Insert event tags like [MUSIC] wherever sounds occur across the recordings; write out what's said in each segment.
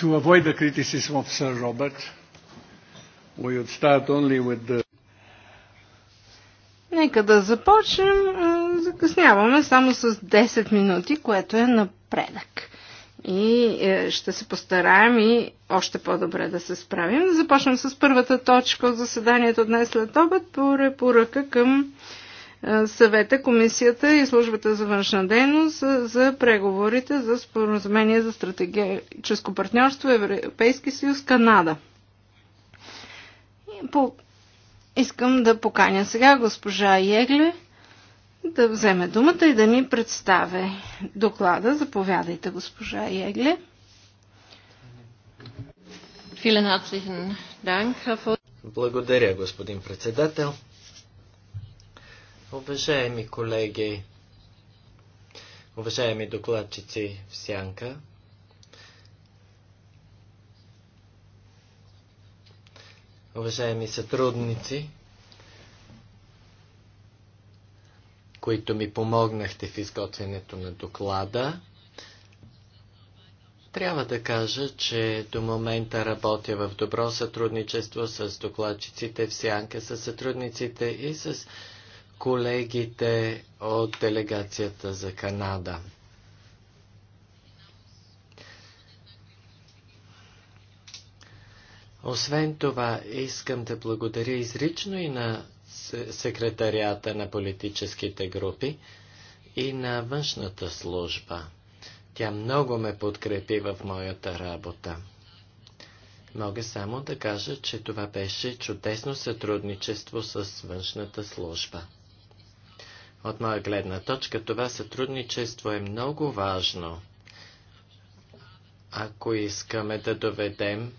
to avoid the criticism of Sir Robert, we would start only with the... Нека да започнем. Е, закъсняваме само с 10 минути, което е напредък. И е, ще се постараем и още по-добре да се справим. Започнем с първата точка от заседанието днес след обед по препоръка към съвета, комисията и службата за външна дейност за преговорите за споразумение за стратегическо партньорство Европейски съюз Канада. По... Искам да поканя сега госпожа Егле да вземе думата и да ни представя доклада. Заповядайте, госпожа Егле. Благодаря, господин председател. Уважаеми колеги, уважаеми докладчици в Сянка, уважаеми сътрудници, които ми помогнахте в изготвянето на доклада, трябва да кажа, че до момента работя в добро сътрудничество с докладчиците в Сянка, с сътрудниците и с колегите от делегацията за Канада. Освен това, искам да благодаря изрично и на секретарията на политическите групи и на външната служба. Тя много ме подкрепи в моята работа. Мога само да кажа, че това беше чудесно сътрудничество с външната служба. От моя гледна точка това сътрудничество е много важно, ако искаме да доведем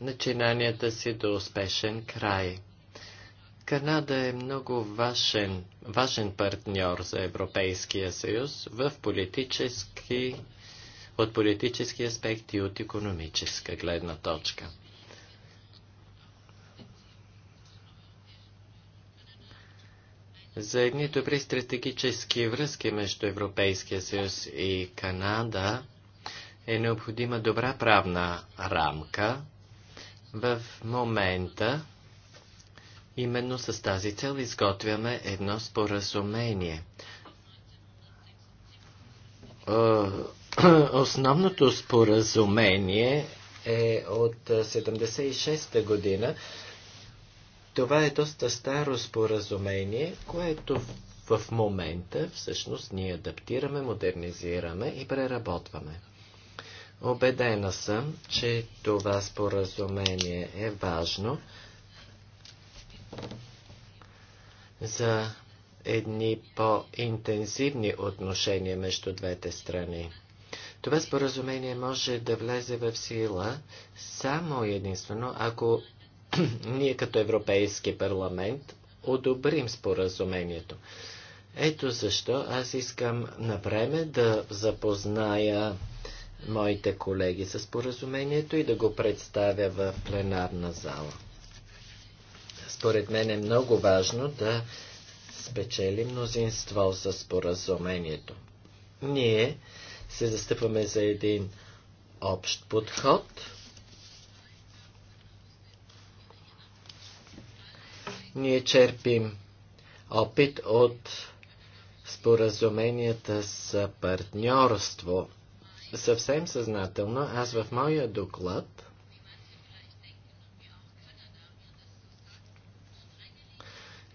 начинанията си до успешен край. Канада е много важен, важен партньор за Европейския съюз в политически, от политически аспект и от економическа гледна точка. за едни добри стратегически връзки между Европейския съюз и Канада е необходима добра правна рамка в момента. Именно с тази цел изготвяме едно споразумение. Е, [CLEARS THROAT] основното споразумение е от 76-та година това е доста старо споразумение, което в момента всъщност ние адаптираме, модернизираме и преработваме. Обедена съм, че това споразумение е важно за едни по-интензивни отношения между двете страни. Това споразумение може да влезе в сила само единствено, ако [CLEARS THROAT] ние като Европейски парламент одобрим споразумението. Ето защо аз искам на време да запозная моите колеги с споразумението и да го представя в пленарна зала. Според мен е много важно да спечели мнозинство с споразумението. Ние се застъпваме за един общ подход – Ние черпим опит от споразуменията с партньорство. Съвсем съзнателно аз в моя доклад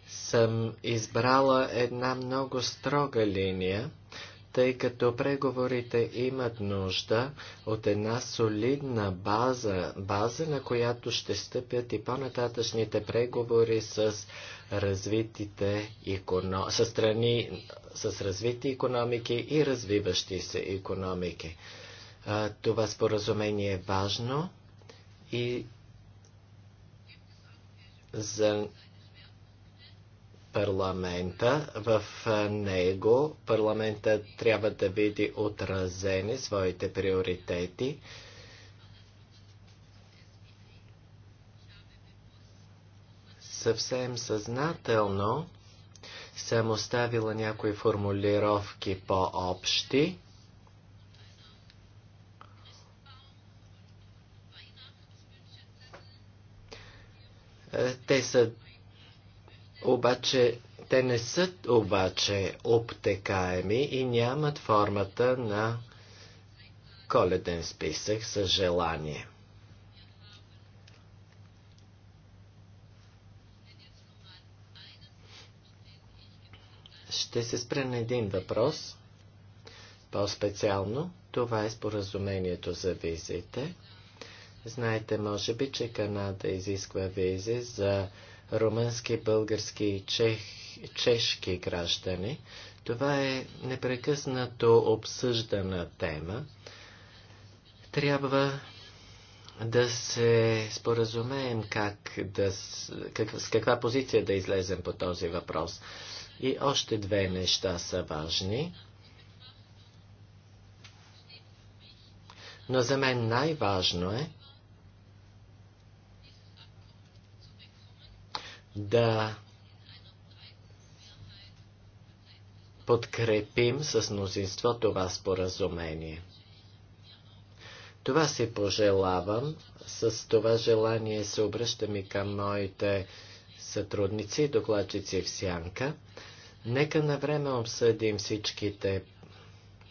съм избрала една много строга линия – тъй като преговорите имат нужда от една солидна база, база на която ще стъпят и по-нататъчните преговори с развитите економ... с страни с развити економики и развиващи се економики. Това споразумение е важно и за парламента. В него парламента трябва да види отразени своите приоритети. Съвсем съзнателно съм оставила някои формулировки по-общи. Те са обаче те не са обаче обтекаеми и нямат формата на коледен списък с желание. Ще се спре на един въпрос. По-специално, това е споразумението за визите. Знаете, може би, че Канада изисква визи за румънски, български и чех, чешки граждани. Това е непрекъснато обсъждана тема. Трябва да се споразумеем как да, как, с каква позиция да излезем по този въпрос. И още две неща са важни. Но за мен най-важно е да подкрепим с мнозинство това споразумение. Това си пожелавам. С това желание се обръщам и към моите сътрудници и докладчици в Сянка. Нека на време обсъдим всичките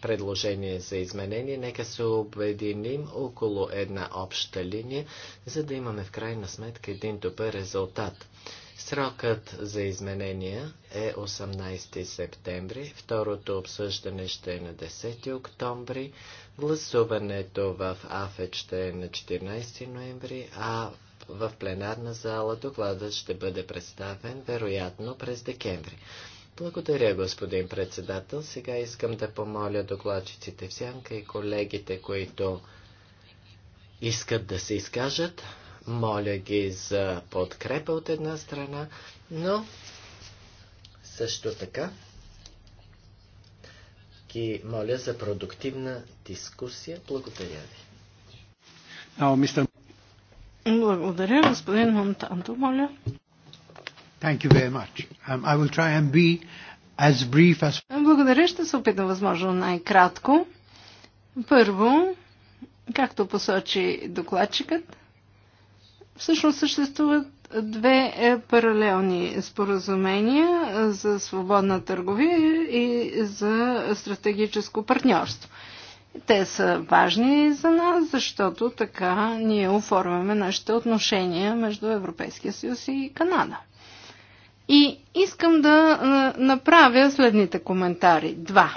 предложения за изменение, нека се обединим около една обща линия, за да имаме в крайна сметка един добър резултат. Срокът за изменения е 18 септември, второто обсъждане ще е на 10 октомври, гласуването в АФЕЧ ще е на 14 ноември, а в пленарна зала докладът ще бъде представен вероятно през декември. Благодаря, господин председател. Сега искам да помоля докладчиците в сянка и колегите, които искат да се изкажат, моля ги за подкрепа от една страна, но също така ги моля за продуктивна дискусия. Благодаря ви. Благодаря, господин Монтанто, моля. Thank you very much. Um, I will try and be as brief as... Благодаря, ще се опитам възможно най-кратко. Първо, както посочи докладчикът, Всъщност съществуват две е, паралелни споразумения за свободна търговия и за стратегическо партньорство. Те са важни за нас, защото така ние оформяме нашите отношения между Европейския съюз и Канада. И искам да е, направя следните коментари. Два.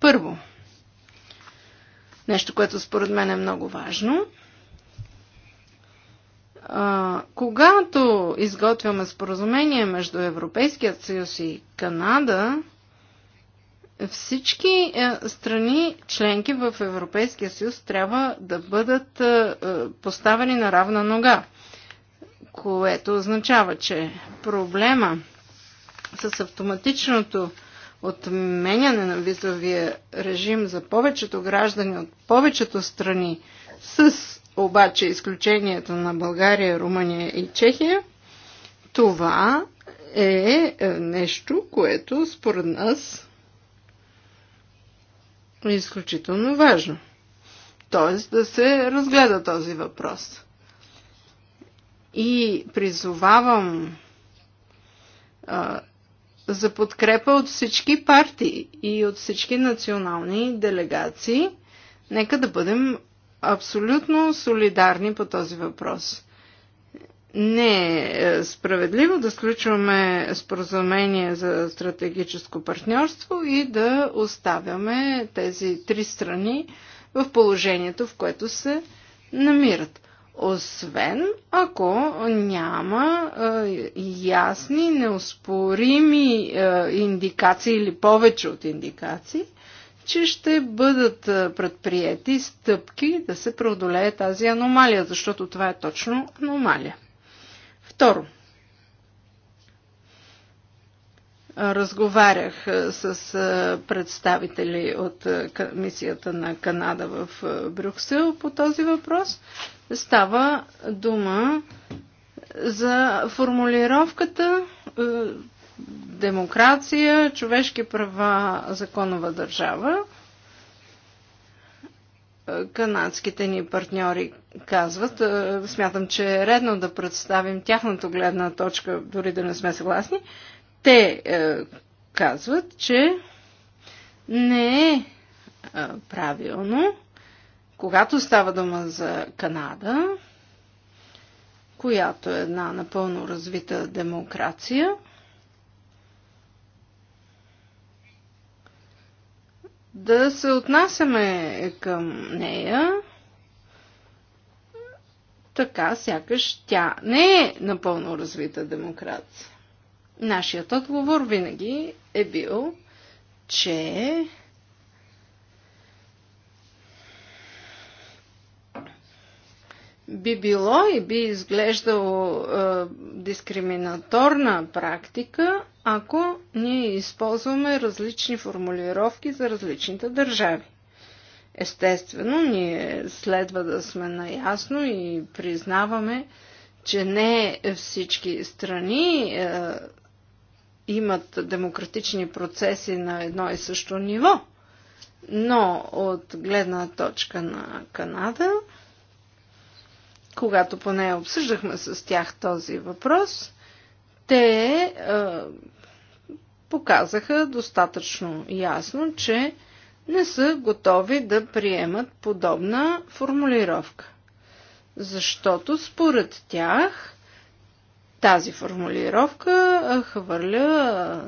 Първо, нещо, което според мен е много важно – когато изготвяме споразумение между Европейският съюз и Канада, всички е, страни членки в Европейския съюз трябва да бъдат е, е, поставени на равна нога, което означава, че проблема с автоматичното отменяне на визовия режим за повечето граждани от повечето страни с обаче изключенията на България, Румъния и Чехия, това е, е нещо, което според нас е изключително важно. Тоест да се разгледа този въпрос. И призовавам а, за подкрепа от всички партии и от всички национални делегации. Нека да бъдем абсолютно солидарни по този въпрос. Не е, е справедливо да сключваме споразумение за стратегическо партньорство и да оставяме тези три страни в положението, в което се намират. Освен ако няма е, ясни, неоспорими е, индикации или повече от индикации че ще бъдат предприяти стъпки да се преодолее тази аномалия, защото това е точно аномалия. Второ, разговарях с представители от мисията на Канада в Брюксел по този въпрос. Става дума за формулировката демокрация, човешки права, законова държава. Канадските ни партньори казват. Е, смятам, че е редно да представим тяхната гледна точка, дори да не сме съгласни. Те е, казват, че не е, е правилно, когато става дума за Канада, която е една напълно развита демокрация, да се отнасяме към нея така, сякаш тя не е напълно развита демокрация. Нашият отговор винаги е бил, че би било и би изглеждало е, дискриминаторна практика, ако ние използваме различни формулировки за различните държави. Естествено, ние следва да сме наясно и признаваме, че не всички страни е, имат демократични процеси на едно и също ниво. Но от гледна точка на Канада, когато поне обсъждахме с тях този въпрос, те е, показаха достатъчно ясно, че не са готови да приемат подобна формулировка. Защото според тях тази формулировка хвърля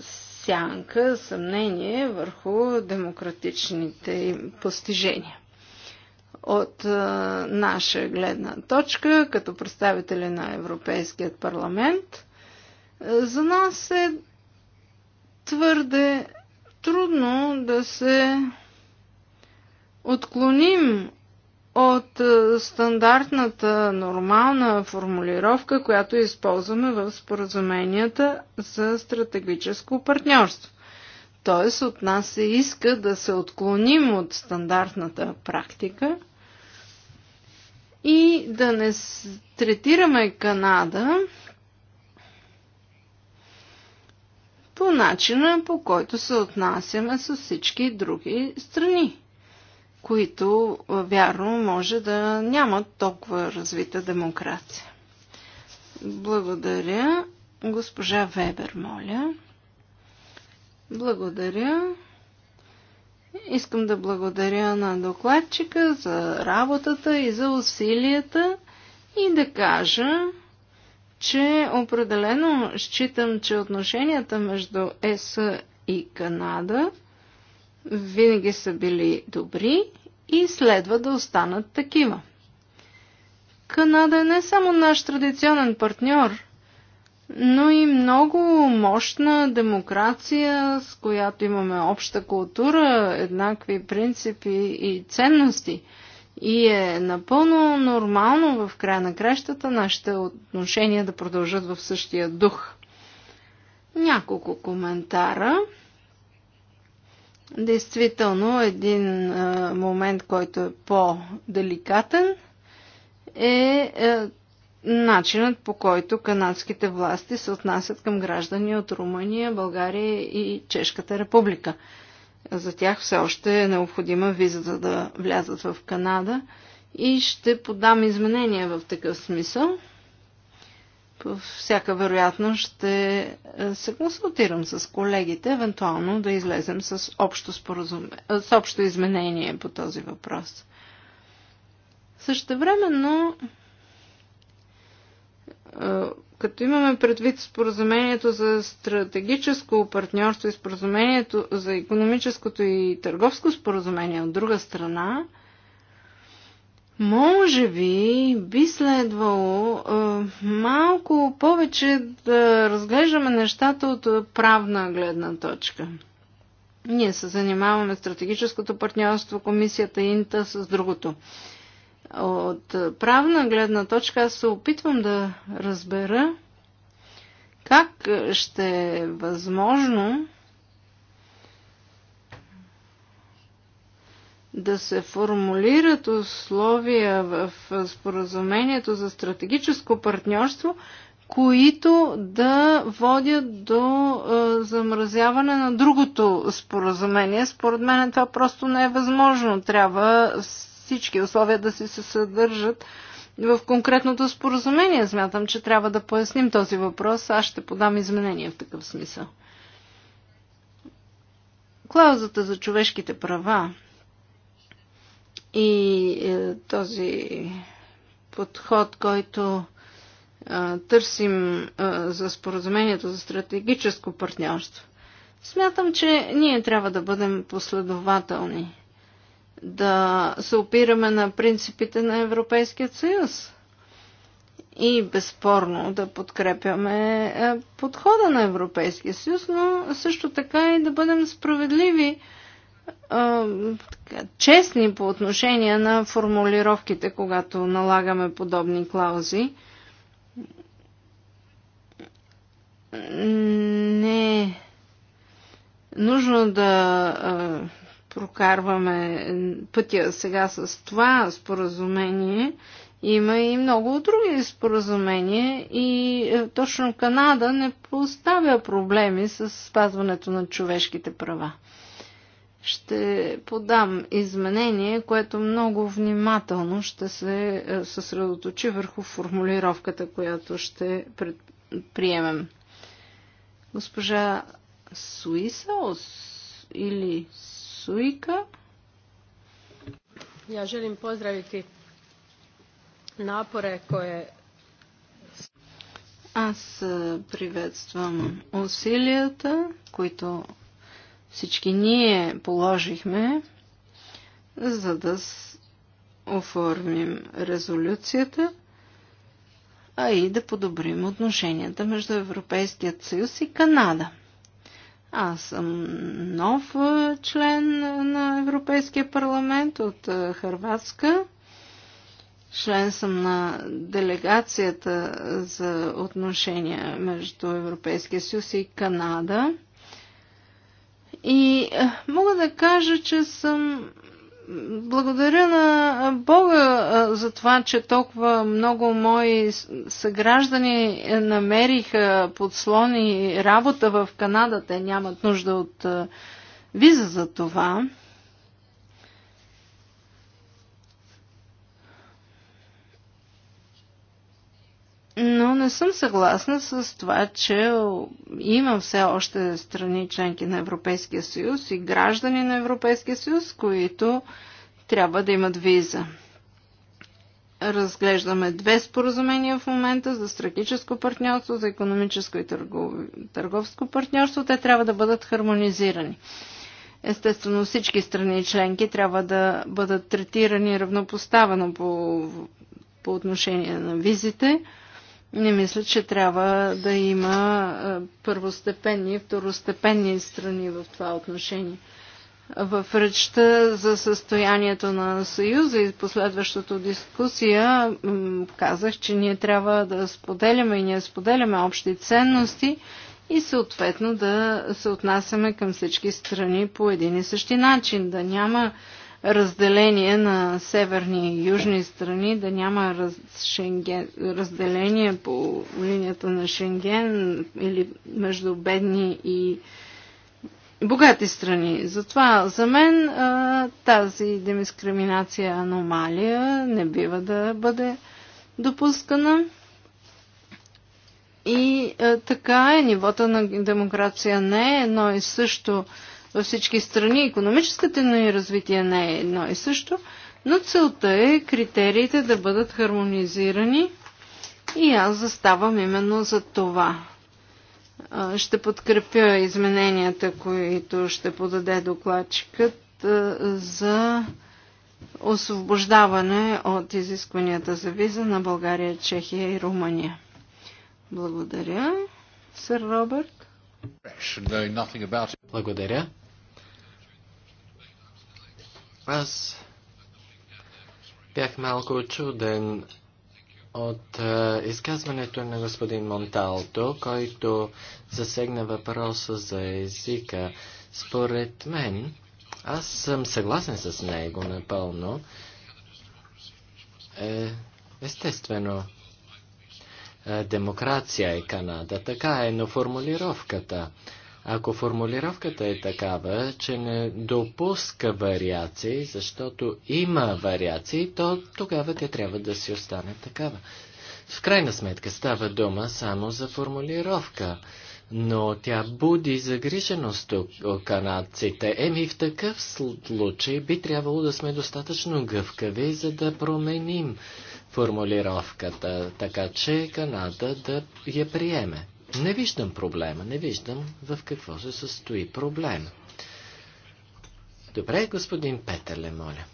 сянка, съмнение върху демократичните им постижения. От наша гледна точка, като представители на Европейският парламент, за нас е твърде трудно да се отклоним от е, стандартната нормална формулировка, която използваме в споразуменията за стратегическо партньорство. Тоест от нас се иска да се отклоним от стандартната практика и да не третираме Канада по начина по който се отнасяме с всички други страни, които, вярно, може да нямат толкова развита демокрация. Благодаря. Госпожа Вебер, моля. Благодаря. Искам да благодаря на докладчика за работата и за усилията и да кажа, че определено считам, че отношенията между ЕС и Канада винаги са били добри и следва да останат такива. Канада е не само наш традиционен партньор, но и много мощна демокрация, с която имаме обща култура, еднакви принципи и ценности – и е напълно нормално в края на кращата нашите отношения да продължат в същия дух. Няколко коментара. Действително, един е, момент, който е по-деликатен, е, е начинът по който канадските власти се отнасят към граждани от Румъния, България и Чешката република. За тях все още е необходима виза за да влязат в Канада и ще подам изменения в такъв смисъл. По всяка вероятност ще е, се консултирам с колегите, евентуално да излезем с общо, споразуме... с общо изменение по този въпрос. Същевременно времено като имаме предвид споразумението за стратегическо партньорство и споразумението за економическото и търговско споразумение от друга страна, може би би следвало е, малко повече да разглеждаме нещата от правна гледна точка. Ние се занимаваме стратегическото партньорство, комисията Инта с другото. Е, от правна гледна точка аз се опитвам да разбера как ще е възможно да се формулират условия в споразумението за стратегическо партньорство, които да водят до е, замразяване на другото споразумение. Според мен това просто не е възможно. Трябва всички условия да си се съдържат в конкретното споразумение. Смятам, че трябва да поясним този въпрос. Аз ще подам изменения в такъв смисъл. Клаузата за човешките права и е, този подход, който е, търсим е, за споразумението за стратегическо партньорство. Смятам, че ние трябва да бъдем последователни да се опираме на принципите на Европейския съюз. И безспорно да подкрепяме е, подхода на Европейския съюз, но също така и да бъдем справедливи, е, честни по отношение на формулировките, когато налагаме подобни клаузи. Не е нужно да е, прокарваме пътя сега с това споразумение, има и много други споразумения и е, точно Канада не поставя проблеми с спазването на човешките права. Ще подам изменение, което много внимателно ще се е, съсредоточи върху формулировката, която ще приемем. Госпожа Суисаос или Suika. Ja želim pozdraviti napore koje аз приветствам усилията, които всички ние положихме, за да оформим резолюцията, а и да подобрим отношенията между Европейският съюз и Канада. Аз съм нов член на Европейския парламент от Харватска. Член съм на делегацията за отношения между Европейския съюз и Канада. И мога да кажа, че съм благодаря на Бога за това, че толкова много мои съграждани намериха подслони работа в Канада. Те нямат нужда от виза за това. Но не съм съгласна с това, че има все още страни членки на Европейския съюз и граждани на Европейския съюз, които трябва да имат виза. Разглеждаме две споразумения в момента за стратегическо партньорство, за економическо и търгов... търговско партньорство. Те трябва да бъдат хармонизирани. Естествено, всички страни и членки трябва да бъдат третирани равнопоставено по, по отношение на визите не мисля, че трябва да има първостепенни и второстепенни страни в това отношение. В речта за състоянието на Съюза и последващото дискусия казах, че ние трябва да споделяме и ние споделяме общи ценности и съответно да се отнасяме към всички страни по един и същи начин, да няма разделение на северни и южни страни, да няма раз, Шенген, разделение по линията на Шенген или между бедни и богати страни. Затова за мен а, тази демискриминация аномалия, не бива да бъде допускана. И а, така е, нивото на демокрация не е едно и също във всички страни. Економическата ни развитие не е едно и също, но целта е критериите да бъдат хармонизирани и аз заставам именно за това. Ще подкрепя измененията, които ще подаде докладчикът за освобождаване от изискванията за виза на България, Чехия и Румъния. Благодаря, сър Робърт. Благодаря. Аз бях малко чуден от е, изказването на господин Монталто, който засегна въпроса за езика. Според мен, аз съм съгласен с него напълно. Е, естествено, е, демокрация е Канада, така е, но формулировката. Ако формулировката е такава, че не допуска вариации, защото има вариации, то тогава те трябва да си остане такава. В крайна сметка става дума само за формулировка, но тя буди загриженост у канадците. Еми в такъв случай би трябвало да сме достатъчно гъвкави, за да променим формулировката, така че Канада да я приеме. Не виждам проблема, не виждам в какво се състои проблем. Добре, господин Петърле, моля.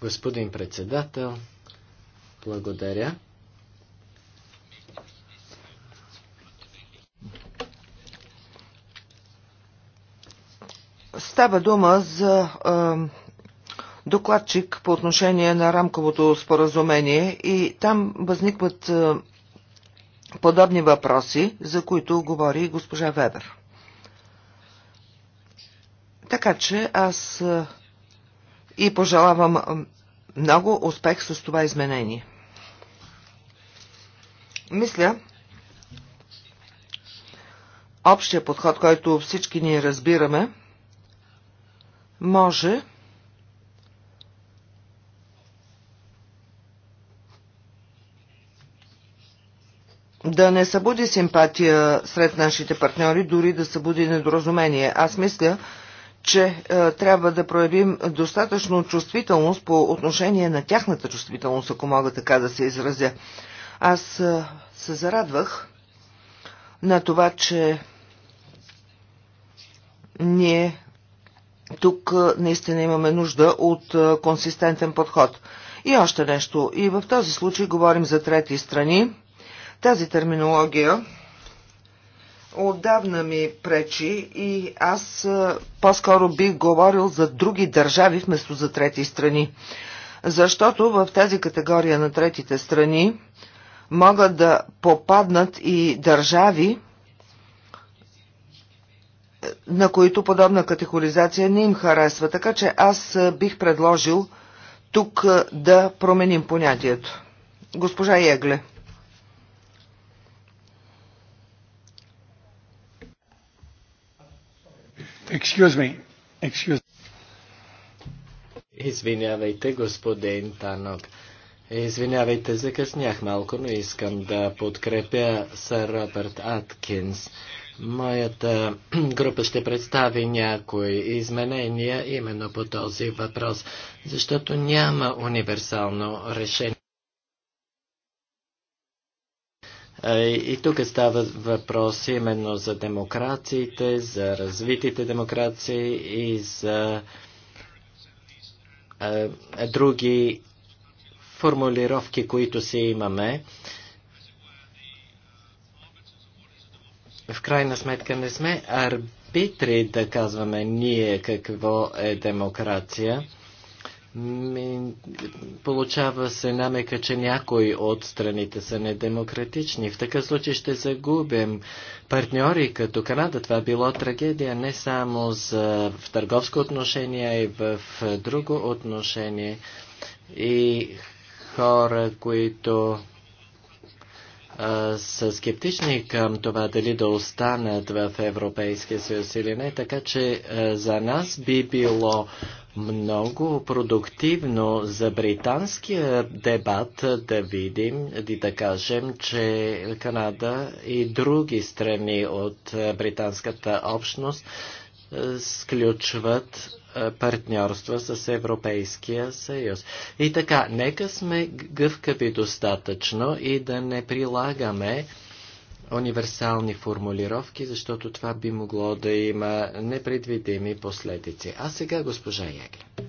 Господин председател, благодаря. Става дума за докладчик по отношение на рамковото споразумение и там възникват е, подобни въпроси, за които говори госпожа Вебер. Така че аз е, и пожелавам е, много успех с това изменение. Мисля, общия подход, който всички ние разбираме, може да не събуди симпатия сред нашите партньори, дори да събуди недоразумение. Аз мисля, че е, трябва да проявим достатъчно чувствителност по отношение на тяхната чувствителност, ако мога така да се изразя. Аз е, се зарадвах на това, че ние тук е, наистина имаме нужда от е, консистентен подход. И още нещо. И в този случай говорим за трети страни. Тази терминология отдавна ми пречи и аз по-скоро бих говорил за други държави вместо за трети страни. Защото в тази категория на третите страни могат да попаднат и държави, на които подобна категоризация не им харесва. Така че аз бих предложил тук да променим понятието. Госпожа Егле. Excuse me. Excuse Извинявайте, господин Танок. Извинявайте, закъснях малко, но искам да подкрепя сър Робърт Аткинс. Моята [CLEARS THROAT] група ще представи някои изменения именно по този въпрос, защото няма универсално решение. И тук става въпрос именно за демокрациите, за развитите демокрации и за други формулировки, които си имаме. В крайна сметка не сме арбитри да казваме ние какво е демокрация. Получава се намека, че някои от страните са недемократични. В такъв случай ще загубим партньори като Канада. Това било трагедия не само за, в търговско отношение, а и в друго отношение. И хора, които са скептични към това дали да останат в Европейския съюз или не, така че за нас би било много продуктивно за британския дебат да видим и да кажем, че Канада и други страни от британската общност сключват партньорства с Европейския съюз. И така, нека сме гъвкави достатъчно и да не прилагаме универсални формулировки, защото това би могло да има непредвидими последици. А сега госпожа Егле.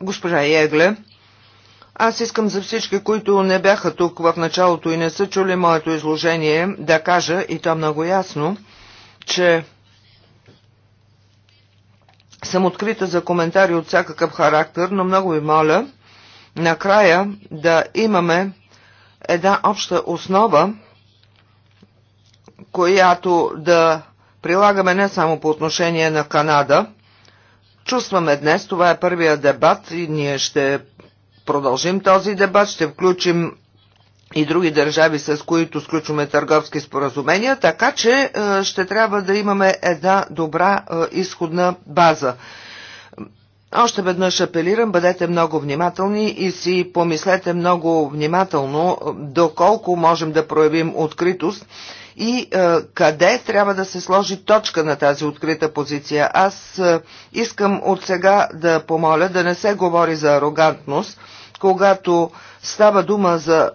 Госпожа Егле, аз искам за всички, които не бяха тук в началото и не са чули моето изложение, да кажа, и то много ясно, че съм открита за коментари от всякакъв характер, но много ви моля, накрая да имаме една обща основа, която да прилагаме не само по отношение на Канада. Чувстваме днес, това е първия дебат и ние ще продължим този дебат, ще включим и други държави, с които сключваме търговски споразумения, така че е, ще трябва да имаме една добра е, изходна база. Още веднъж апелирам, бъдете много внимателни и си помислете много внимателно е, доколко можем да проявим откритост и е, къде трябва да се сложи точка на тази открита позиция. Аз е, искам от сега да помоля да не се говори за арогантност, когато става дума за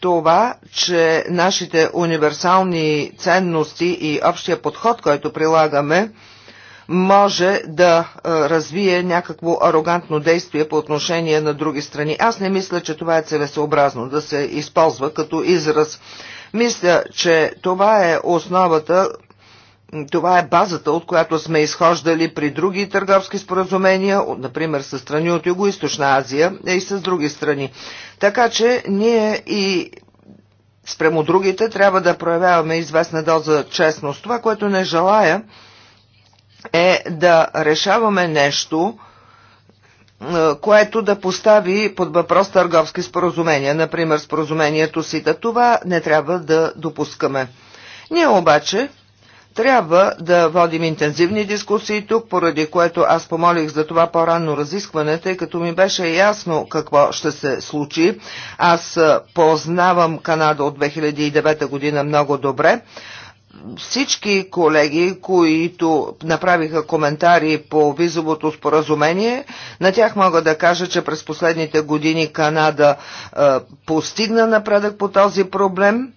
това, че нашите универсални ценности и общия подход, който прилагаме, може да развие някакво арогантно действие по отношение на други страни. Аз не мисля, че това е целесообразно да се използва като израз. Мисля, че това е основата, това е базата, от която сме изхождали при други търговски споразумения, например с страни от Юго-Источна Азия и с други страни. Така че ние и спрямо другите трябва да проявяваме известна доза честност. Това, което не желая, е да решаваме нещо, е, което да постави под въпрос търговски споразумения, например споразумението СИТА. Това не трябва да допускаме. Ние обаче трябва да водим интензивни дискусии тук, поради което аз помолих за това по-ранно разискване, тъй като ми беше ясно какво ще се случи. Аз познавам Канада от 2009 година много добре всички колеги, които направиха коментари по визовото споразумение, на тях мога да кажа, че през последните години Канада е, постигна напредък по този проблем.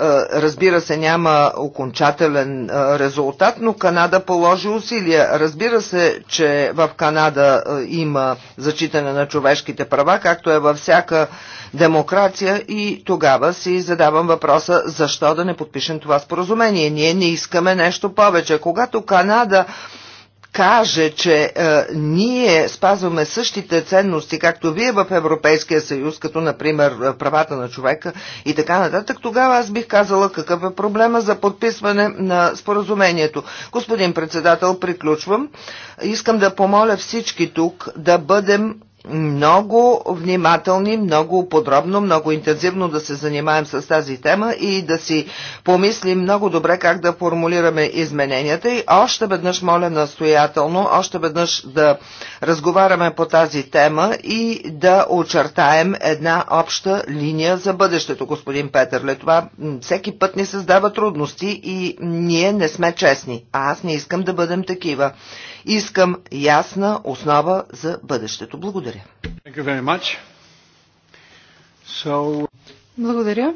Е, разбира се, няма окончателен е, резултат, но Канада положи усилия. Разбира се, че в Канада е, има зачитане на човешките права, както е във всяка демокрация и тогава си задавам въпроса защо да не подпишем това споразумение. Ние не искаме нещо повече. Когато Канада каже, че е, ние спазваме същите ценности, както вие в Европейския съюз, като например е, правата на човека и така нататък, тогава аз бих казала какъв е проблема за подписване на споразумението. Господин председател, приключвам. Искам да помоля всички тук да бъдем много внимателни, много подробно, много интензивно да се занимаем с тази тема и да си помислим много добре как да формулираме измененията и още веднъж моля настоятелно, още веднъж да разговаряме по тази тема и да очертаем една обща линия за бъдещето, господин Ле Това всеки път ни създава трудности и ние не сме честни, а аз не искам да бъдем такива. Искам ясна основа за бъдещето. Благодаря. Благодаря. Благодаря.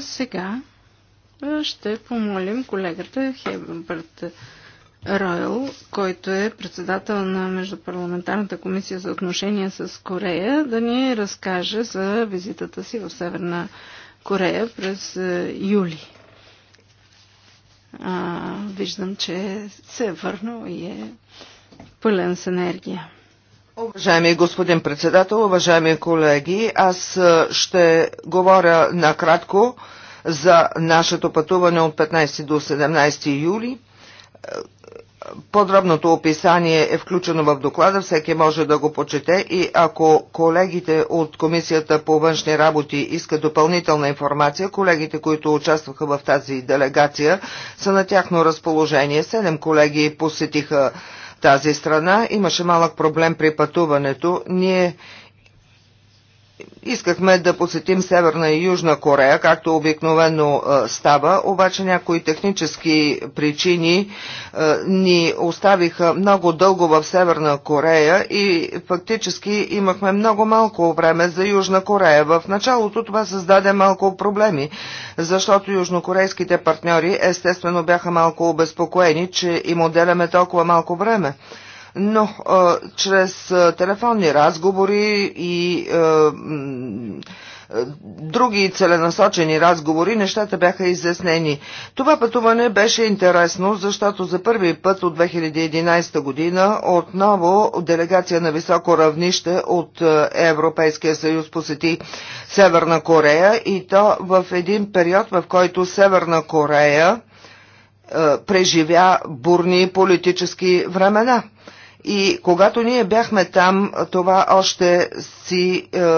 Сега ще помолим колегата Хебърт Ройл, който е председател на Междупарламентарната комисия за отношения с Корея, да ни разкаже за визитата си в Северна Корея през юли. А, виждам, че се е върнал и е пълен с енергия. Уважаеми господин председател, уважаеми колеги, аз ще говоря накратко за нашето пътуване от 15 до 17 юли. Подробното описание е включено в доклада, всеки може да го почете и ако колегите от Комисията по външни работи искат допълнителна информация, колегите, които участваха в тази делегация, са на тяхно разположение. Седем колеги посетиха тази страна. Имаше малък проблем при пътуването. Ние Искахме да посетим Северна и Южна Корея, както обикновено е, става, обаче някои технически причини е, ни оставиха много дълго в Северна Корея и фактически имахме много малко време за Южна Корея. В началото това създаде малко проблеми, защото южнокорейските партньори естествено бяха малко обезпокоени, че им отделяме толкова малко време но а, чрез а, телефонни разговори и а, други целенасочени разговори нещата бяха изяснени. Това пътуване беше интересно, защото за първи път от 2011 година отново делегация на високо равнище от Европейския съюз посети Северна Корея и то в един период, в който Северна Корея преживя бурни политически времена. И когато ние бяхме там, това още си е,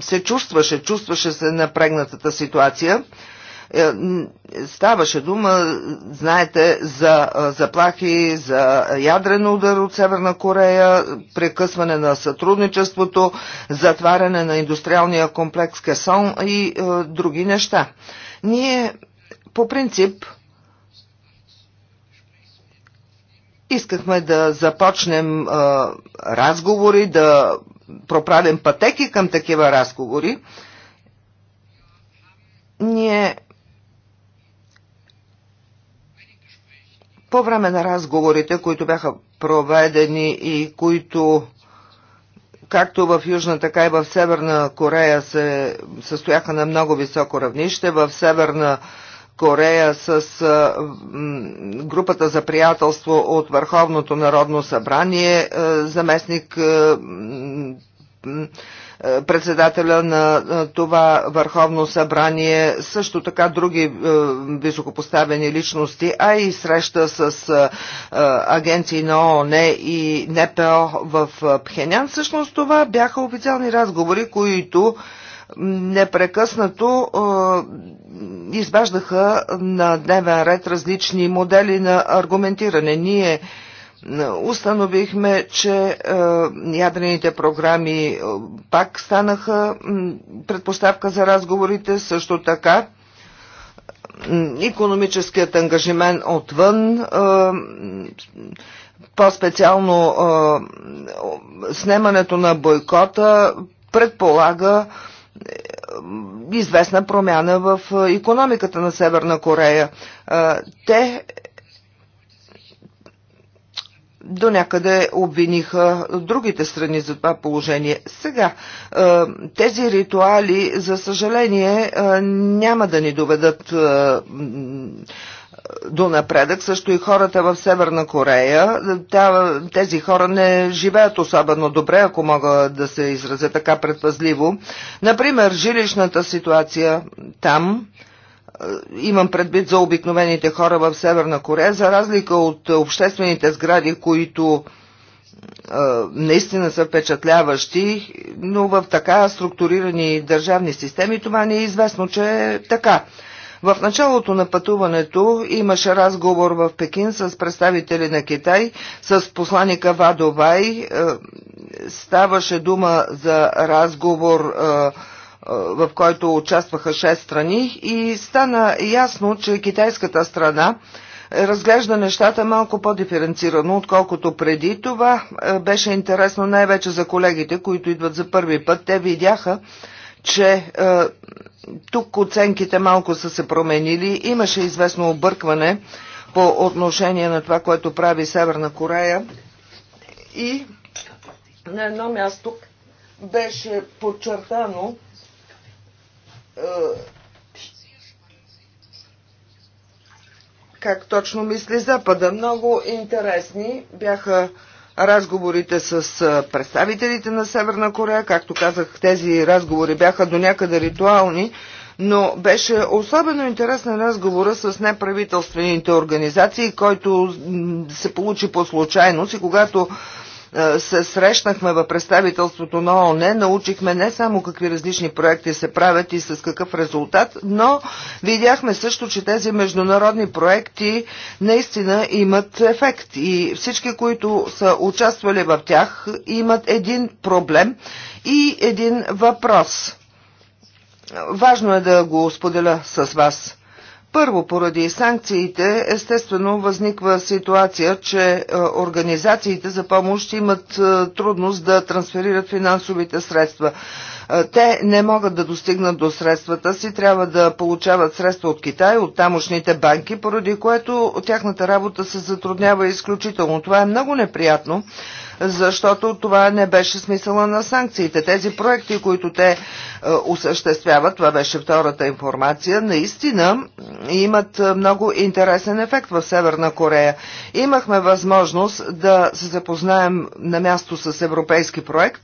се чувстваше, чувстваше се напрегнатата ситуация. Е, ставаше дума, знаете, за е, заплахи, за ядрен удар от Северна Корея, прекъсване на сътрудничеството, затваряне на индустриалния комплекс Кесон и е, други неща. Ние по принцип Искахме да започнем а, разговори, да проправим пътеки към такива разговори. Ние по време на разговорите, които бяха проведени и които както в Южна, така и в Северна Корея се състояха на много високо равнище. В Северна Корея Корея с групата за приятелство от Върховното народно събрание, заместник председателя на това Върховно събрание, също така други високопоставени личности, а и среща с агенции на ООН и НПО в Пхенян. Всъщност това бяха официални разговори, които непрекъснато избаждаха на дневен ред различни модели на аргументиране. Ние установихме, че ядрените програми пак станаха предпоставка за разговорите, също така економическият ангажимент отвън, по-специално снемането на бойкота предполага е, е, известна промяна в економиката на Северна Корея. Е, те до някъде обвиниха другите страни за това положение. Сега, е, тези ритуали, за съжаление, няма да ни доведат до напредък, също и хората в Северна Корея. тези хора не живеят особено добре, ако мога да се изразя така предпазливо. Например, жилищната ситуация там, е, имам предвид за обикновените хора в Северна Корея, за разлика от обществените сгради, които е, наистина са впечатляващи, но в така структурирани държавни системи това не е известно, че е така. В началото на пътуването имаше разговор в Пекин с представители на Китай, с посланика Вадо Вай. Е, ставаше дума за разговор е, е, в който участваха 6 страни и стана ясно, че китайската страна разглежда нещата малко по-диференцирано, отколкото преди. Това беше интересно най-вече за колегите, които идват за първи път. Те видяха, че тук оценките малко са се променили. Имаше известно объркване по отношение на това, което прави Северна Корея. И на едно място беше подчертано е, как точно мисли Запада. Много интересни бяха разговорите с представителите на Северна Корея. Както казах, тези разговори бяха до някъде ритуални, но беше особено интересен разговора с неправителствените организации, който се получи по случайност и когато е, се срещнахме в представителството на ООН, научихме не само какви различни проекти се правят и с какъв резултат, но видяхме също, че тези международни проекти наистина имат ефект и всички, които са участвали в тях, имат един проблем и един въпрос. Важно е да го споделя с вас. Първо, поради санкциите, естествено възниква ситуация, че е, организациите за помощ имат е, трудност да трансферират финансовите средства. Е, те не могат да достигнат до средствата си, трябва да получават средства от Китай, от тамошните банки, поради което тяхната работа се затруднява изключително. Това е много неприятно защото това не беше смисъла на санкциите. Тези проекти, които те е, осъществяват, това беше втората информация, наистина имат много интересен ефект в Северна Корея. Имахме възможност да се запознаем на място с европейски проект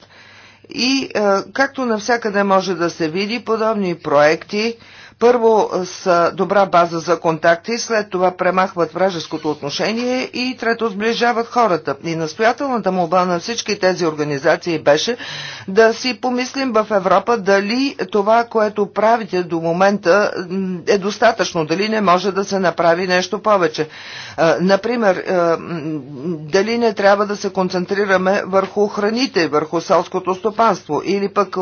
и е, както навсякъде може да се види, подобни проекти първо с добра база за контакти, след това премахват вражеското отношение и трето сближават хората. И настоятелната молба на всички тези организации беше да си помислим в Европа дали това, което правите до момента е достатъчно, дали не може да се направи нещо повече. Например, дали не трябва да се концентрираме върху храните, върху селското стопанство или пък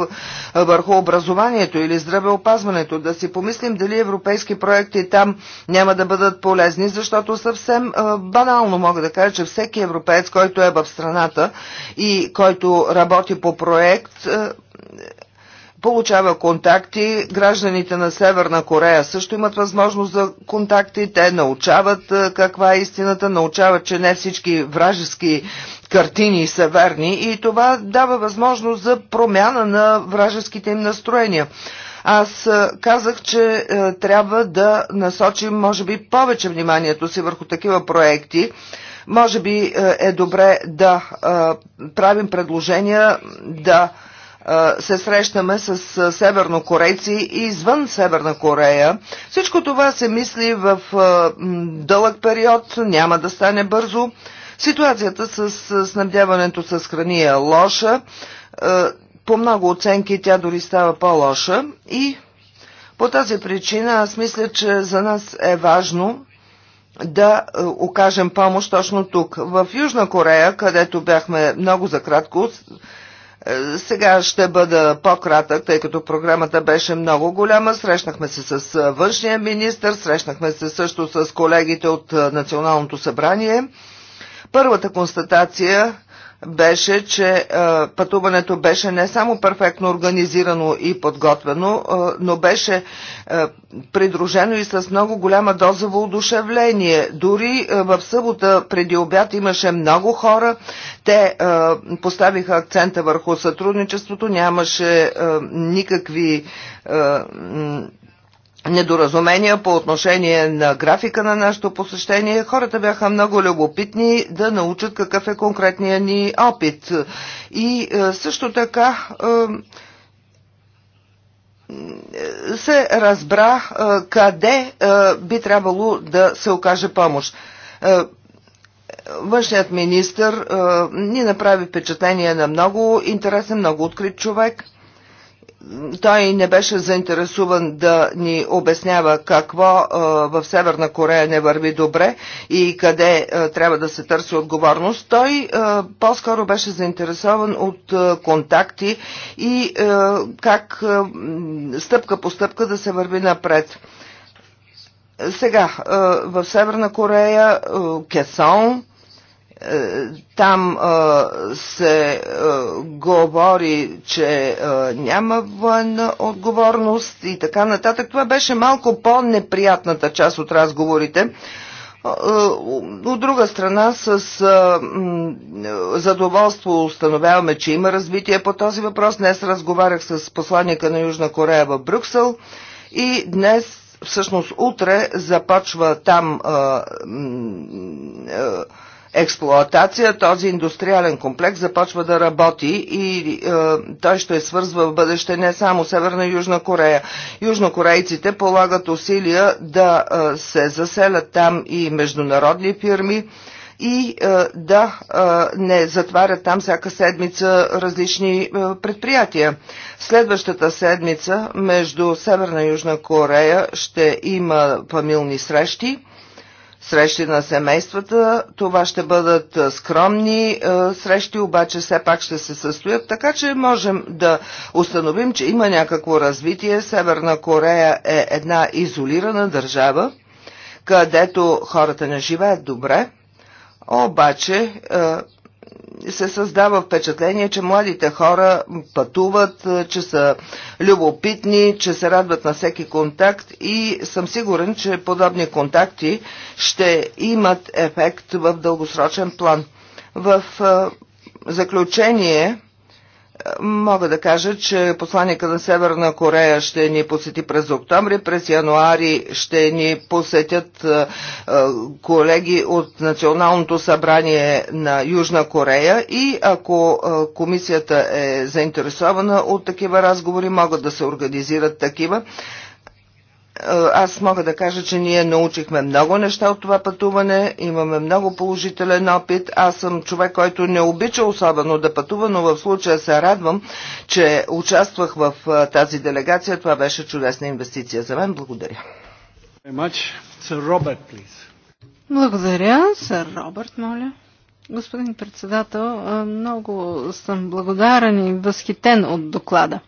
върху образованието или здравеопазването, да си помислим помислим дали европейски проекти там няма да бъдат полезни, защото съвсем банално мога да кажа, че всеки европеец, който е в страната и който работи по проект, получава контакти. Гражданите на Северна Корея също имат възможност за контакти. Те научават каква е истината, научават, че не всички вражески картини са верни и това дава възможност за промяна на вражеските им настроения. Аз е, казах, че е, трябва да насочим, може би, повече вниманието си върху такива проекти. Може би е, е добре да правим предложения да се срещаме с севернокорейци и извън Северна Корея. Всичко това се мисли в дълъг период, няма да стане бързо. Ситуацията с снабдяването с храни е лоша. По много оценки тя дори става по-лоша и по тази причина аз мисля, че за нас е важно да е, окажем помощ точно тук. В Южна Корея, където бяхме много за кратко, е, сега ще бъда по-кратък, тъй като програмата беше много голяма. Срещнахме се с е, външния министр, срещнахме се също с колегите от Националното събрание. Първата констатация беше, че е, пътуването беше не само перфектно организирано и подготвено, е, но беше е, придружено и с много голяма доза воодушевление. Дори в събота преди обяд имаше много хора. Те поставиха акцента върху сътрудничеството, нямаше никакви недоразумения по отношение на графика на нашето посещение. Хората бяха много любопитни да научат какъв е конкретният ни опит. И е, също така е, е, се разбра къде би трябвало да се окаже помощ. Външният министр ни направи впечатление на много интересен, много открит човек – той не беше заинтересуван да ни обяснява какво в Северна Корея не върви добре и къде трябва да се търси отговорност. Той по-скоро беше заинтересован от контакти и как стъпка по стъпка да се върви напред. Сега, в Северна Корея, Кесон, е, там е, се е, говори, че няма военна отговорност и така нататък. Това беше малко по-неприятната част от разговорите. От друга страна, с задоволство установяваме, че има развитие по този въпрос. Днес разговарях с посланника на Южна Корея в Брюксел и днес, всъщност утре, започва там а, а, експлоатация, този индустриален комплекс започва да работи и е, той ще свързва в бъдеще не само Северна и Южна Корея. Южнокорейците полагат усилия да е, се заселят там и международни фирми и е, да е, не затварят там всяка седмица различни е, предприятия. Следващата седмица между Северна и Южна Корея ще има фамилни срещи срещи на семействата. Това ще бъдат скромни срещи, обаче все пак ще се състоят, така че можем да установим, че има някакво развитие. Северна Корея е една изолирана държава, където хората не живеят добре, обаче се създава впечатление, че младите хора пътуват, е, че са любопитни, че се радват на всеки контакт и съм сигурен, че подобни контакти ще имат ефект в дългосрочен план. В е, заключение, Мога да кажа, че посланника на Северна Корея ще ни посети през октомври, през януари ще ни посетят колеги от Националното събрание на Южна Корея и ако комисията е заинтересована от такива разговори, могат да се организират такива. Е, аз мога да кажа, че ние научихме много неща от това пътуване, имаме много положителен опит. Аз съм човек, който не обича особено да пътува, но в случая се радвам, че участвах в е, тази делегация. Това беше чудесна инвестиция за мен. Благодаря. Благодаря, сър Робърт, моля. Господин председател, е, много съм благодарен и възхитен от доклада.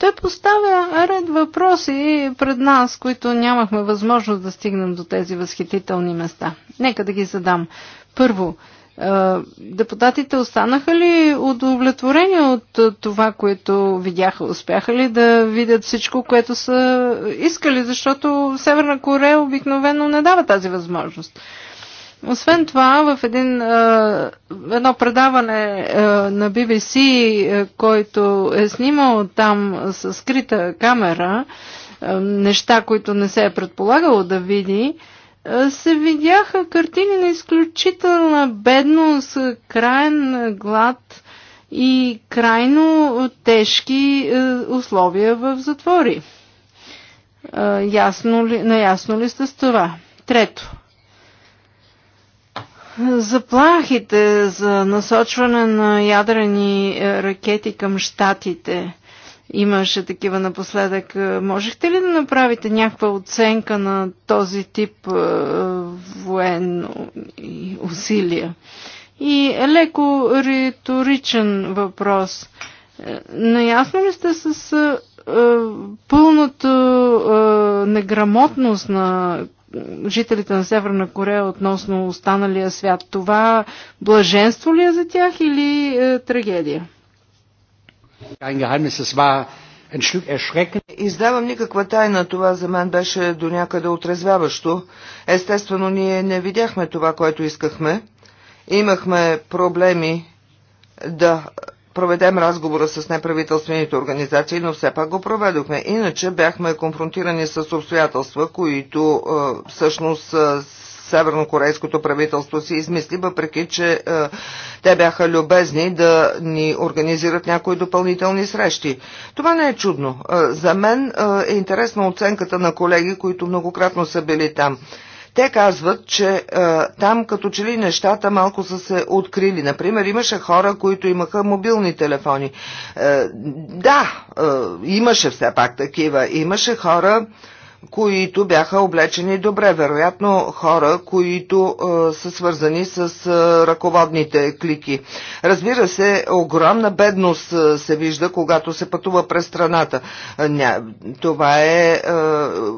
Той поставя ред въпроси пред нас, които нямахме възможност да стигнем до тези възхитителни места. Нека да ги задам. Първо, е, депутатите останаха ли удовлетворени от е, това, което видяха? Успяха ли да видят всичко, което са искали? Защото Северна Корея обикновено не дава тази възможност. Освен това, в един, е, едно предаване е, на BBC, е, който е снимал там с скрита камера, неща, които не се е предполагало да види, се видяха картини на изключителна бедност, крайен глад и крайно тежки условия в затвори. Ясно ли, наясно ли сте с това? Трето, заплахите за насочване на ядрени е, ракети към щатите. Имаше такива напоследък. Е, можехте ли да направите някаква оценка на този тип е, военно усилия? И леко риторичен въпрос. Наясно ли сте с пълната неграмотност на жителите на Северна Корея относно останалия свят. Това блаженство ли е за тях или е, трагедия? Издавам никаква тайна, това за мен беше до някъде отрезвяващо. Естествено, ние не видяхме това, което искахме. Имахме проблеми да проведем разговора с неправителствените организации, но все пак го проведохме. Иначе бяхме конфронтирани с обстоятелства, които е, всъщност Северно севернокорейското правителство си измисли, въпреки че е, те бяха любезни да ни организират някои допълнителни срещи. Това не е чудно. Е, за мен е, е интересна оценката на колеги, които многократно са били там. Е, те казват, че а, е, там като че ли нещата малко са се открили. Например, имаше хора, които имаха мобилни телефони. А, е, да, а, е, имаше все пак такива. Имаше хора, а, които бяха облечени добре. Вероятно хора, които е, са свързани с е, ръководните клики. Разбира се, огромна бедност е, се вижда, когато се пътува през страната. Е, ня, това е, е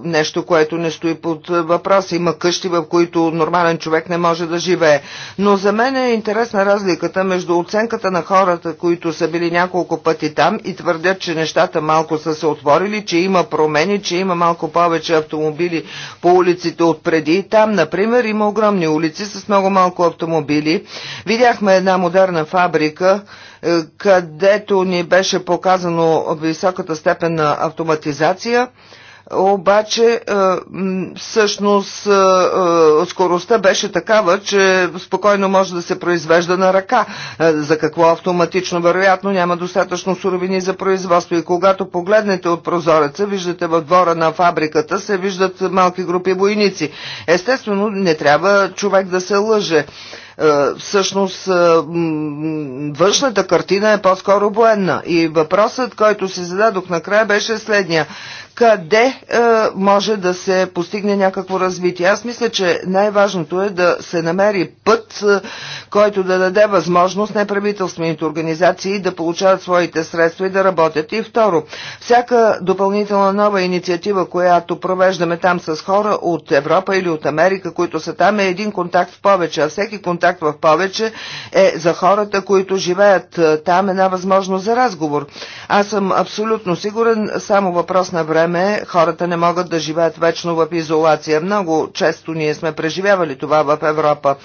нещо, което не стои под въпрос. Има къщи, в които нормален човек не може да живее. Но за мен е интересна разликата между оценката на хората, които са били няколко пъти там и твърдят, че нещата малко са се отворили, че има промени, че има малко повече повече автомобили по улиците от преди. Там, например, има огромни улици с много малко автомобили. Видяхме една модерна фабрика, е, където ни беше показано високата степен на автоматизация – обаче е, всъщност е, е, скоростта беше такава, че спокойно може да се произвежда на ръка, за какво автоматично вероятно няма достатъчно суровини за производство. И когато погледнете от прозореца, виждате във двора на фабриката, се виждат малки групи войници. Естествено, не трябва човек да се лъже всъщност външната картина е по-скоро военна. И въпросът, който си зададох накрая беше следния къде е, може да се постигне някакво развитие. Аз мисля, че най-важното е да се намери път, е, който да даде възможност неправителствените организации да получават своите средства и да работят. И второ, всяка допълнителна нова инициатива, която провеждаме там с хора от Европа или от Америка, които са там, е един контакт в повече, а всеки контакт в повече е за хората, които живеят е, там една възможност за разговор. Аз съм абсолютно сигурен, само въпрос на време време хората не могат да живеят вечно в изолация. Много често ние сме преживявали това в Европа.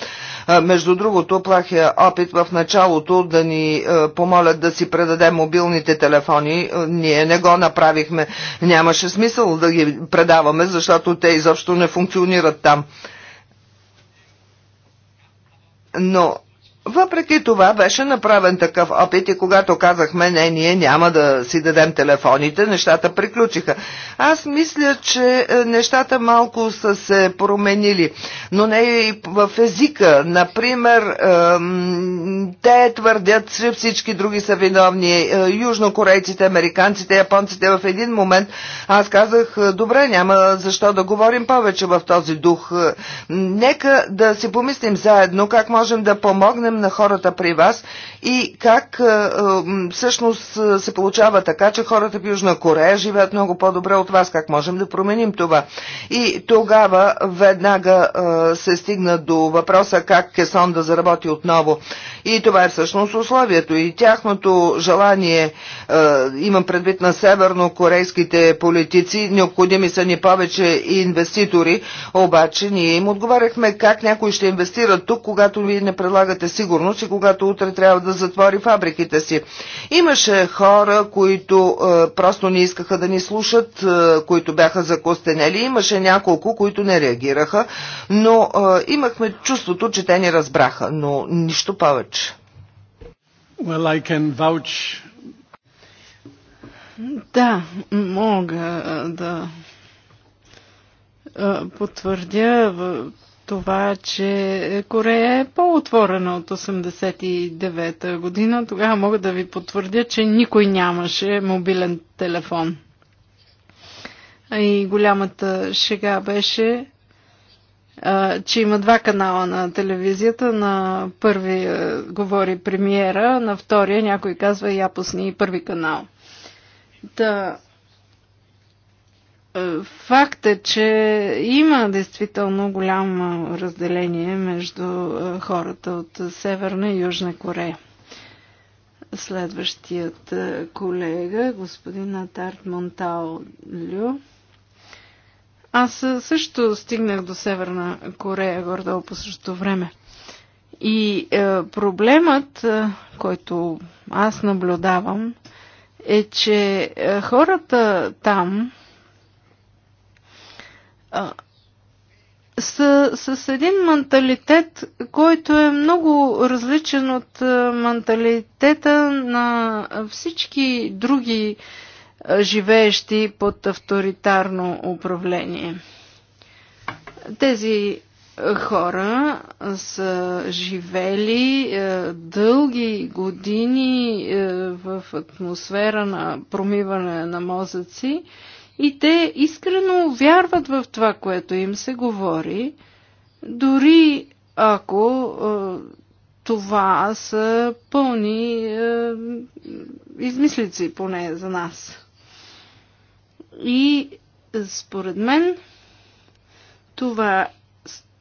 Между другото, плахия опит в началото да ни помолят да си предадем мобилните телефони. Ние не го направихме. Нямаше смисъл да ги предаваме, защото те изобщо не функционират там. Но въпреки това беше направен такъв опит и когато казахме не, ние няма да си дадем телефоните, нещата приключиха. Аз мисля, че е, нещата малко са се променили, но не и в езика. Например, е, те твърдят, че всички други са виновни. Е, южнокорейците, американците, японците в един момент. Аз казах, добре, няма защо да говорим повече в този дух. Нека да си помислим заедно как можем да помогнем на хората при вас и как е, е, всъщност е, се получава така, че хората в Южна Корея живеят много по-добре от вас, как можем да променим това. И тогава веднага се стигна до въпроса как Кесон да заработи отново. И това е всъщност условието. И тяхното желание, имам предвид на северно-корейските политици, необходими са ни повече инвеститори, обаче ние им отговаряхме как някой ще инвестира тук, когато вие не предлагате сигурност сигурност и когато утре трябва да затвори фабриките си. Имаше хора, които е, просто не искаха да ни слушат, е, които бяха закостенели. Имаше няколко, които не реагираха, но е, имахме чувството, че те ни разбраха, но нищо повече. Well, I can vouch. Да, мога е, да е, потвърдя това, че Корея е по-отворена от 89-та година. Тогава мога да ви потвърдя, че никой нямаше мобилен телефон. И голямата шега беше, че има два канала на телевизията. На първи говори премиера, на втория някой казва я пусни първи канал. Та, е, факт е, че има действително голямо разделение между е, хората от Северна и Южна Корея. Следващият е, колега, господин Натарт Лю, Аз също стигнах до Северна Корея гордо по същото време. И е, проблемът, който аз наблюдавам, е, че хората там, с, с един менталитет, който е много различен от менталитета на всички други живеещи под авторитарно управление. Тези хора са живели дълги години в атмосфера на промиване на мозъци и те искрено вярват в това, което им се говори, дори ако е, това са пълни е, измислици, поне за нас. И според мен това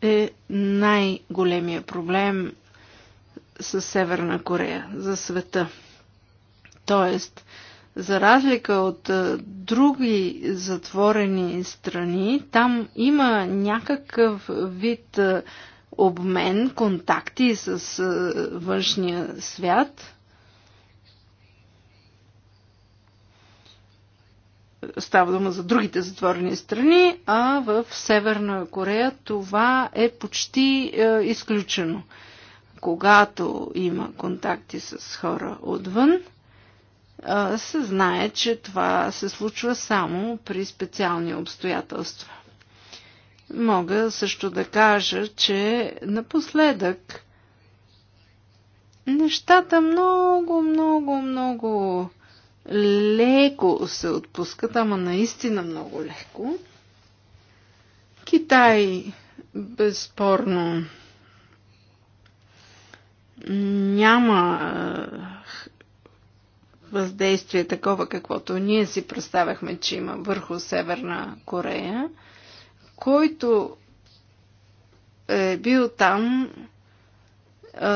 е най-големия проблем с Северна Корея за света. Тоест, за разлика от други затворени страни, там има някакъв вид обмен, контакти с външния свят. Става дума за другите затворени страни, а в Северна Корея това е почти е, изключено. Когато има контакти с хора отвън, се знае, че това се случва само при специални обстоятелства. Мога също да кажа, че напоследък нещата много, много, много леко се отпускат, ама наистина много леко. Китай безспорно няма въздействие такова, каквото ние си представяхме, че има върху Северна Корея, който е бил там,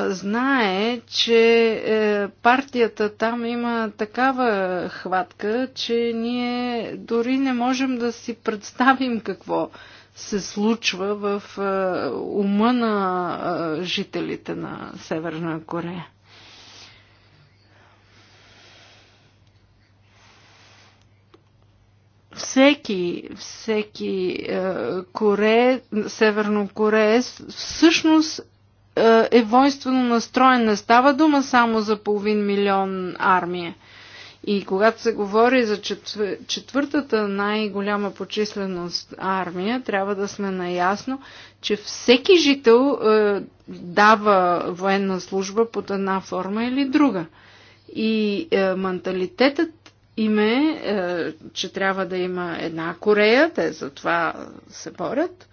знае, че е, партията там има такава хватка, че ние дори не можем да си представим какво се случва в е, ума на е, жителите на Северна Корея. всеки, всеки е, коре, северно Коре, е всъщност е, е воинствено настроен. Не става дума само за половин милион армия. И когато се говори за четвъртата най-голяма почисленост армия, трябва да сме наясно, че всеки жител е, дава военна служба под една форма или друга. И е, менталитетът име, е, че трябва да има една Корея, те за това се борят.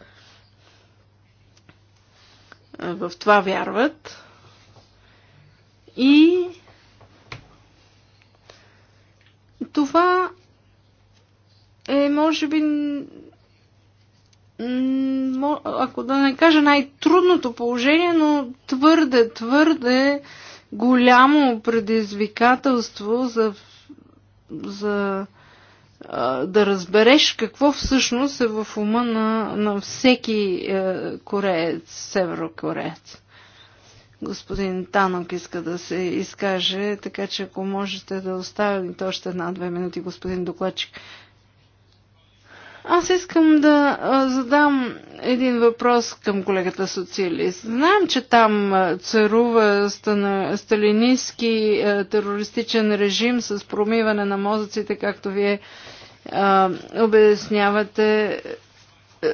Е, в това вярват. И това е, може би, ако да не кажа най-трудното положение, но твърде, твърде голямо предизвикателство за за да разбереш какво всъщност е в ума на, на всеки е, кореец, северокореец. Господин Танок иска да се изкаже, така че ако можете да оставите още една-две минути, господин докладчик. Аз искам да задам един въпрос към колегата социалист. Знаем, че там царува сталинистски терористичен режим с промиване на мозъците, както вие а, обяснявате. Е,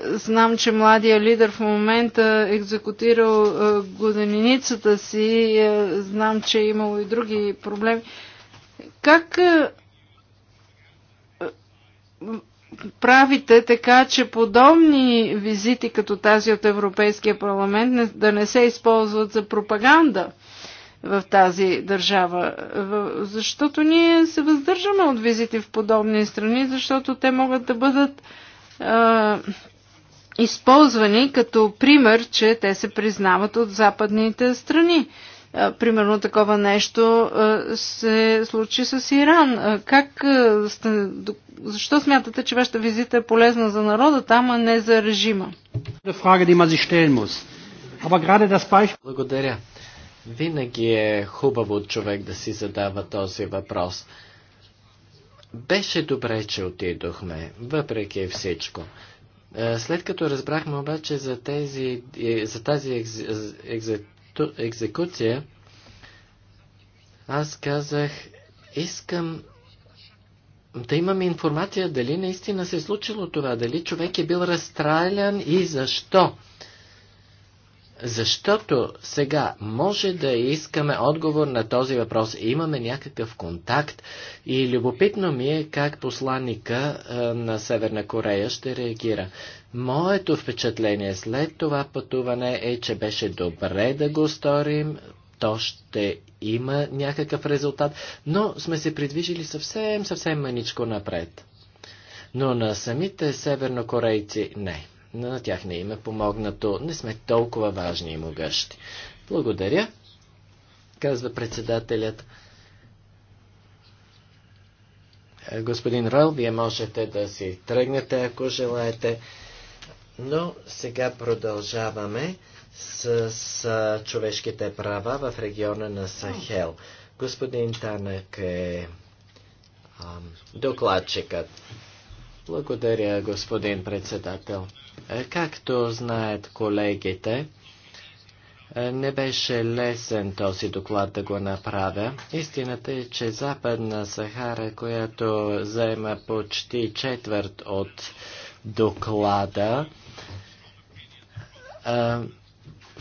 знам, че младия лидер в момента екзекутирал годениницата си. Знам, че е имало и други проблеми. Как правите така, че подобни визити като тази от Европейския парламент да не се използват за пропаганда в тази държава. Защото ние се въздържаме от визити в подобни страни, защото те могат да бъдат а, използвани като пример, че те се признават от западните страни. А, примерно такова нещо а, се случи с Иран. А, как сте защо смятате, че вашата визита е полезна за народа там, а не за режима? Благодаря. Винаги е хубаво човек да си задава този въпрос. Беше добре, че отидохме, въпреки всичко. Е, след като разбрахме обаче за, тези, е, за тази екз, екзекуция, аз казах, искам да имаме информация дали наистина се е случило това, дали човек е бил разстрелян и защо. Защото сега може да искаме отговор на този въпрос. Имаме някакъв контакт и любопитно ми е как посланника на Северна Корея ще реагира. Моето впечатление след това пътуване е, че беше добре да го сторим. То ще има някакъв резултат, но сме се придвижили съвсем, съвсем маничко напред. Но на самите севернокорейци не. На тях не им е помогнато, не сме толкова важни и могъщи. Благодаря, казва председателят. Господин Ройл, вие можете да си тръгнете, ако желаете. Но сега продължаваме с, с човешките права в региона на Сахел. Господин Танък е а, докладчикът. Благодаря, господин председател. Е, както знаят колегите, е, не беше лесен този доклад да го направя. Истината е, че Западна Сахара, която заема почти четвърт от доклада, е,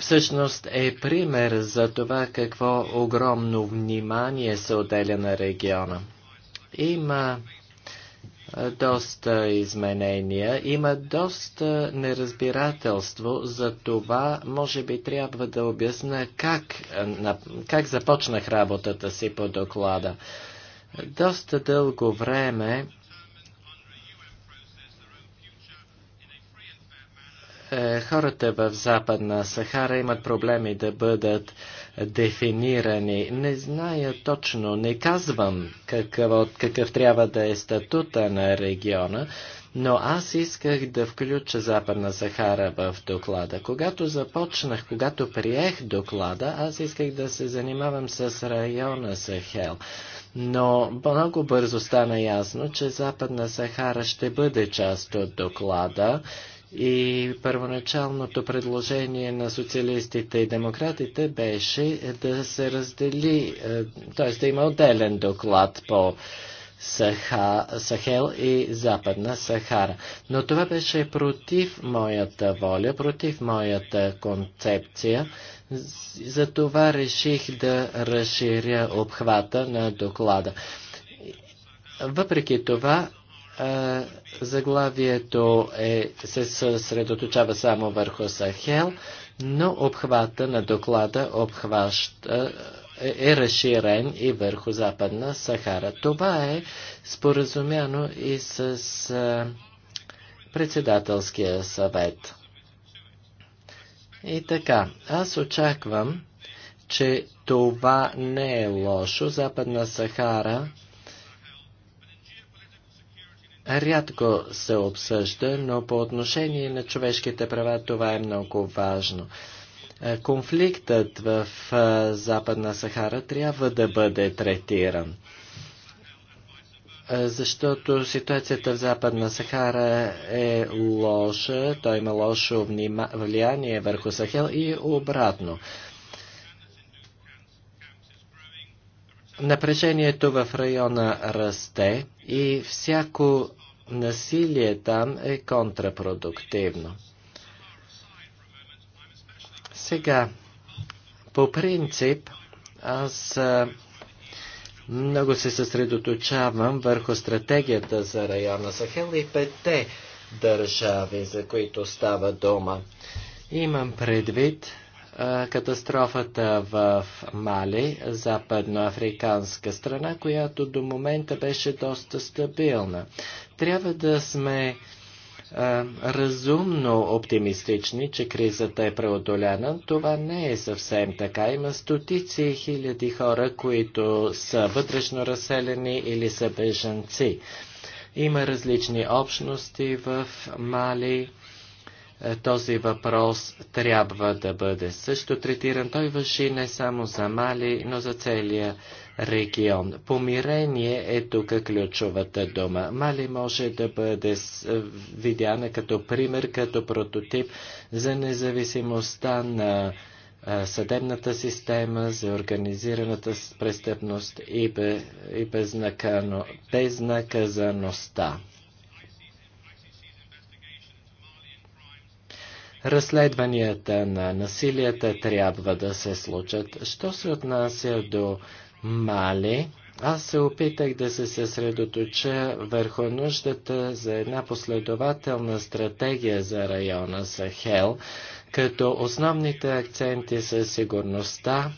всъщност е пример за това какво огромно внимание се отделя на региона. Има доста изменения, има доста неразбирателство, за това може би трябва да обясна как, как започнах работата си по доклада. Доста дълго време Е, хората в Западна Сахара имат проблеми да бъдат дефинирани. Не зная точно, не казвам какъв, какъв трябва да е статута на региона, но аз исках да включа Западна Сахара в доклада. Когато започнах, когато приех доклада, аз исках да се занимавам с района Сахел. Но много бързо стана ясно, че Западна Сахара ще бъде част от доклада. И първоначалното предложение на социалистите и демократите беше да се раздели, т.е. да има отделен доклад по Саха, Сахел и Западна Сахара. Но това беше против моята воля, против моята концепция. Затова реших да разширя обхвата на доклада. Въпреки това, заглавието е, се съсредоточава само върху Сахел, но обхвата на доклада обхваща е, е разширен и върху Западна Сахара. Това е споразумяно и с председателския съвет. И така, аз очаквам, че това не е лошо. Западна Сахара рядко се обсъжда, но по отношение на човешките права това е много важно. Е, конфликтът в е, Западна Сахара трябва да бъде третиран е, защото ситуацията в Западна Сахара е лоша, той има лошо влияние върху Сахел и обратно. Напрежението в района расте и всяко насилие там е контрапродуктивно. Сега, по принцип, аз много се съсредоточавам върху стратегията за района Сахел и петте държави, за които става дома. Имам предвид катастрофата в Мали, западноафриканска страна, която до момента беше доста стабилна. Трябва да сме разумно оптимистични, че кризата е преодоляна. Това не е съвсем така. Има стотици и хиляди хора, които са вътрешно разселени или са бежанци. Има различни общности в Мали е, този въпрос трябва да бъде също третиран. Той върши не само за Мали, но за целия регион. Помирение е тук ключовата дума. Мали може да бъде е, видяна като пример, като прототип за независимостта на е, съдебната система, за организираната престъпност и, безнаказаността. Разследванията на насилията трябва да се случат. Що се отнася до Мали, аз се опитах да се съсредоточа върху нуждата за една последователна стратегия за района Сахел, като основните акценти са сигурността,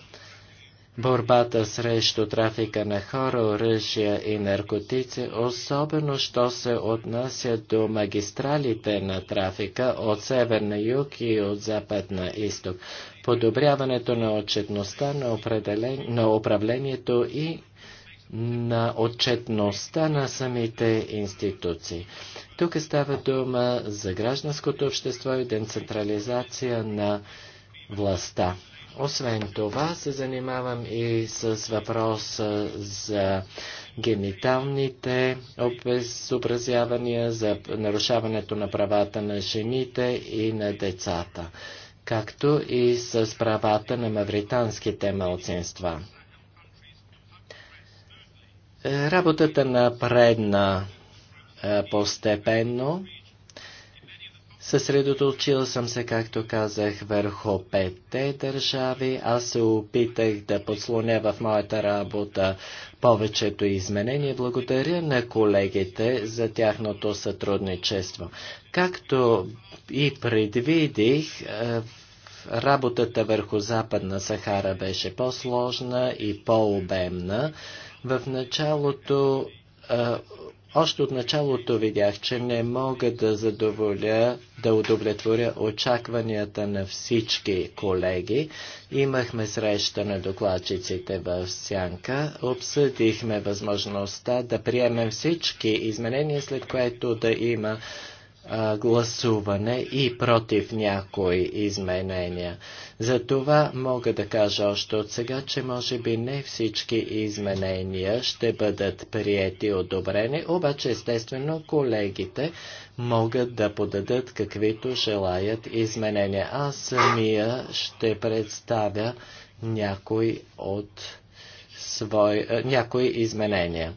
борбата срещу трафика на хора, оръжия и наркотици, особено що се отнася до магистралите на трафика от север на юг и от запад на изток, подобряването на отчетността на, определен... на управлението и на отчетността на самите институции. Тук става дума за гражданското общество и децентрализация на властта. Освен това се занимавам и с въпроса за гениталните обезобразявания, за нарушаването на правата на жените и на децата, както и с правата на мавританските малцинства. Работата напредна постепенно. Съсредоточил съм се, както казах, върху петте държави. Аз се опитах да подслоня в моята работа повечето изменения. Благодаря на колегите за тяхното сътрудничество. Както и предвидих, е, работата върху Западна Сахара беше по-сложна и по-обемна. В началото е, още от началото видях, че не мога да задоволя, да удовлетворя очакванията на всички колеги. Имахме среща на докладчиците в Сянка, обсъдихме възможността да приемем всички изменения, след което да има а, гласуване и против някои изменения. За това мога да кажа още от сега, че може би не всички изменения ще бъдат приети и одобрени, обаче естествено колегите могат да подадат каквито желаят изменения. Аз самия ще представя някои от свой, някои изменения.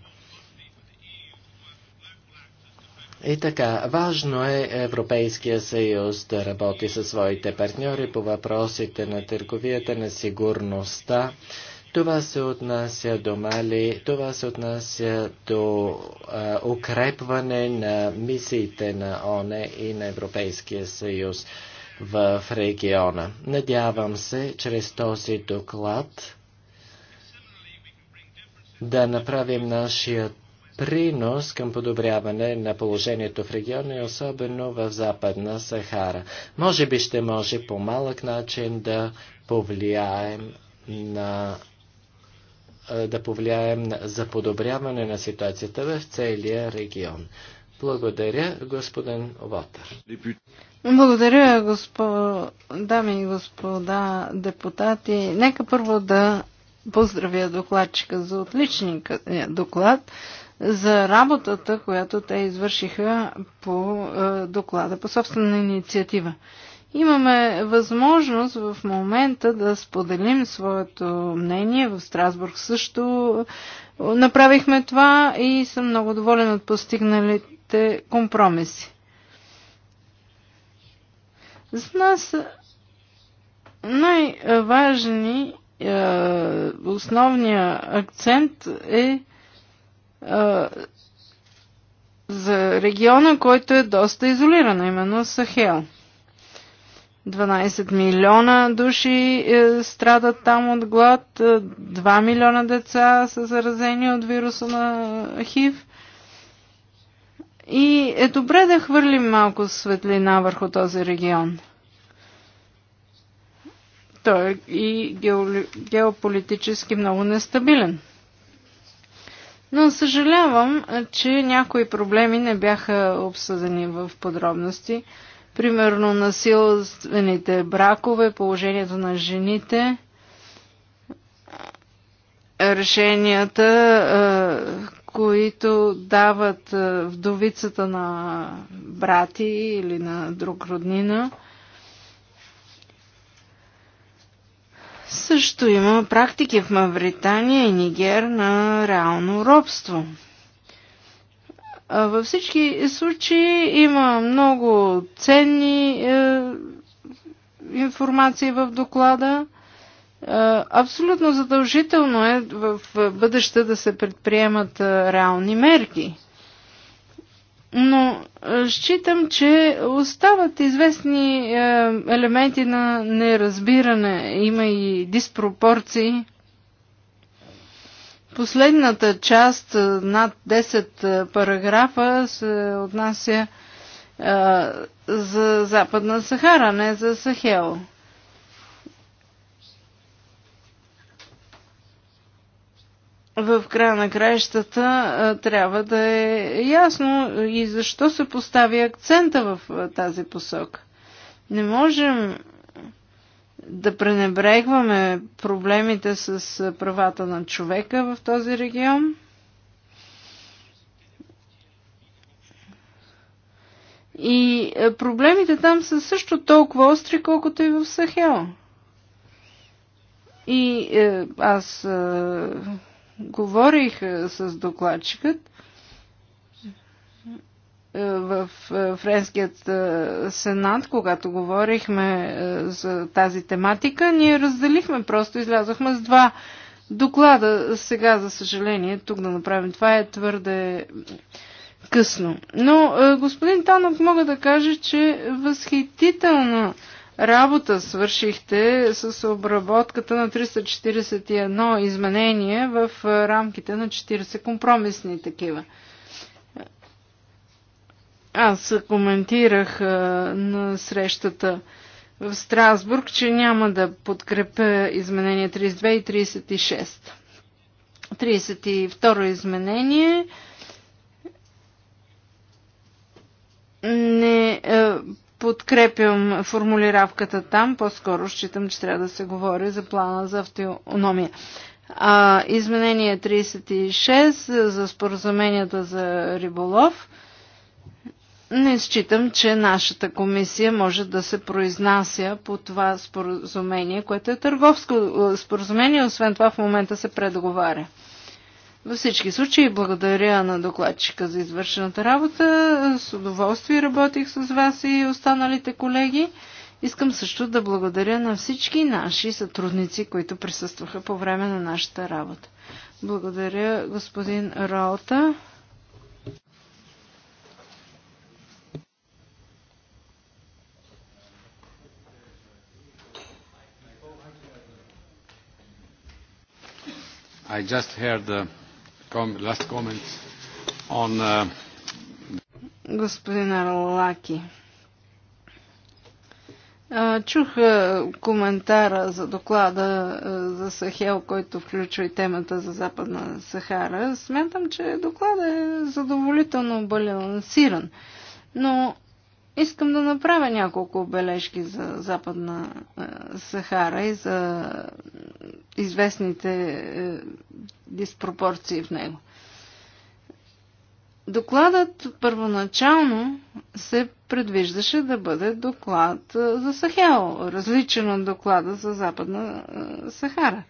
И така, важно е Европейския съюз да работи със своите партньори по въпросите на търговията, на сигурността. Това се отнася до Мали, това се отнася до а, укрепване на мисиите на ОНЕ и на Европейския съюз в региона. Надявам се, чрез този доклад да направим нашият принос към подобряване на положението в региона и особено в Западна Сахара. Може би ще може по малък начин да повлияем на е, да повлияем за подобряване на ситуацията в целия регион. Благодаря, господин Вотър. Благодаря, госпо... дами и господа депутати. Нека първо да поздравя докладчика за отличния доклад за работата, която те извършиха по е, доклада по собствена инициатива. Имаме възможност в момента да споделим своето мнение. В Страсбург също направихме това и съм много доволен от постигналите компромиси. За нас най-важни, е, основният акцент е за региона, който е доста изолиран, именно Сахел. 12 милиона души е, страдат там от глад, 2 е, милиона деца са заразени от вируса на ХИВ. И е добре да хвърлим малко светлина върху този регион. Той е и геополитически много нестабилен. Но съжалявам, че някои проблеми не бяха обсъдени в подробности. Примерно насилствените бракове, положението на жените, решенията, които дават вдовицата на брати или на друг роднина – Също има практики в Мавритания и Нигер на реално робство. Във всички случаи има много ценни е, информации в доклада. Е, абсолютно задължително е в бъдеще да се предприемат е, реални мерки но считам, че остават известни е, елементи на неразбиране. Има и диспропорции. Последната част, е, над 10 е, параграфа, се отнася за Западна Сахара, не за Сахел. в края на краищата трябва да е ясно и защо се поставя акцента в тази посока. Не можем да пренебрегваме проблемите с правата на човека в този регион. И проблемите там са също толкова остри, колкото и в Сахел. И е, аз е, Говорих с докладчикът е, в е, Френският е, сенат, когато говорихме за тази тематика, ние разделихме, просто излязохме с два доклада. Сега, за съжаление, тук да направим това е твърде късно. Но, господин Танок, мога да кажа, че възхитителна работа свършихте с обработката на 341 изменения в рамките на 40 компромисни такива. Аз коментирах на срещата в Страсбург, че няма да подкрепя изменения 32 и 36. 32 изменение не подкрепям формулировката там, по-скоро считам, че трябва да се говори за плана за автономия. А, изменение 36 за споразуменията за риболов. Не считам, че нашата комисия може да се произнася по това споразумение, което е търговско споразумение, освен това в момента се предоговаря. Във всички случаи благодаря на докладчика за извършената работа. С удоволствие работих с вас и останалите колеги. Искам също да благодаря на всички наши сътрудници, които присъстваха по време на нашата работа. Благодаря, господин Рота. I just heard the last comments on... Uh, Господин Арлаки, чух коментара за доклада за Сахел, който включва и темата за Западна Сахара. Смятам, че докладът е задоволително балансиран. Но Искам да направя няколко бележки за Западна е, Сахара и за известните е, диспропорции в него. Докладът първоначално се предвиждаше да бъде доклад е, за Сахел, различен от доклада за Западна Сахара.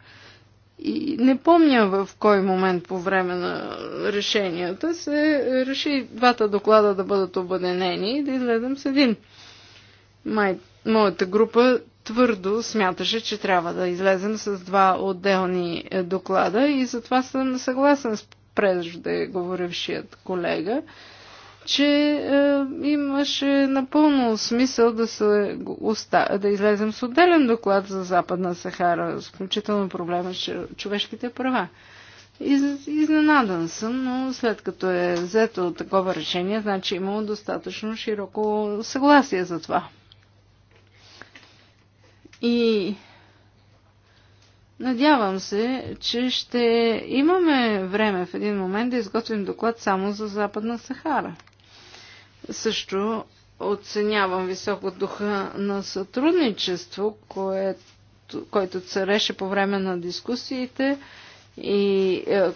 И не помня в кой момент по време на решенията се реши двата доклада да бъдат обединени и да изгледам с един. Май, моята група твърдо смяташе, че трябва да излезем с два отделни е, доклада и затова съм съгласен с преждеговорившият колега че е, имаше напълно смисъл да, се уста, да излезем с отделен доклад за Западна Сахара, включително проблема с човешките права. Из... Изненадан съм, но след като е взето такова решение, значи има достатъчно широко съгласие за това. И Надявам се, че ще имаме време в един момент да изготвим доклад само за Западна Сахара. Също оценявам високо духа на сътрудничество, което, който цареше по време на дискусиите и е,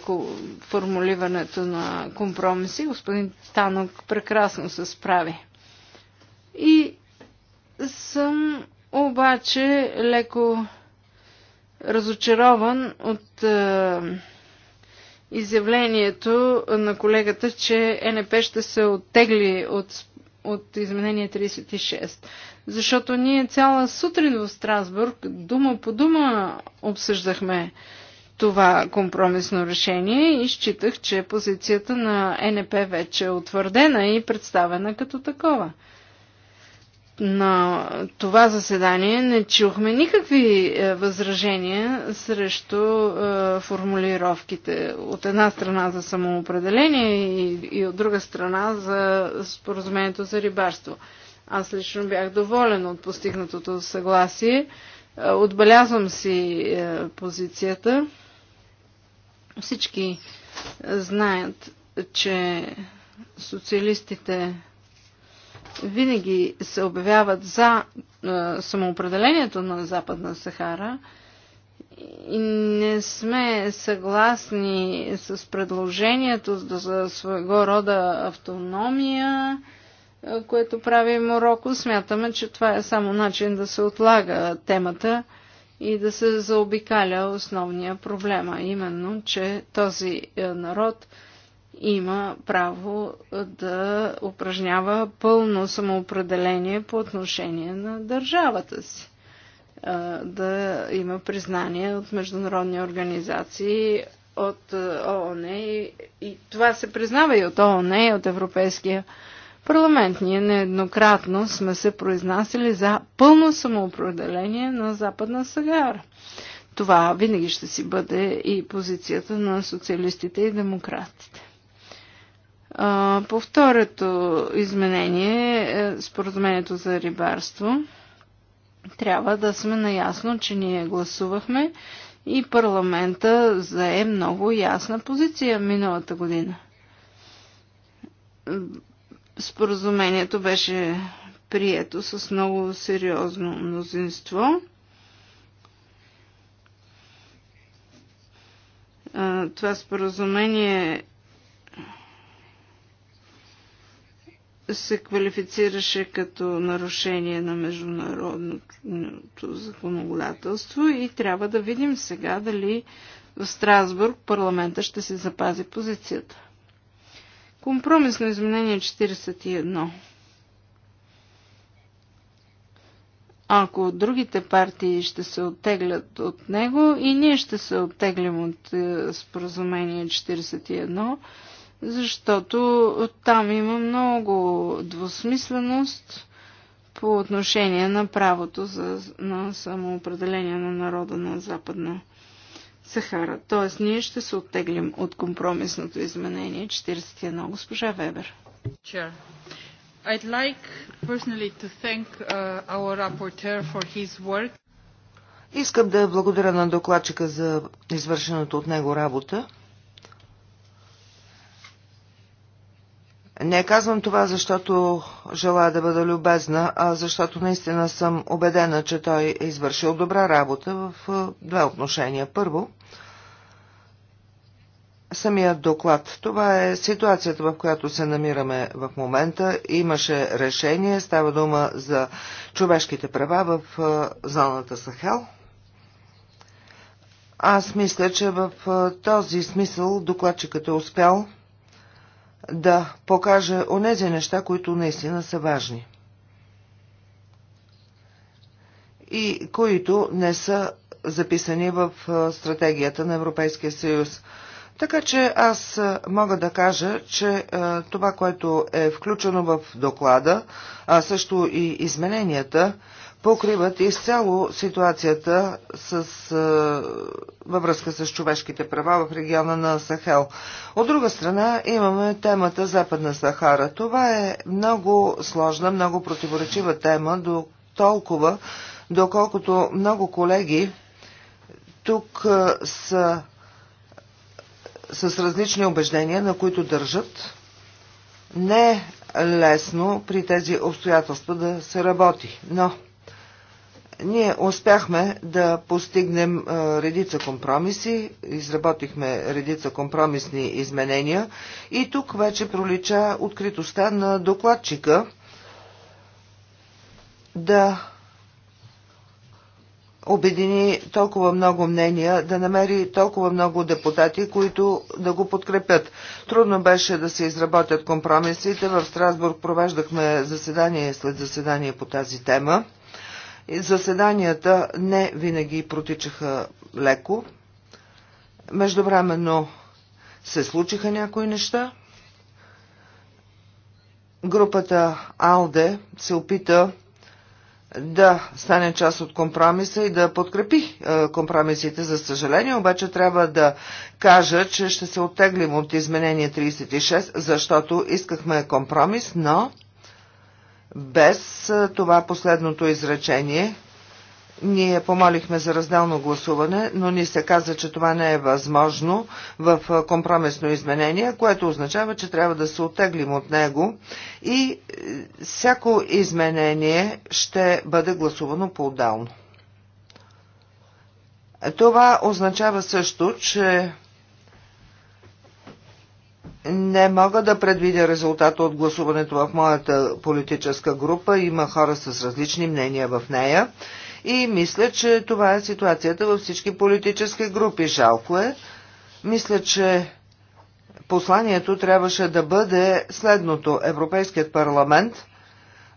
формулирането на компромиси. Господин Танок прекрасно се справи. И съм обаче леко разочарован от е, изявлението на колегата, че НП ще се оттегли от, от изменение 36. Защото ние цяла сутрин в Страсбург дума по дума обсъждахме това компромисно решение и считах, че позицията на НП вече е утвърдена и представена като такова на това заседание не чухме никакви е, възражения срещу е, формулировките. От една страна за самоопределение и, от друга страна за споразумението за рибарство. Аз лично бях доволен от постигнатото съгласие. Е, отбелязвам си позицията. Всички знаят, че социалистите винаги се обявяват за самоопределението на Западна Сахара и не сме съгласни с предложението за своего рода автономия, което прави Мороко. Смятаме, че това е само начин да се отлага темата и да се заобикаля основния проблема, именно, че този е, народ – има право да упражнява пълно самоопределение по отношение на държавата си. Да има признание от международни организации, от ООН и, това се признава и от ООН и от Европейския парламент. Ние нееднократно сме се произнасяли за пълно самоопределение на Западна Сагара. Това винаги ще си бъде и позицията на социалистите и демократите. По второто изменение, е, споразумението за рибарство, трябва да сме наясно, че ние гласувахме и парламента зае много ясна позиция миналата година. Споразумението беше прието с много сериозно мнозинство. Това споразумение се квалифицираше като нарушение на международното законодателство и трябва да видим сега дали в Страсбург парламента ще се запази позицията. Компромисно изменение 41. Ако другите партии ще се оттеглят от него и ние ще се оттеглим от е, споразумение 41, защото там има много двусмисленост по отношение на правото за, на самоопределение на народа на Западна Сахара. Тоест, ние ще се оттеглим от компромисното изменение 41. Госпожа Вебер. I'd like personally to thank uh, our rapporteur for his work. Искам да благодаря на докладчика за извършеното от него работа. Не казвам това, защото желая да бъда любезна, а защото наистина съм убедена, че той е извършил добра работа в две отношения. Първо, самият доклад. Това е ситуацията, в която се намираме в момента. Имаше решение, става дума за човешките права в зоната Сахел. Аз мисля, че в този смисъл докладчикът е успял да покаже онези неща, които наистина са важни и които не са записани в стратегията на Европейския съюз. Така че аз мога да кажа, че това, което е включено в доклада, а също и измененията, покриват изцяло ситуацията с, във връзка с човешките права в региона на Сахел. От друга страна имаме темата Западна Сахара. Това е много сложна, много противоречива тема до толкова, доколкото много колеги тук са с различни убеждения, на които държат. Не е лесно при тези обстоятелства да се работи, но ние успяхме да постигнем редица компромиси, изработихме редица компромисни изменения и тук вече пролича откритостта на докладчика да обедини толкова много мнения, да намери толкова много депутати, които да го подкрепят. Трудно беше да се изработят компромисите. В Страсбург провеждахме заседание след заседание по тази тема. Заседанията не винаги протичаха леко. Междувременно се случиха някои неща. Групата АЛДЕ се опита да стане част от компромиса и да подкрепи е, компромисите. За съжаление, обаче трябва да кажа, че ще се оттеглим от изменение 36, защото искахме компромис, но без това последното изречение. Ние помолихме за разделно гласуване, но ни се каза, че това не е възможно в компромисно изменение, което означава, че трябва да се оттеглим от него и е, всяко изменение ще бъде гласувано по-отдално. Това означава също, че не мога да предвидя резултата от гласуването в моята политическа група. Има хора с различни мнения в нея. И мисля, че това е ситуацията във всички политически групи. Жалко е. Мисля, че посланието трябваше да бъде следното. Европейският парламент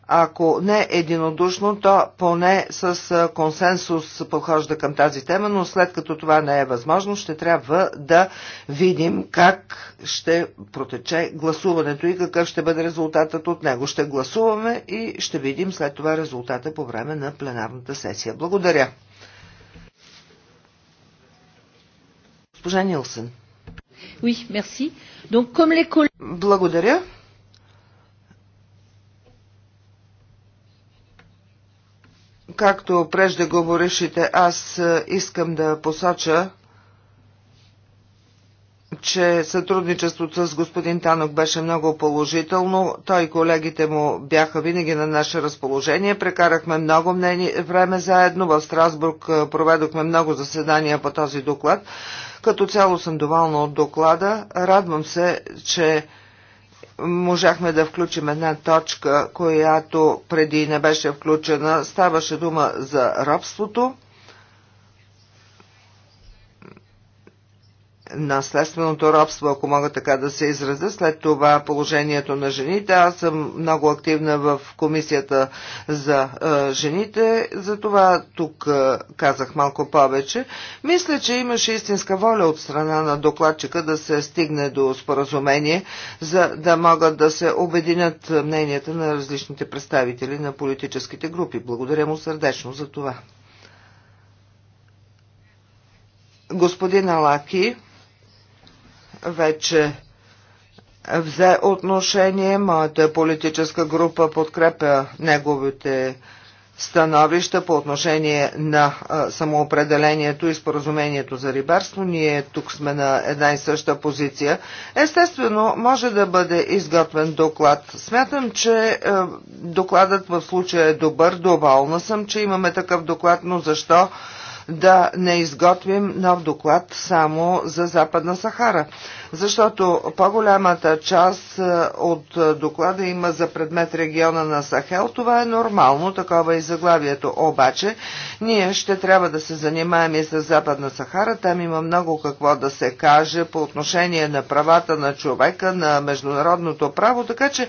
ако не единодушно, то поне с консенсус подхожда към тази тема, но след като това не е възможно, ще трябва да видим как ще протече гласуването и какъв ще бъде резултатът от него. Ще гласуваме и ще видим след това резултата по време на пленарната сесия. Благодаря. Госпожа Нилсен. Благодаря. Както преждеговорившите, аз е, искам да посоча, че сътрудничеството с господин Танок беше много положително. Той и колегите му бяха винаги на наше разположение. Прекарахме много време заедно. В Страсбург е, проведохме много заседания по този доклад. Като цяло съм доволна от доклада. Радвам се, че можахме да включим една точка, която преди не беше включена. Ставаше дума за робството. наследственото робство, ако мога така да се изразя, след това положението на жените. Аз съм много активна в комисията за е, жените, затова тук е, казах малко повече. Мисля, че имаше истинска воля от страна на докладчика да се стигне до споразумение, за да могат да се обединят мненията на различните представители на политическите групи. Благодаря му сърдечно за това. Господин Алаки, вече взе отношение. Моята политическа група подкрепя неговите становища по отношение на самоопределението и споразумението за рибарство. Ние тук сме на една и съща позиция. Естествено, може да бъде изготвен доклад. Смятам, че докладът в случая е добър. Доволна съм, че имаме такъв доклад, но защо да не изготвим нов доклад само за Западна Сахара защото по-голямата част е, от е, доклада има за предмет региона на Сахел. Това е нормално, такова е и заглавието. Обаче, ние ще трябва да се занимаем и с Западна Сахара. Там има много какво да се каже по отношение на правата на човека, на международното право, така че е,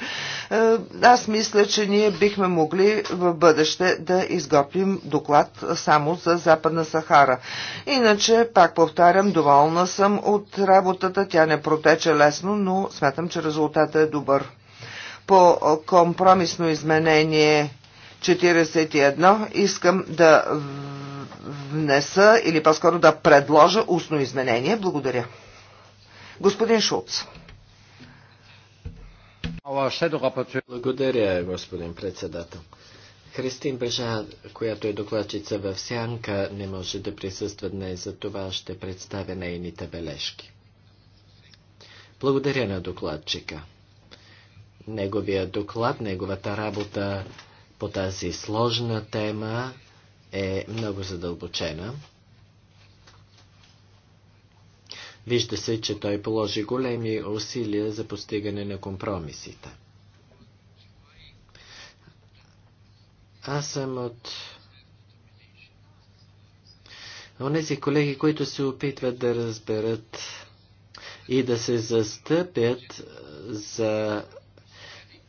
аз мисля, че ние бихме могли в бъдеще да изготвим доклад само за Западна Сахара. Иначе, пак повтарям, доволна съм от работата. Тя не не протече лесно, но смятам, че резултатът е добър. По компромисно изменение 41 искам да внеса или по-скоро да предложа устно изменение. Благодаря. Господин Шулц. Благодаря, господин председател. Христин Бежа, която е докладчица в Сянка, не може да присъства днес, за това ще представя нейните бележки. Благодаря на докладчика. Неговия доклад, неговата работа по тази сложна тема е много задълбочена. Вижда се, че той положи големи усилия за постигане на компромисите. Аз съм от онези колеги, които се опитват да разберат и да се застъпят за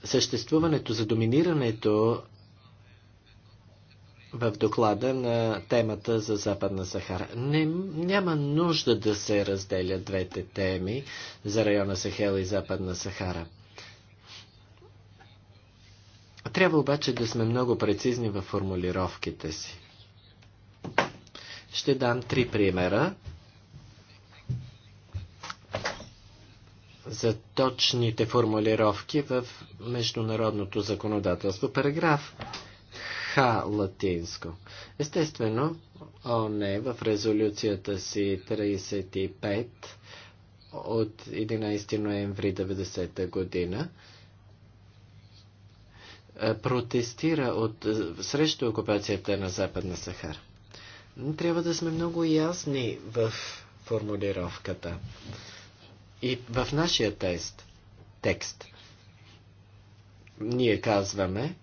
съществуването, за доминирането в доклада на темата за Западна Сахара. Не, няма нужда да се разделят двете теми за района Сахел и Западна Сахара. Трябва обаче да сме много прецизни във формулировките си. Ще дам три примера за точните формулировки в международното законодателство. Параграф Х латинско. Естествено, ОНЕ в резолюцията си 35 от 11 ноември 90 година е, протестира от, е, срещу окупацията на Западна Сахара. Трябва да сме много ясни в формулировката. И в нашия тест, текст ние казваме,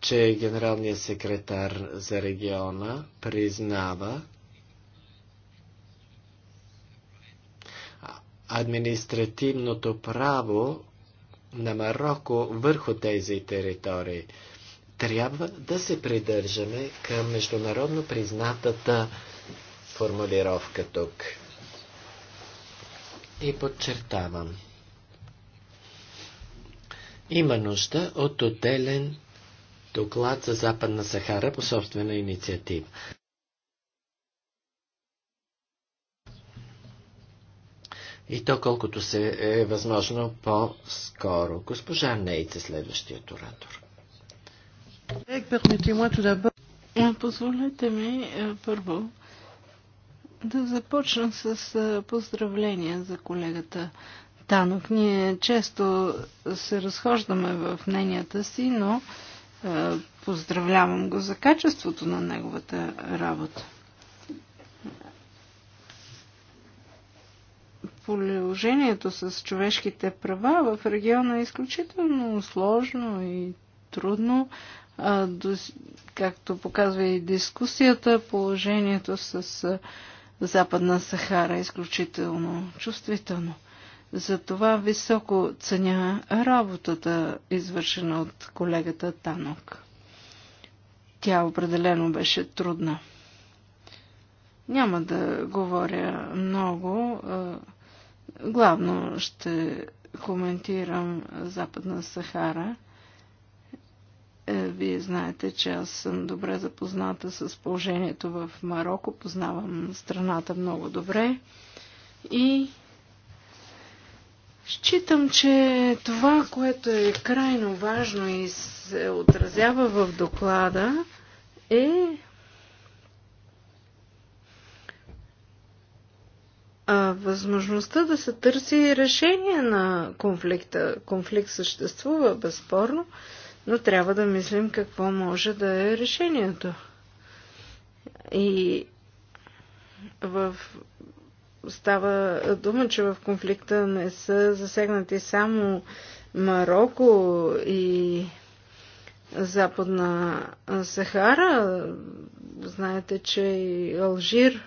че генералният секретар за региона признава административното право на Марокко върху тези територии. Трябва да се придържаме към международно признатата формулировка тук. И подчертавам. Има нужда от отделен доклад за Западна Сахара по собствена инициатива. И то колкото се е възможно по-скоро. Госпожа Нейце, следващият оратор. Позволете ми е, първо да започна с е, поздравления за колегата Танов. Ние често се разхождаме в мненията си, но е, поздравлявам го за качеството на неговата работа. положението с човешките права в региона е изключително сложно и трудно. А, както показва и дискусията, положението с Западна Сахара е изключително чувствително. Затова високо ценя работата, извършена от колегата Танок. Тя определено беше трудна. Няма да говоря много. Главно ще коментирам Западна Сахара. Е, вие знаете, че аз съм добре запозната с положението в Марокко, познавам страната много добре и считам, че това, което е крайно важно и се отразява в доклада, е а, възможността да се търси решение на конфликта. Конфликт съществува, безспорно, но трябва да мислим какво може да е решението. И в... става дума, че в конфликта не са засегнати само Марокко и Западна Сахара. Знаете, че и Алжир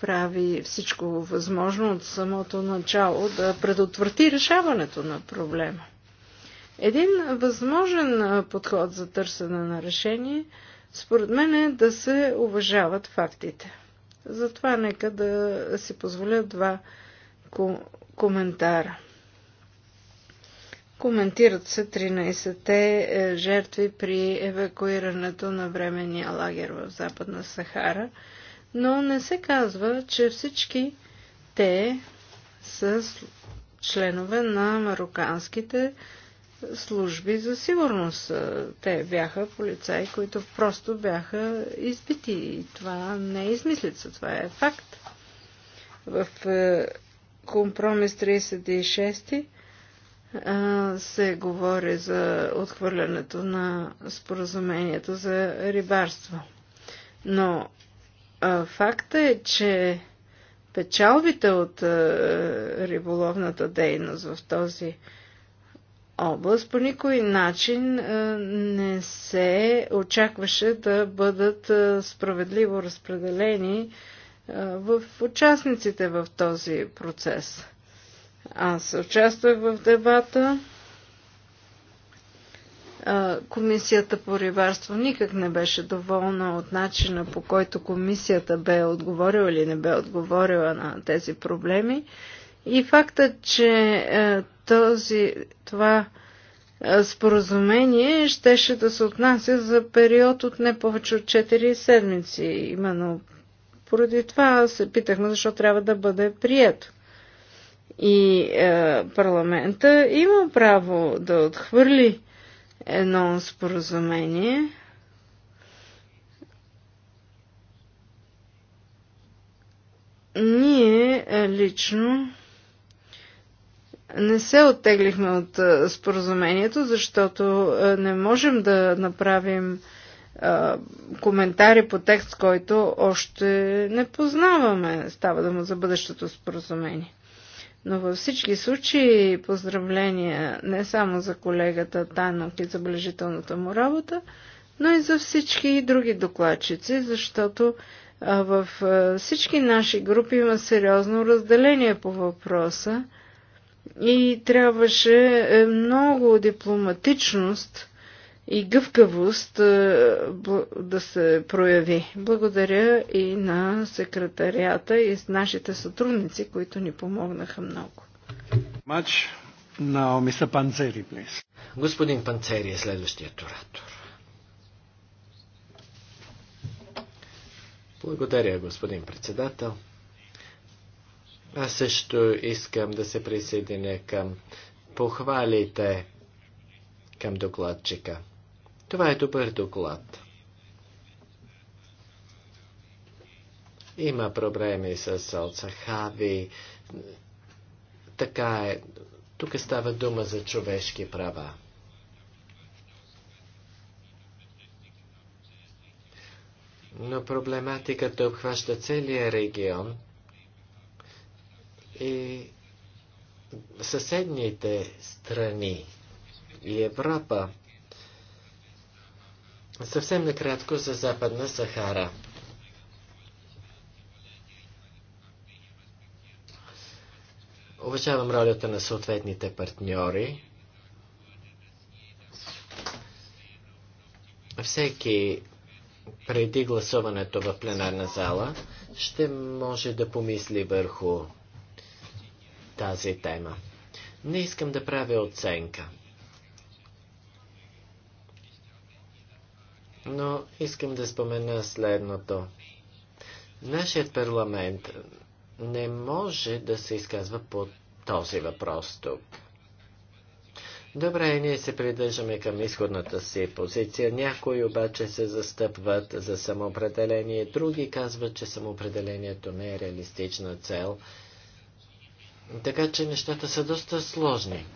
прави всичко възможно от самото начало да предотврати решаването на проблема. Един възможен подход за търсене на решение, според мен е да се уважават фактите. Затова нека да си позволя два коментара. Коментират се 13-те е, жертви при евакуирането на временния лагер в Западна Сахара – но не се казва, че всички те са членове на мароканските служби за сигурност. Те бяха полицаи, които просто бяха избити. И това не е измислица, това е факт. В е, компромис 36 е, се говори за отхвърлянето на споразумението за рибарство. Но Факта е, че печалбите от риболовната дейност в този област по никой начин не се очакваше да бъдат справедливо разпределени в участниците в този процес. Аз участвах в дебата Комисията по рибарство никак не беше доволна от начина по който комисията бе отговорила или не бе отговорила на тези проблеми. И фактът, че е, този, това е, споразумение щеше да се отнася за период от не повече от 4 седмици. Именно поради това се питахме защо трябва да бъде прието. И е, парламента има право да отхвърли едно споразумение. Ние е, лично не се оттеглихме от е, споразумението, защото е, не можем да направим коментари по текст, който още не познаваме. Става дума за бъдещото споразумение. Но във всички случаи поздравления не само за колегата Танок и забележителната му работа, но и за всички и други докладчици, защото в всички наши групи има сериозно разделение по въпроса и трябваше е, много дипломатичност и гъвкавост е, да се прояви. Благодаря и на секретарията и с нашите сътрудници, които ни помогнаха много. Мач на Омиса Панцери, плиз. Господин Панцери е следващият оратор. Благодаря, господин председател. Аз също искам да се присъединя към похвалите към докладчика. Това е добър доклад. Има проблеми с Алцахави. Така е. Тук става дума за човешки права. Но проблематиката обхваща целия регион и съседните страни и Европа. Съвсем накратко за Западна Сахара. Уважавам ролята на съответните партньори. Всеки преди гласуването в пленарна зала ще може да помисли върху тази тема. Не искам да правя оценка. но искам да спомена следното. Нашият парламент не може да се изказва по този въпрос тук. Добре, ние се придържаме към изходната си позиция. Някои обаче се застъпват за самоопределение, други казват, че самоопределението не е реалистична цел. Така че нещата са доста сложни.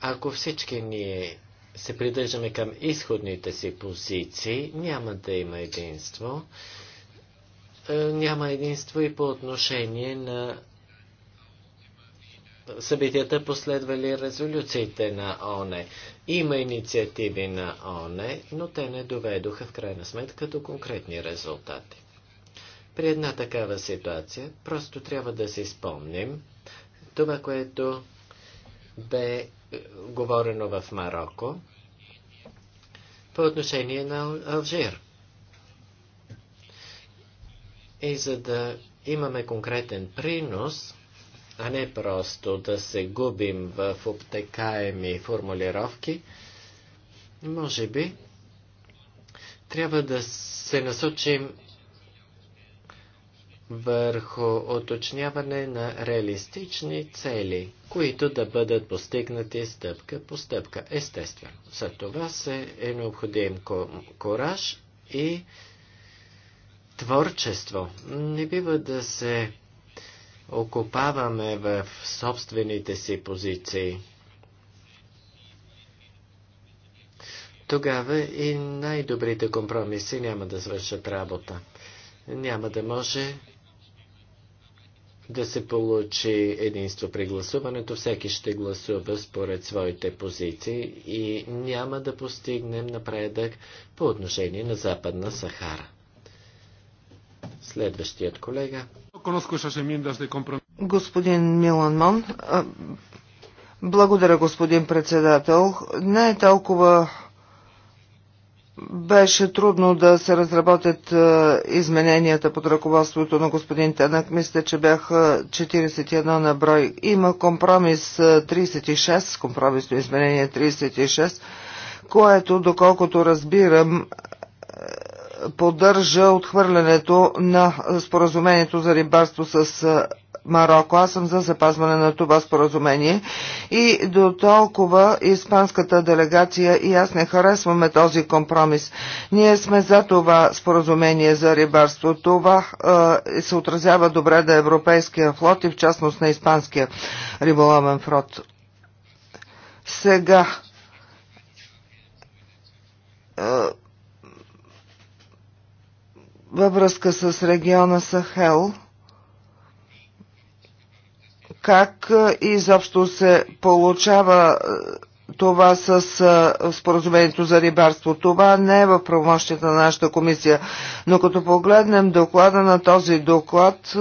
Ако всички ние се придържаме към изходните си позиции, няма да има единство. Е, няма единство и по отношение на събитията последвали резолюциите на ОНЕ. Има инициативи на ОНЕ, но те не доведоха в крайна сметка до конкретни резултати. При една такава ситуация просто трябва да си спомним това, което бе говорено в Марокко по отношение на Алжир. И за да имаме конкретен принос, а не просто да се губим в обтекаеми формулировки, може би трябва да се насочим върху оточняване на реалистични цели, които да бъдат постигнати стъпка по стъпка. Естествено, за това се е необходим кораж и творчество. Не бива да се окупаваме в собствените си позиции. Тогава и най-добрите компромиси няма да свършат работа. Няма да може да се получи единство при гласуването. Всеки ще гласува според своите позиции и няма да постигнем напредък по отношение на Западна Сахара. Следващият колега. Господин Милан Мон, благодаря господин председател. Не е толкова беше трудно да се разработят е, измененията под ръководството на господин Тенък. Мисля, че бяха 41 на брой. Има компромис 36, е, компромисно изменение 36, което, доколкото разбирам, е, поддържа отхвърлянето на споразумението за рибарство с Марокко. Аз съм за запазване на това споразумение и до толкова испанската делегация и аз не харесваме този компромис. Ние сме за това споразумение за рибарство. Това е, се отразява добре да европейския флот и в частност на испанския риболовен флот. Сега е, във връзка с региона Сахел – как изобщо се получава това с споразумението за рибарство. Това не е в правомощията на нашата комисия. Но като погледнем доклада на този доклад,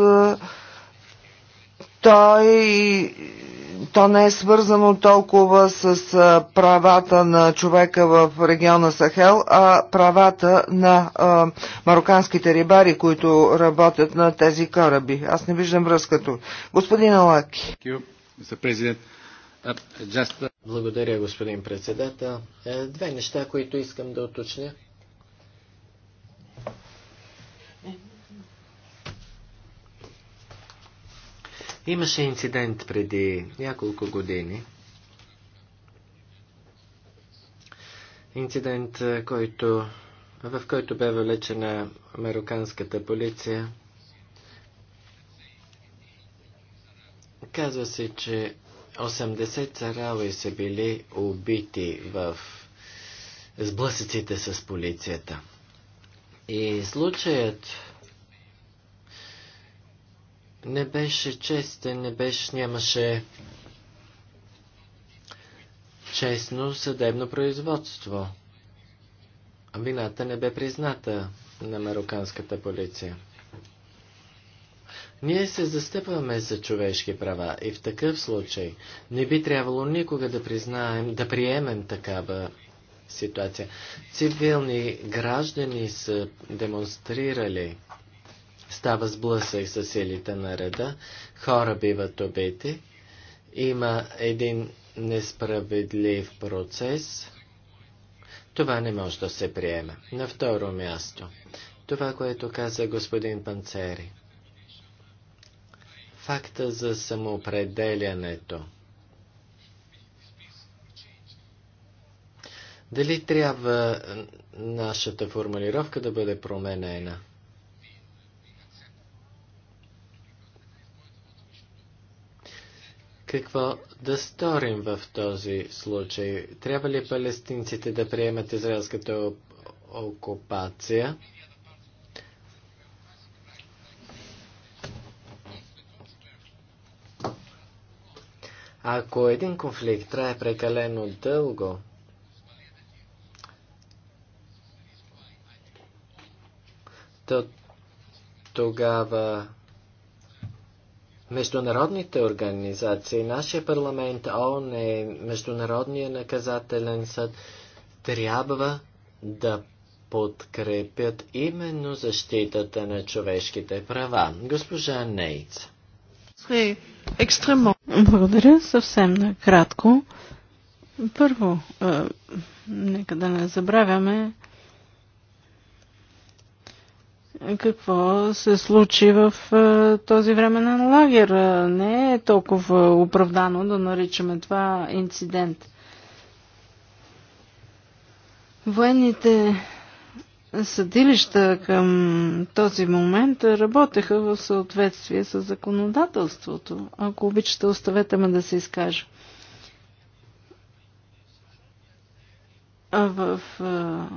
той то не е свързано толкова с правата на човека в региона Сахел, а правата на а, мароканските рибари, които работят на тези кораби. Аз не виждам връзката. Господин Алаки. Uh, uh, Благодаря, господин председател. Е, две неща, които искам да уточня. Имаше инцидент преди няколко години. Инцидент, който, в който бе влечена мароканската полиция. Казва се, че 80 царави са били убити в сблъсъците с полицията. И случаят не беше честен, не беше, нямаше честно съдебно производство. Вината не бе призната на мароканската полиция. Ние се застъпваме за човешки права и в такъв случай не би трябвало никога да признаем, да приемем такава ситуация. Цивилни граждани са демонстрирали става сблъсък с силите на реда, хора биват убити, има един несправедлив процес. Това не може да се приеме. На второ място, това, което каза господин Панцери. Факта за самоопределянето. Дали трябва нашата формулировка да бъде променена? какво да сторим в този случай? Трябва ли палестинците да приемат израелската окупация? Ако един конфликт трае прекалено дълго, то тогава международните организации, нашия парламент, ООН, е, Международния наказателен съд, трябва да подкрепят именно защитата на човешките права. Госпожа Нейц. Благодаря. Съвсем накратко. Първо, нека да не забравяме, какво се случи в е, този временен лагер. Е, не е толкова оправдано да наричаме това инцидент. Военните съдилища към този момент работеха в съответствие с законодателството. Ако обичате, оставете ме да се изкажа. А в е,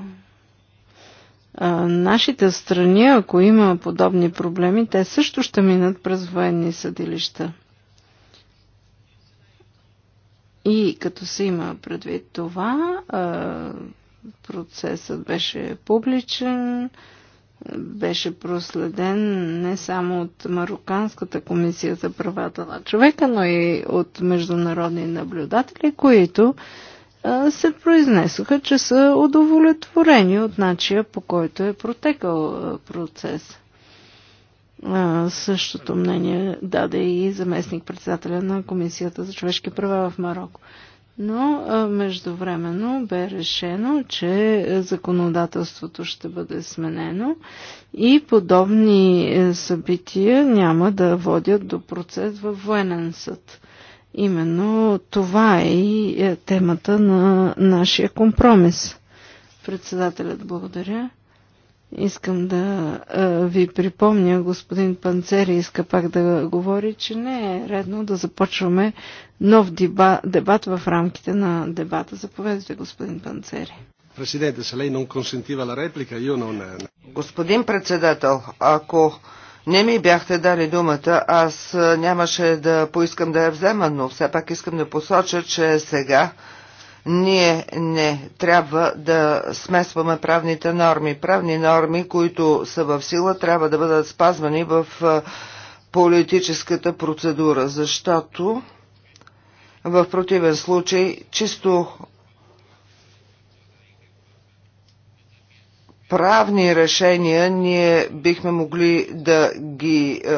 нашите страни, ако има подобни проблеми, те също ще минат през военни съдилища. И като се има предвид това, процесът беше публичен, беше проследен не само от Марокканската комисия за правата на човека, но и от международни наблюдатели, които се произнесоха, че са удовлетворени от начина по който е протекал процес. Същото мнение даде и заместник председателя на Комисията за човешки права в Марокко. Но междувременно бе решено, че законодателството ще бъде сменено и подобни е, събития няма да водят до процес във военен съд. Именно това е и е, темата на нашия компромис. Председателят, благодаря. Искам да е, ви припомня, господин Панцери иска пак да говори, че не е редно да започваме нов дебат, дебат в рамките на дебата. Заповедайте, господин Панцери. Е, господин председател, ако не ми бяхте дали думата, аз нямаше да поискам да я взема, но все пак искам да посоча, че сега ние не трябва да смесваме правните норми. Правни норми, които са в сила, трябва да бъдат спазвани в политическата процедура, защото в противен случай чисто правни решения ние бихме могли да ги е,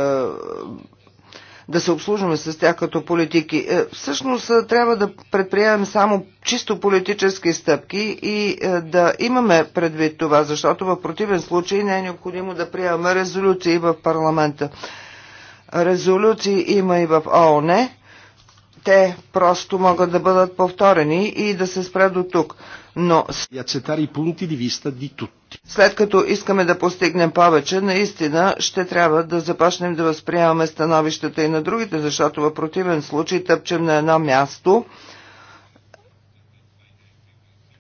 да се обслужваме с тях като политики. Е, всъщност е, трябва да предприемем само чисто политически стъпки и да имаме предвид това, защото в противен случай не е необходимо да приемаме резолюции в парламента. Резолюции има и в ООН те просто могат да бъдат повторени и да се спре до тук. Но след като искаме да постигнем повече, наистина ще трябва да започнем да възприемаме становищата и на другите, защото в противен случай тъпчем на едно място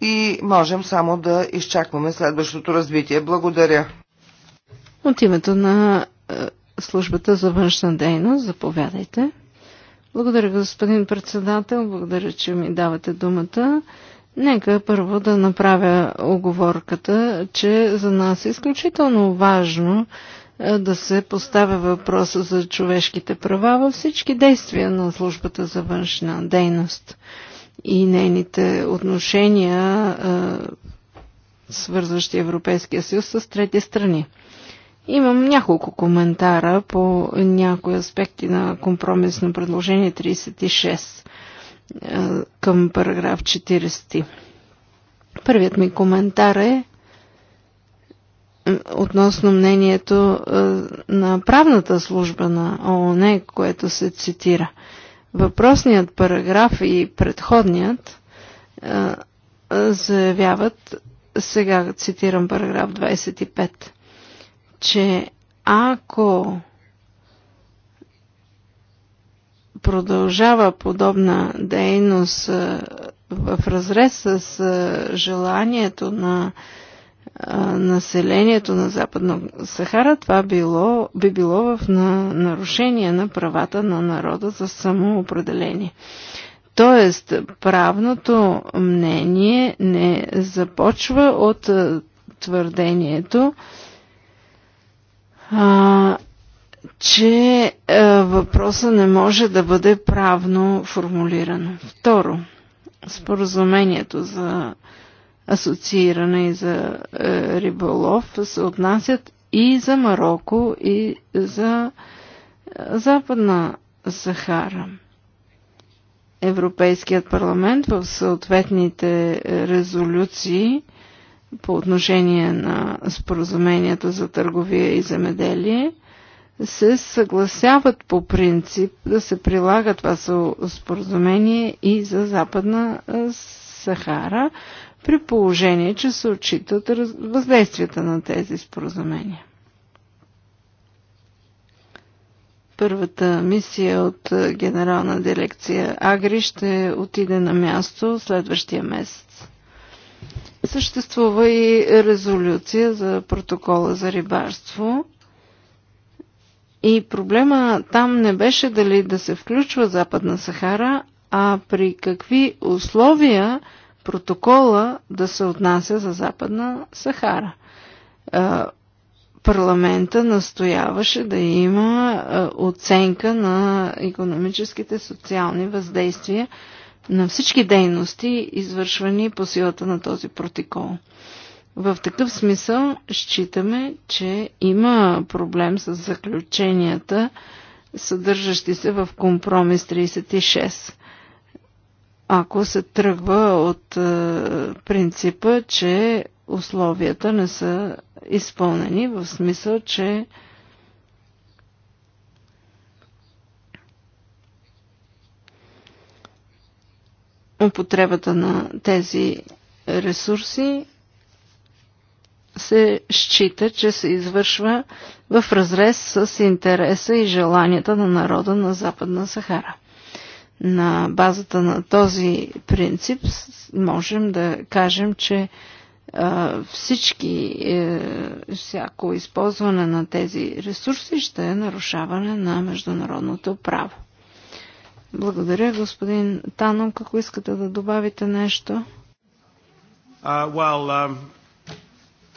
и можем само да изчакваме следващото развитие. Благодаря. От името на е, службата за външна дейност, заповядайте. Благодаря, господин председател. Благодаря, че ми давате думата. Нека първо да направя оговорката, че за нас е изключително важно е, да се поставя въпроса за човешките права във всички действия на службата за външна дейност и нейните отношения, е, свързващи Европейския съюз с трети страни. Имам няколко коментара по някои аспекти на компромисно предложение 36 е, към параграф 40. Първият ми коментар е относно мнението е, на правната служба на ООН, което се цитира. Въпросният параграф и предходният е, заявяват, сега цитирам параграф 25 че ако продължава подобна дейност в разрез с желанието на населението на Западна Сахара, това било, би било в нарушение на правата на народа за самоопределение. Тоест, правното мнение не започва от твърдението, а, че а, е, въпроса не може да бъде правно формулиран. Второ, споразумението за асоцииране и за е, риболов се отнасят и за Марокко, и за е, Западна Сахара. Европейският парламент в съответните резолюции е, по отношение на споразуменията за търговия и земеделие се съгласяват по принцип да се прилага това споразумение и за Западна Сахара, при положение, че се отчитат въздействията на тези споразумения. Първата мисия от Генерална дирекция Агри ще отиде на място следващия месец. Съществува и резолюция за протокола за рибарство. И проблема там не беше дали да се включва Западна Сахара, а при какви условия протокола да се отнася за Западна Сахара. Е, парламента настояваше да има е, оценка на економическите социални въздействия на всички дейности, извършвани по силата на този протокол. В такъв смисъл считаме, че има проблем с заключенията, съдържащи се в компромис 36 ако се тръгва от е, принципа, че условията не са изпълнени, в смисъл, че употребата на тези ресурси се счита, че се извършва в разрез с интереса и желанията на народа на Западна Сахара. На базата на този принцип можем да кажем, че всички, е, всяко използване на тези ресурси ще е нарушаване на международното право. Благодаря, господин Танов. Ако искате да добавите нещо? Uh, well, um,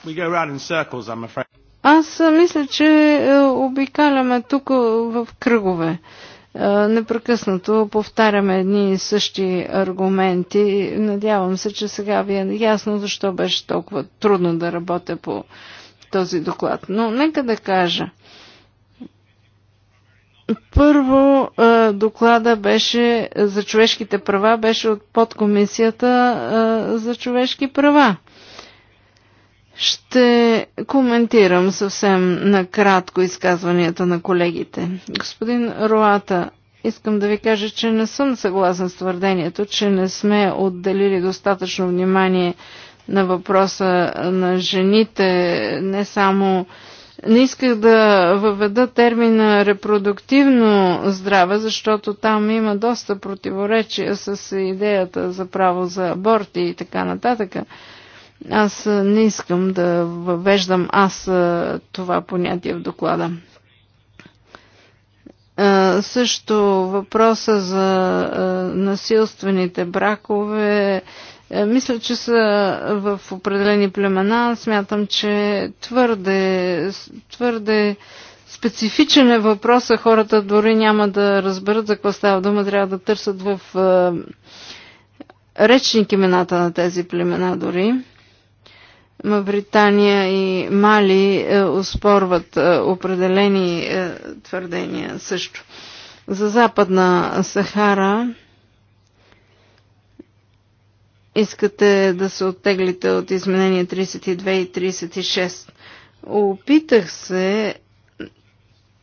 we go round in circles, I'm afraid. Аз мисля, че е, обикаляме тук в кръгове. Е, непрекъснато повтаряме едни и същи аргументи. Надявам се, че сега ви е ясно защо беше толкова трудно да работя по този доклад. Но нека да кажа – първо, доклада беше за човешките права, беше от подкомисията за човешки права. Ще коментирам съвсем накратко изказванията на колегите. Господин Роата, искам да ви кажа, че не съм съгласен с твърдението, че не сме отделили достатъчно внимание на въпроса на жените, не само не исках да въведа термина репродуктивно здраве, защото там има доста противоречия с идеята за право за аборти и така нататък. Аз не искам да въвеждам аз това понятие в доклада. също въпроса за насилствените бракове, е, мисля, че са в определени племена. Смятам, че твърде, твърде специфичен е въпроса. Хората дори няма да разберат за какво става дума. Трябва да търсят в е, речник имената на тези племена дори. Мавритания и Мали е, успорват е, определени е, твърдения също. За Западна Сахара искате да се оттеглите от изменения 32 и 36. Опитах се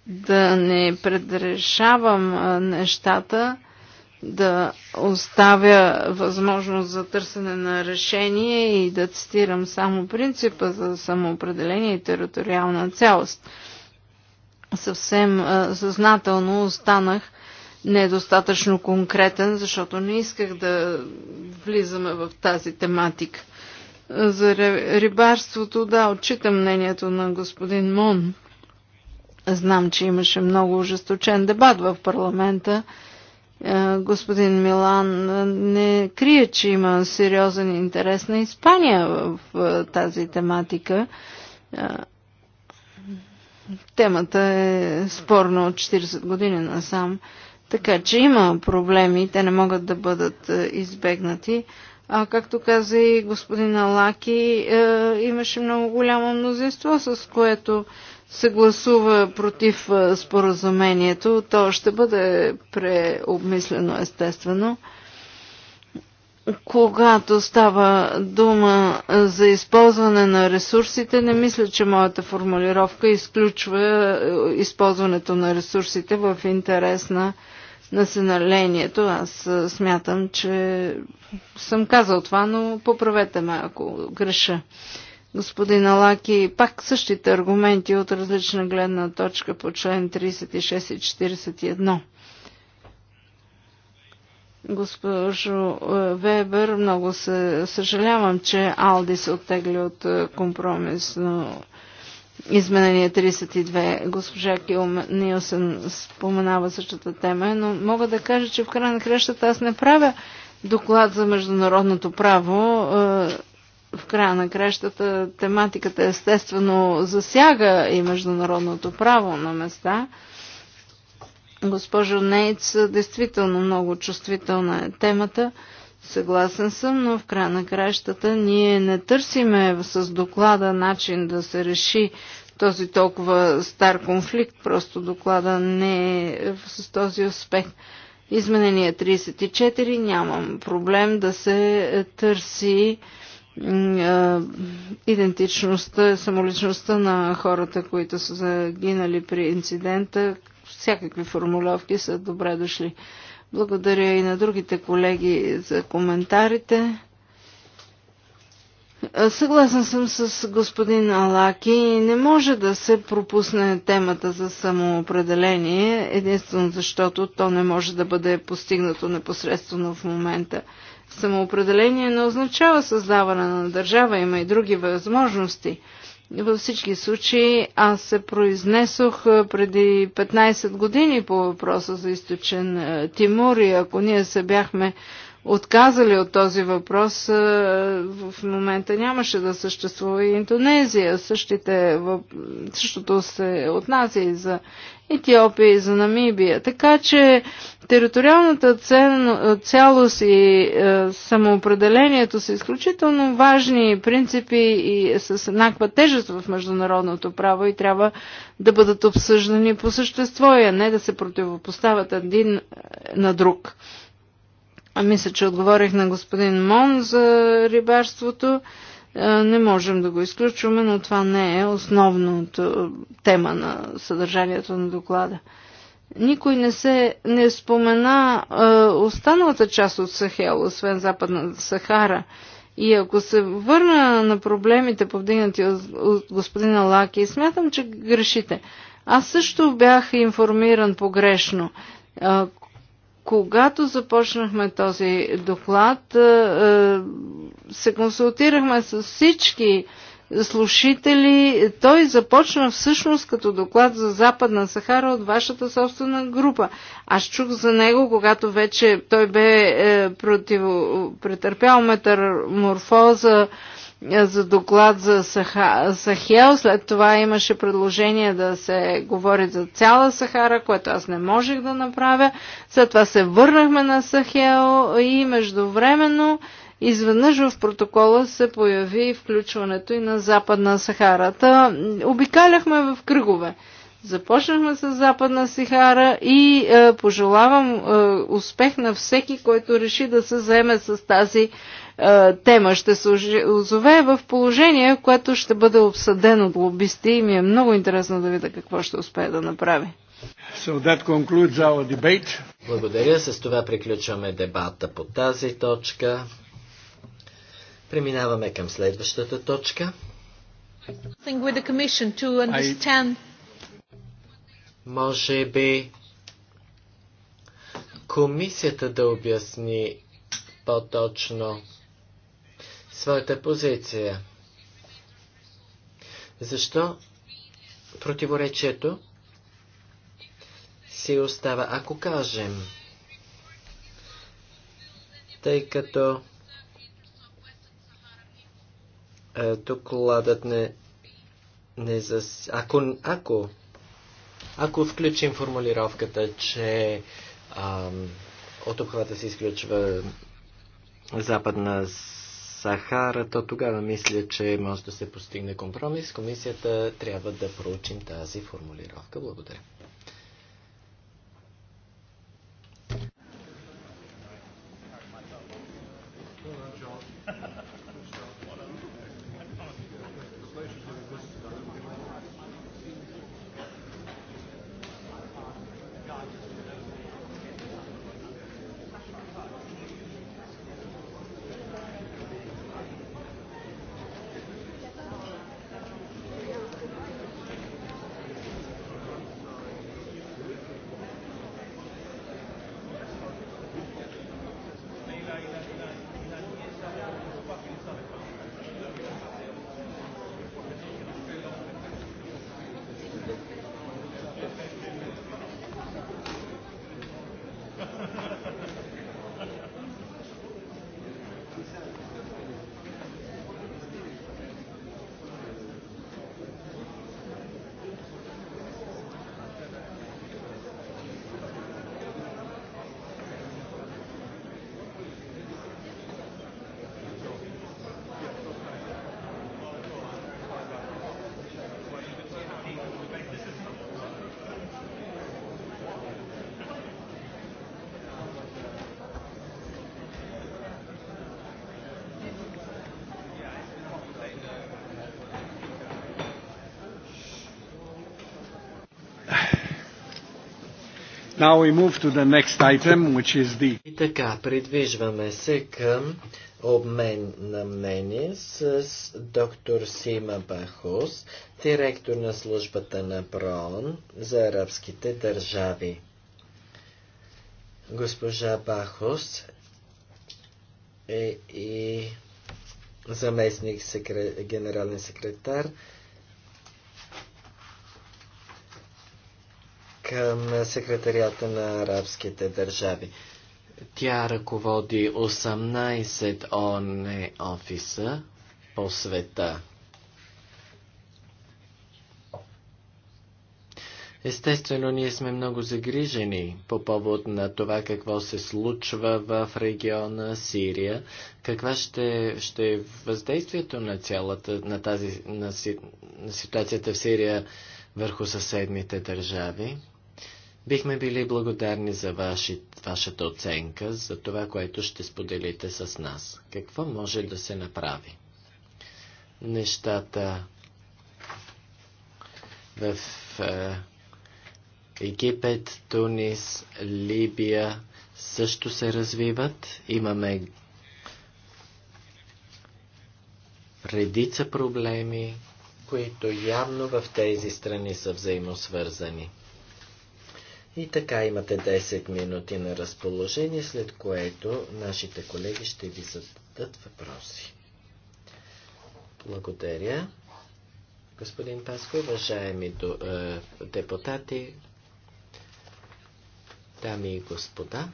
да не предрешавам нещата, да оставя възможност за търсене на решение и да цитирам само принципа за самоопределение и териториална цялост. Съвсем съзнателно останах не е достатъчно конкретен, защото не исках да влизаме в тази тематика. За рибарството, да, отчитам мнението на господин Мон. Знам, че имаше много ожесточен дебат в парламента. Е, господин Милан е, не крие, че има сериозен интерес на Испания в е, тази тематика. Темата е спорна от 40 години насам. Така че има проблеми, те не могат да бъдат е, избегнати. А, както каза и господин Алаки, е, имаше много голямо мнозинство, с което се гласува против е, споразумението. То ще бъде преобмислено, естествено. Когато става дума е, за използване на ресурсите, не мисля, че моята формулировка изключва използването на ресурсите в интерес на населението. Аз смятам, че съм казал това, но поправете ме, ако греша. Господин Алаки, пак същите аргументи от различна гледна точка по член 36 и 41. Госпожо Вебер, много се съжалявам, че Алди се оттегли от компромисно Изменение 32. Госпожа Кил Нилсен споменава същата тема, но мога да кажа, че в края на кращата аз не правя доклад за международното право. Е, в края на кращата тематиката естествено засяга и международното право на места. Госпожо Нейц, действително много чувствителна е темата. Съгласен съм, но в края на краищата ние не търсиме с доклада начин да се реши този толкова стар конфликт, просто доклада не е с този успех. Изменение 34 нямам проблем да се търси идентичността, самоличността на хората, които са загинали при инцидента. Всякакви формулировки са добре дошли. Благодаря и на другите колеги за коментарите. Съгласен съм с господин Алаки. Не може да се пропусне темата за самоопределение, единствено защото то не може да бъде постигнато непосредствено в момента. Самоопределение не означава създаване на държава, има и други възможности – във всички случаи аз се произнесох преди 15 години по въпроса за източен Тимур и ако ние се бяхме отказали от този въпрос, в момента нямаше да съществува и Индонезия. Същите, същото се отнася и за Етиопия и за Намибия. Така че териториалната цялост и е, самоопределението са изключително важни принципи и с еднаква тежест в международното право и трябва да бъдат обсъждани по същество, а не да се противопоставят един на друг. А мисля, че отговорих на господин Мон за рибарството. Е, не можем да го изключваме, но това не е основната е, тема на съдържанието на доклада. Никой не се не спомена е, останалата част от Сахел, освен Западна Сахара. И ако се върна на проблемите, повдигнати от, от господина Лаки, смятам, че грешите. Аз също бях информиран погрешно. Е, когато започнахме този доклад, е, е, се консултирахме с всички слушатели. Той започна всъщност като доклад за Западна Сахара от вашата собствена група. Аз чух за него, когато вече той бе е, претърпял метаморфоза за доклад за Саха, Сахел. След това имаше предложение да се говори за цяла Сахара, което аз не можех да направя. След това се върнахме на Сахел и междувременно изведнъж в протокола се появи включването и на Западна Сахарата. Обикаляхме в кръгове. Започнахме с Западна Сахара и е, пожелавам е, успех на всеки, който реши да се заеме с тази е, тема. Ще се озове в положение, което ще бъде обсъдено от лобисти и ми е много интересно да видя какво ще успее да направи. So that concludes our debate. Благодаря. С това приключваме дебата по тази точка. Преминаваме към следващата точка. I... Може би комисията да обясни по-точно своята позиция. Защо противоречието си остава, ако кажем, тъй като е, докладът не, не за... Ако, ако, ако включим формулировката, че ам, от обхвата се изключва Западна Сахара, то тогава мисля, че може да се постигне компромис. Комисията трябва да проучим тази формулировка. Благодаря. Now we move to the next item, which is the... И така, придвижваме се към обмен на мнение с доктор Сима Бахус, директор на службата на ПРООН за арабските държави. Госпожа Бахус е и заместник секре... генерален секретар към секретарията на арабските държави. Тя ръководи 18 ОНЕ офиса по света. Естествено, ние сме много загрижени по повод на това какво се случва в региона Сирия, каква ще, ще е въздействието на цялата, на тази, на, си, на ситуацията в Сирия върху съседните държави. Бихме били благодарни за ваши, вашата оценка, за това, което ще споделите с нас. Какво може да се направи? Нещата в е, Египет, Тунис, Либия също се развиват. Имаме редица проблеми, които явно в тези страни са взаимосвързани. И така имате 10 минути на разположение, след което нашите колеги ще ви зададат въпроси. Благодаря. Господин Паско, уважаеми е, депутати, дами и господа,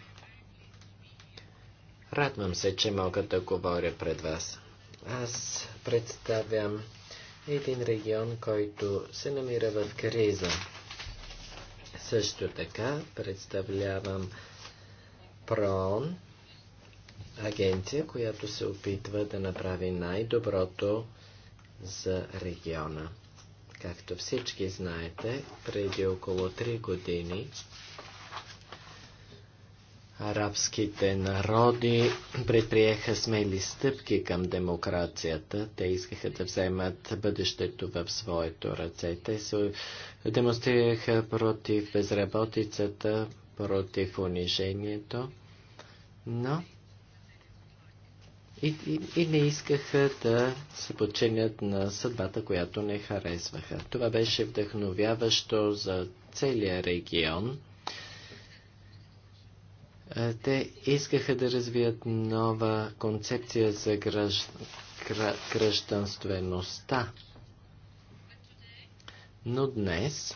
радвам се, че мога да говоря пред вас. Аз представям един регион, който се намира в криза. Също така представлявам ПРОН, агенция, която се опитва да направи най-доброто за региона. Както всички знаете, преди около 3 години арабските народи предприеха смели стъпки към демокрацията. Те искаха да вземат бъдещето в своето ръце. Те се демонстрираха против безработицата, против унижението, но и, и, и не искаха да се подчинят на съдбата, която не харесваха. Това беше вдъхновяващо за целия регион е, те искаха да развият нова концепция за гражд... гражданствеността. Но днес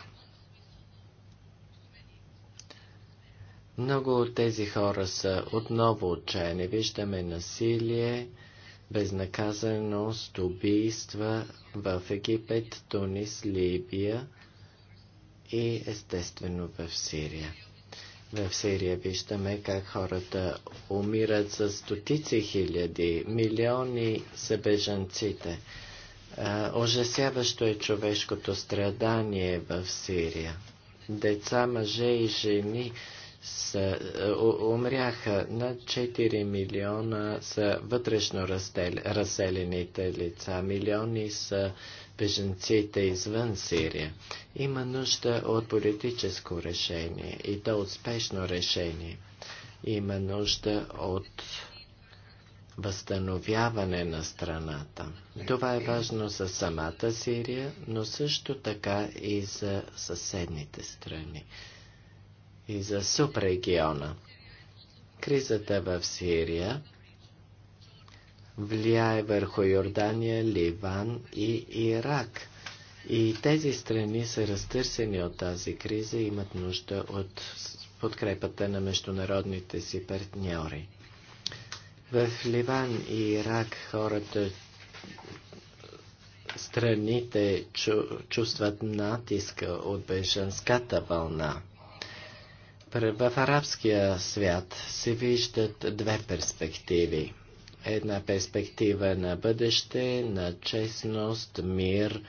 много от тези хора са отново отчаяни. Виждаме насилие, безнаказаност, убийства в Египет, Тунис, Либия и естествено в Сирия в Сирия виждаме как хората умират за стотици хиляди, милиони са бежанците. Ожасяващо е човешкото страдание в Сирия. Деца, мъже и жени са, умряха. Над 4 милиона са вътрешно разселените лица. Милиони са беженците извън Сирия. Има нужда от политическо решение и то успешно решение. Има нужда от възстановяване на страната. Това е важно за самата Сирия, но също така и за съседните страни и за субрегиона. Кризата в Сирия влияе върху Йордания, Ливан и Ирак. И тези страни са разтърсени от тази криза и имат нужда от подкрепата на международните си партньори. В Ливан и Ирак хората, страните чу, чувстват натиска от бежанската вълна. В арабския свят се виждат две перспективи една перспектива на бъдеще, на честност, мир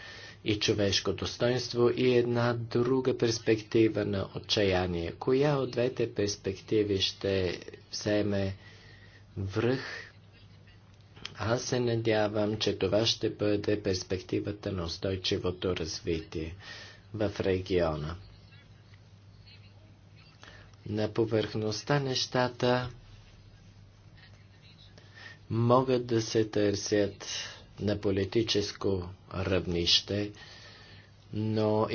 и човешко достоинство и една друга перспектива на отчаяние. Коя от двете перспективи ще вземе връх? Аз се надявам, че това ще бъде перспективата на устойчивото развитие в региона. На повърхността нещата могат да се търсят на политическо равнище, но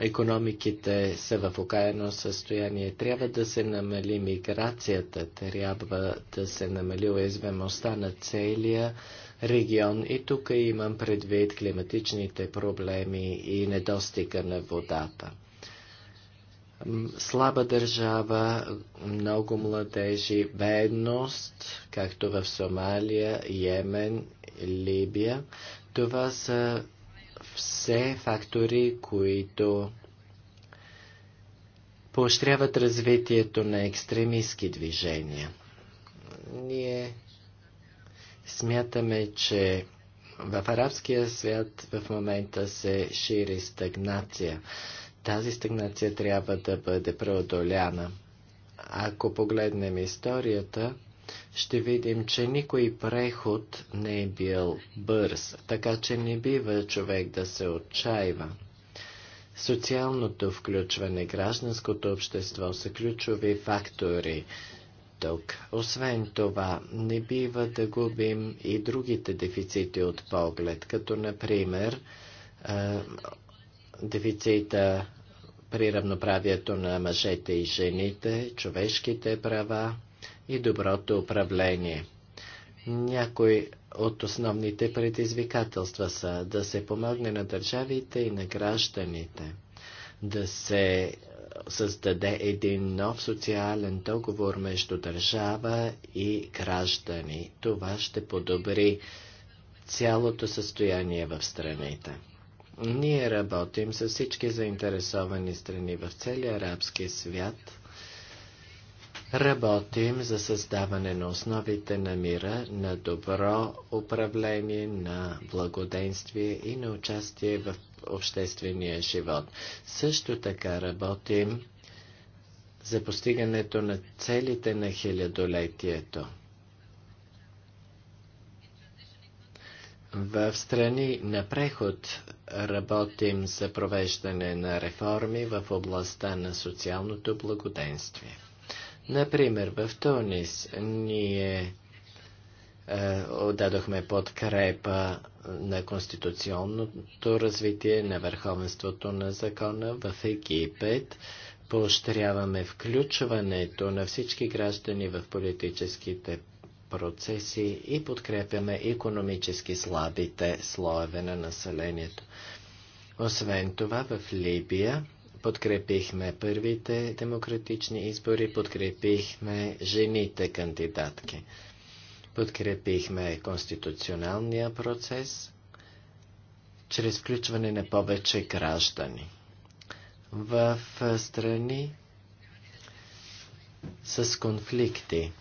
економиките са в окаяно състояние. Трябва да се намали миграцията, трябва да се намали уязвимостта на целия регион и тук имам предвид климатичните проблеми и недостига на водата слаба държава, много младежи, бедност, както в Сомалия, Йемен, Либия. Това са все фактори, които поощряват развитието на екстремистски движения. Ние смятаме, че в арабския свят в момента се шири стагнация. Тази стагнация трябва да бъде преодоляна. Ако погледнем историята, ще видим, че никой преход не е бил бърз, така че не бива човек да се отчаива. Социалното включване, гражданското общество са ключови фактори тук. Освен това, не бива да губим и другите дефицити от поглед, като например дефицита при равноправието на мъжете и жените, човешките права и доброто управление. Някои от основните предизвикателства са да се помогне на държавите и на гражданите, да се създаде един нов социален договор между държава и граждани. Това ще подобри цялото състояние в страните. Ние работим с всички заинтересовани страни в целия арабски свят. Работим за създаване на основите на мира, на добро управление, на благоденствие и на участие в обществения живот. Също така работим за постигането на целите на хилядолетието. В страни на преход работим за провеждане на реформи в областта на социалното благоденствие. Например, в Тунис ние е, дадохме подкрепа на конституционното развитие, на върховенството на закона в Египет. Поощряваме включването на всички граждани в политическите процеси и подкрепяме економически слабите слоеве на населението. Освен това, в Либия подкрепихме първите демократични избори, подкрепихме жените кандидатки, подкрепихме конституционалния процес чрез включване на повече граждани. В страни с конфликти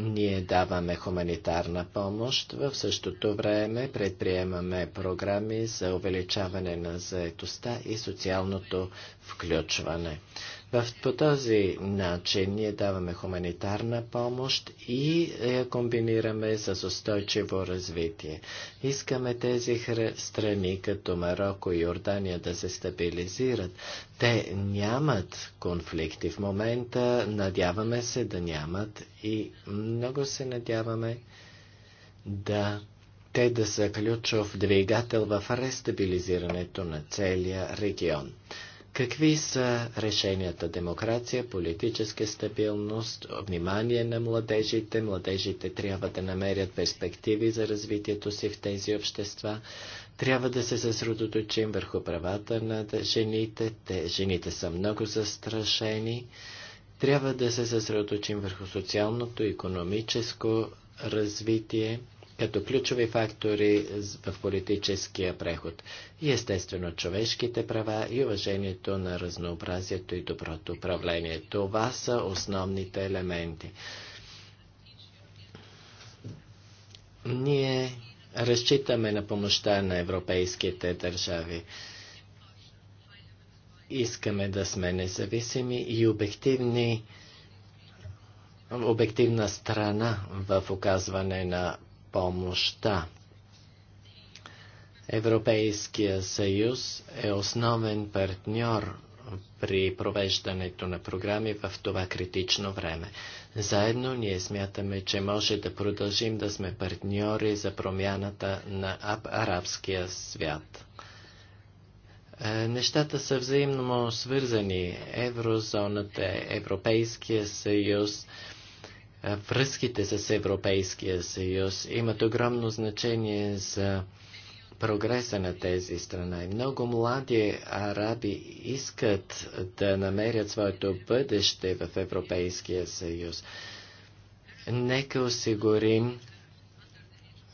ние даваме хуманитарна помощ, в същото време предприемаме програми за увеличаване на заетостта и социалното включване. В, по този начин ние даваме хуманитарна помощ и я е, комбинираме с устойчиво развитие. Искаме тези страни, като Марокко и Йордания, да се стабилизират. Те нямат конфликти в момента, надяваме се да нямат и много се надяваме да те да са ключов двигател в рестабилизирането на целия регион. Какви са решенията? Демокрация, политическа стабилност, внимание на младежите. Младежите трябва да намерят перспективи за развитието си в тези общества. Трябва да се съсредоточим върху правата на жените. Те, жените са много застрашени. Трябва да се съсредоточим върху социалното, и економическо развитие като ключови фактори в политическия преход. И естествено човешките права и уважението на разнообразието и доброто управление. Това са основните елементи. Ние разчитаме на помощта на европейските държави. Искаме да сме независими и обективни обективна страна в оказване на помощта. Европейския съюз е основен партньор при провеждането на програми в това критично време. Заедно ние смятаме, че може да продължим да сме партньори за промяната на арабския свят. Е, нещата са взаимно свързани. Еврозоната, Европейския съюз, връзките с Европейския съюз имат огромно значение за прогреса на тези страна. И много млади араби искат да намерят своето бъдеще в Европейския съюз. Нека осигурим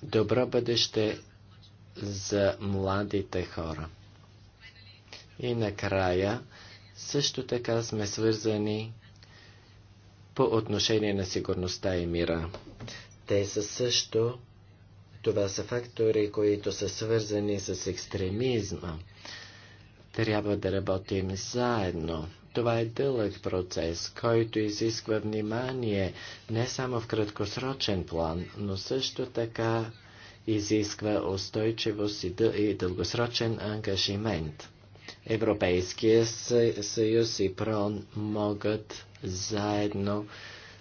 добро бъдеще за младите хора. И накрая, също така сме свързани по отношение на сигурността и мира. Те са също, това са фактори, които са свързани с екстремизма. Трябва да работим заедно. Това е дълъг процес, който изисква внимание не само в краткосрочен план, но също така изисква устойчивост и, дългосрочен ангажимент. Европейския съюз и ПРОН могат заедно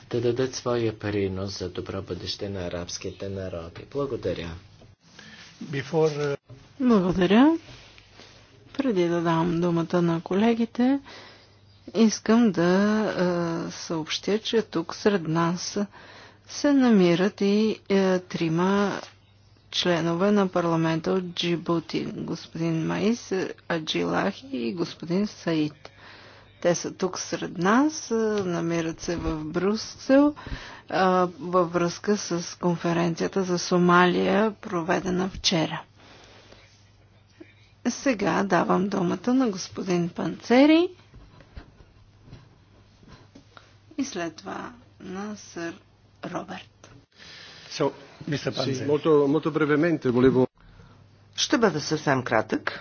да дадат своя принос за добро бъдеще на арабските народи. Благодаря. Before... Uh, Благодаря. Преди да дам думата на колегите, искам да е, съобщя, че тук сред нас се намират и е, трима членове на парламента от Джибути, господин Маис Аджилахи и господин Саид. Те са тук сред нас, намират се в Брюксел във връзка с конференцията за Сомалия, проведена вчера. Сега давам думата на господин Панцери и след това на сър Роберт. Ще бъда съвсем кратък.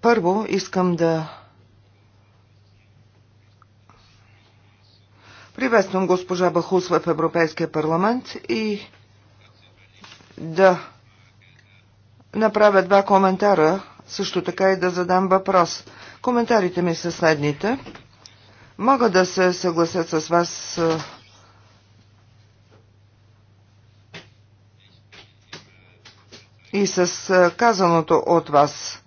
Първо искам да приветствам госпожа Бахус в Европейския парламент и да направя два коментара, също така и да задам въпрос. Коментарите ми са следните. Мога да се съглася с вас и с казаното от вас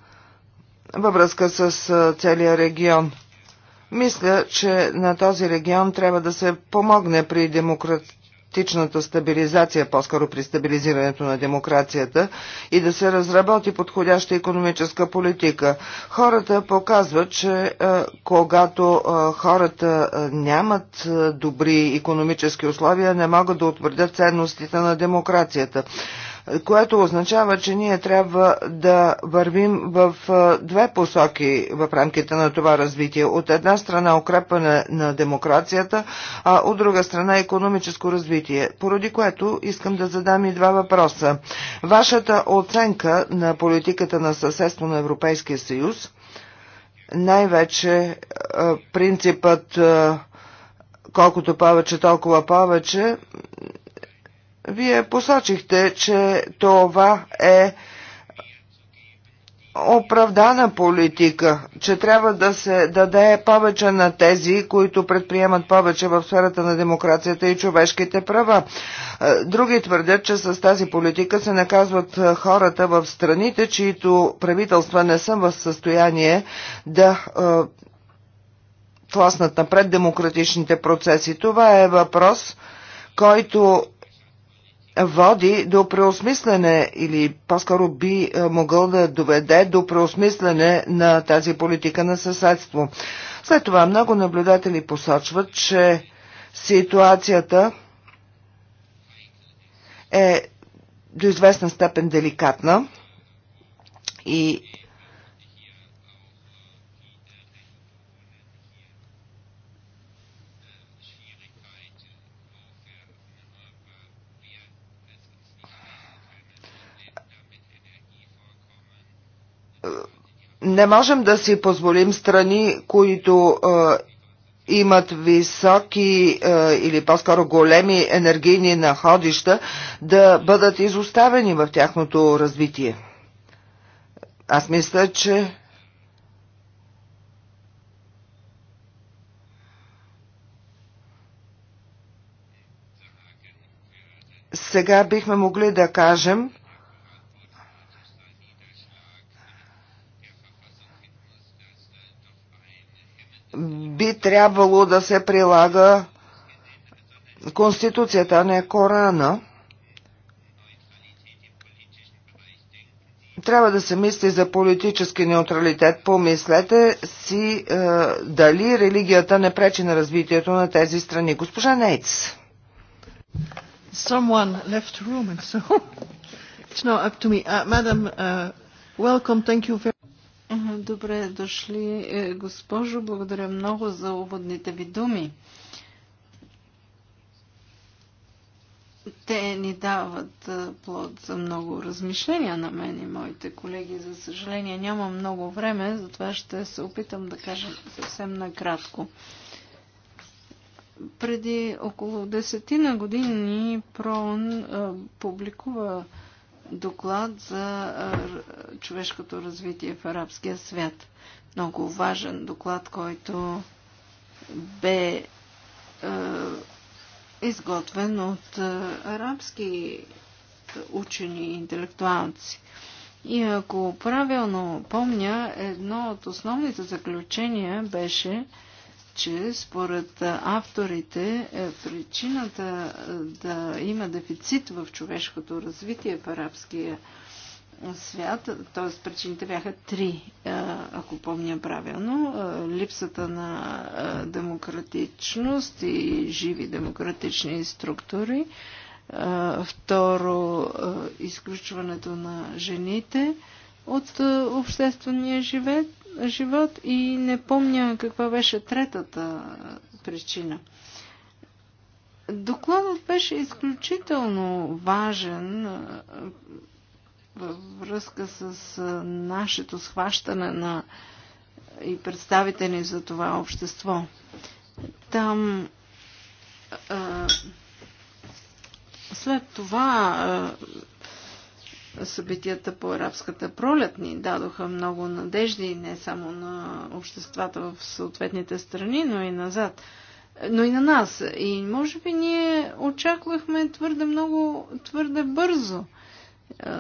във връзка с целия регион. Мисля, че на този регион трябва да се помогне при демократичната стабилизация, по-скоро при стабилизирането на демокрацията и да се разработи подходяща економическа политика. Хората показват, че когато хората нямат добри економически условия, не могат да утвърдят ценностите на демокрацията което означава, че ние трябва да вървим в две посоки в рамките на това развитие. От една страна укрепване на демокрацията, а от друга страна економическо развитие, поради което искам да задам и два въпроса. Вашата оценка на политиката на съседство на Европейския съюз, най-вече принципът колкото повече, толкова повече, вие посочихте, че това е оправдана политика, че трябва да се даде повече на тези, които предприемат повече в сферата на демокрацията и човешките права. Е, други твърдят, че с тази политика се наказват хората в страните, чието правителства не са в състояние да е, тласнат напред демократичните процеси. Това е въпрос, който води до преосмислене или по-скоро би е, могъл да доведе до преосмислене на тази политика на съседство. След това много наблюдатели посочват, че ситуацията е до известна степен деликатна и Не можем да си позволим страни, които е, имат високи е, или по-скоро големи енергийни находища, да бъдат изоставени в тяхното развитие. Аз мисля, че сега бихме могли да кажем, би трябвало да се прилага Конституцията, а не Корана. Трябва да се мисли за политически неутралитет. Помислете си е, дали религията не пречи на развитието на тези страни. Госпожа Нейц. Someone left the room and so [LAUGHS] it's not up to me. Uh, madam, uh, welcome. Thank you very Добре дошли, е, госпожо. Благодаря много за уводните ви думи. Те ни дават е, плод за много размишления на мен и моите колеги. За съжаление няма много време, затова ще се опитам да кажа съвсем накратко. Преди около десетина години Прон е, публикува доклад за човешкото развитие в арабския свят. Много важен доклад, който бе е, изготвен от арабски учени и интелектуалци. И ако правилно помня, едно от основните заключения беше, че според авторите е причината е, да има дефицит в човешкото развитие в арабския свят, т.е. причините бяха три, е, ако помня правилно. Липсата на демократичност и живи демократични структури. Второ, изключването на жените от обществения живет живот и не помня каква беше третата причина. Докладът беше изключително важен във връзка с нашето схващане на и представите ни за това общество. Там а, след това а, събитията по арабската пролет ни дадоха много надежди, не само на обществата в съответните страни, но и назад. Но и на нас. И може би ние очаквахме твърде много, твърде бързо. Е,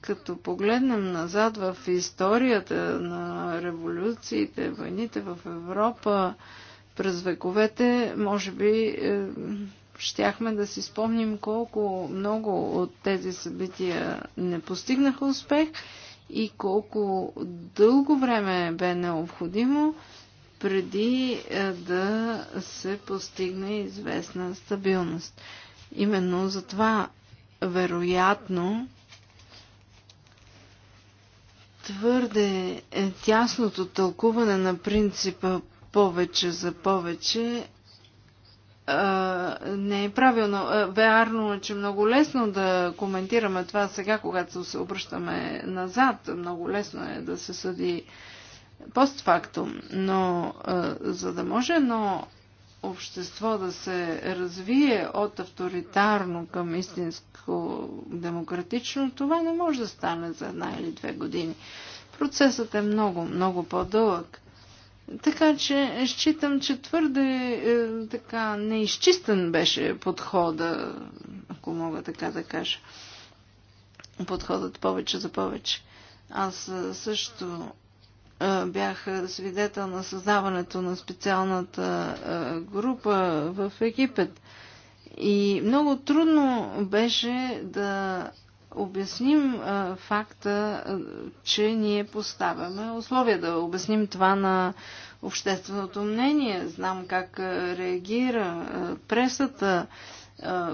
като погледнем назад в историята на революциите, войните в Европа през вековете, може би е, щяхме да си спомним колко много от тези събития не постигнаха успех и колко дълго време бе необходимо преди е, да се постигне известна стабилност. Именно затова, вероятно, твърде е тясното тълкуване на принципа повече за повече не е правилно. Вярно е, че много лесно да коментираме това сега, когато се обръщаме назад. Много лесно е да се съди постфактум. Но а, за да може едно общество да се развие от авторитарно към истинско демократично, това не може да стане за една или две години. Процесът е много, много по-дълъг. Така че считам, че твърде е, така неизчистен беше подхода, ако мога така да кажа. Подходът повече за повече. Аз е, също е, бях свидетел на създаването на специалната е, група в Египет. И много трудно беше да обясним факта, че ние поставяме условия, да обясним това на общественото мнение. Знам как реагира пресата,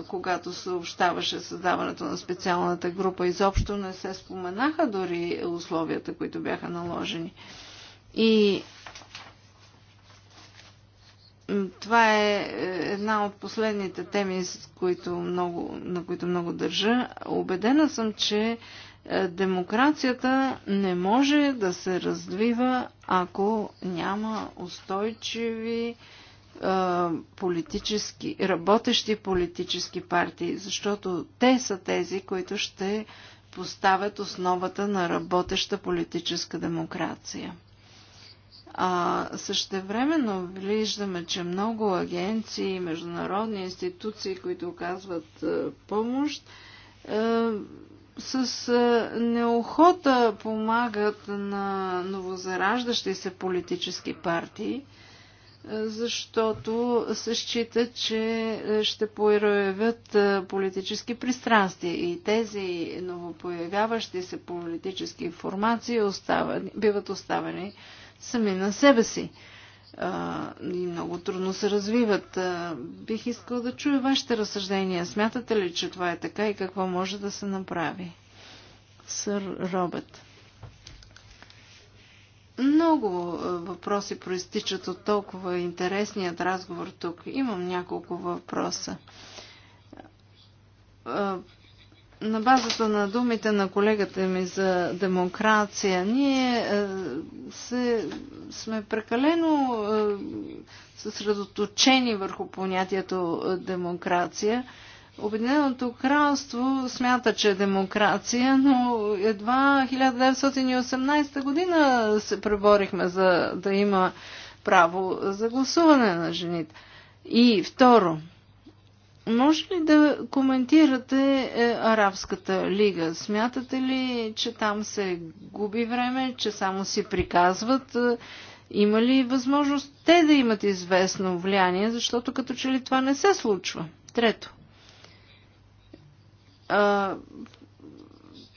когато съобщаваше създаването на специалната група. Изобщо не се споменаха дори условията, които бяха наложени. И това е, е една от последните теми, с които много, на които много държа. Обедена съм, че е, демокрацията не може да се развива, ако няма устойчиви е, политически, работещи политически партии, защото те са тези, които ще поставят основата на работеща политическа демокрация. А същевременно виждаме, че много агенции, международни институции, които оказват помощ, с неохота помагат на новозараждащи се политически партии, защото се счита, че ще появят политически пристрастия и тези новопоявяващи се политически информации остават, биват оставени сами на себе си и много трудно се развиват. Бих искал да чуя вашите разсъждения. Смятате ли, че това е така и какво може да се направи? Сър Робет. Много въпроси проистичат от толкова интересният разговор тук. Имам няколко въпроса на базата на думите на колегата ми за демокрация, ние е, се, сме прекалено е, съсредоточени върху понятието е, демокрация. Обединеното кралство смята, че е демокрация, но едва 1918 година се преборихме за да има право за гласуване на жените. И второ, може ли да коментирате е, Арабската лига? Смятате ли, че там се губи време, че само си приказват? Е, има ли възможност те да имат известно влияние, защото като че ли това не се случва? Трето.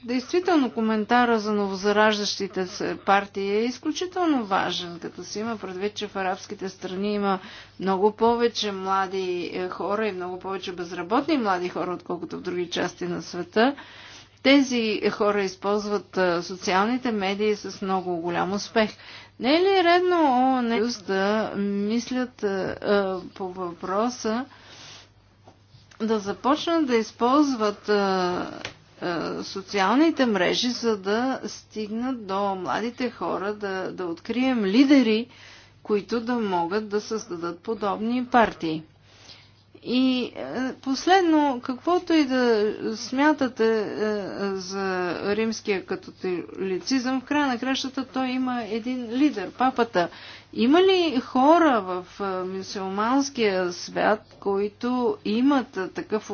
Действително коментара за новозараждащите се партии е изключително важен, като се има предвид, че в арабските страни има много повече млади е, хора и много повече безработни млади хора, отколкото в други части на света. Тези хора използват е, социалните медии с много голям успех. Не е ли редно ООН да мислят е, по въпроса да започнат да използват е, социалните мрежи, за да стигнат до младите хора, да, да открием лидери, които да могат да създадат подобни партии. И е, последно, каквото и да смятате е, за римския католицизъм, в края на кращата той има един лидер, папата. Има ли хора в е, мюсюлманския свят, които имат такъв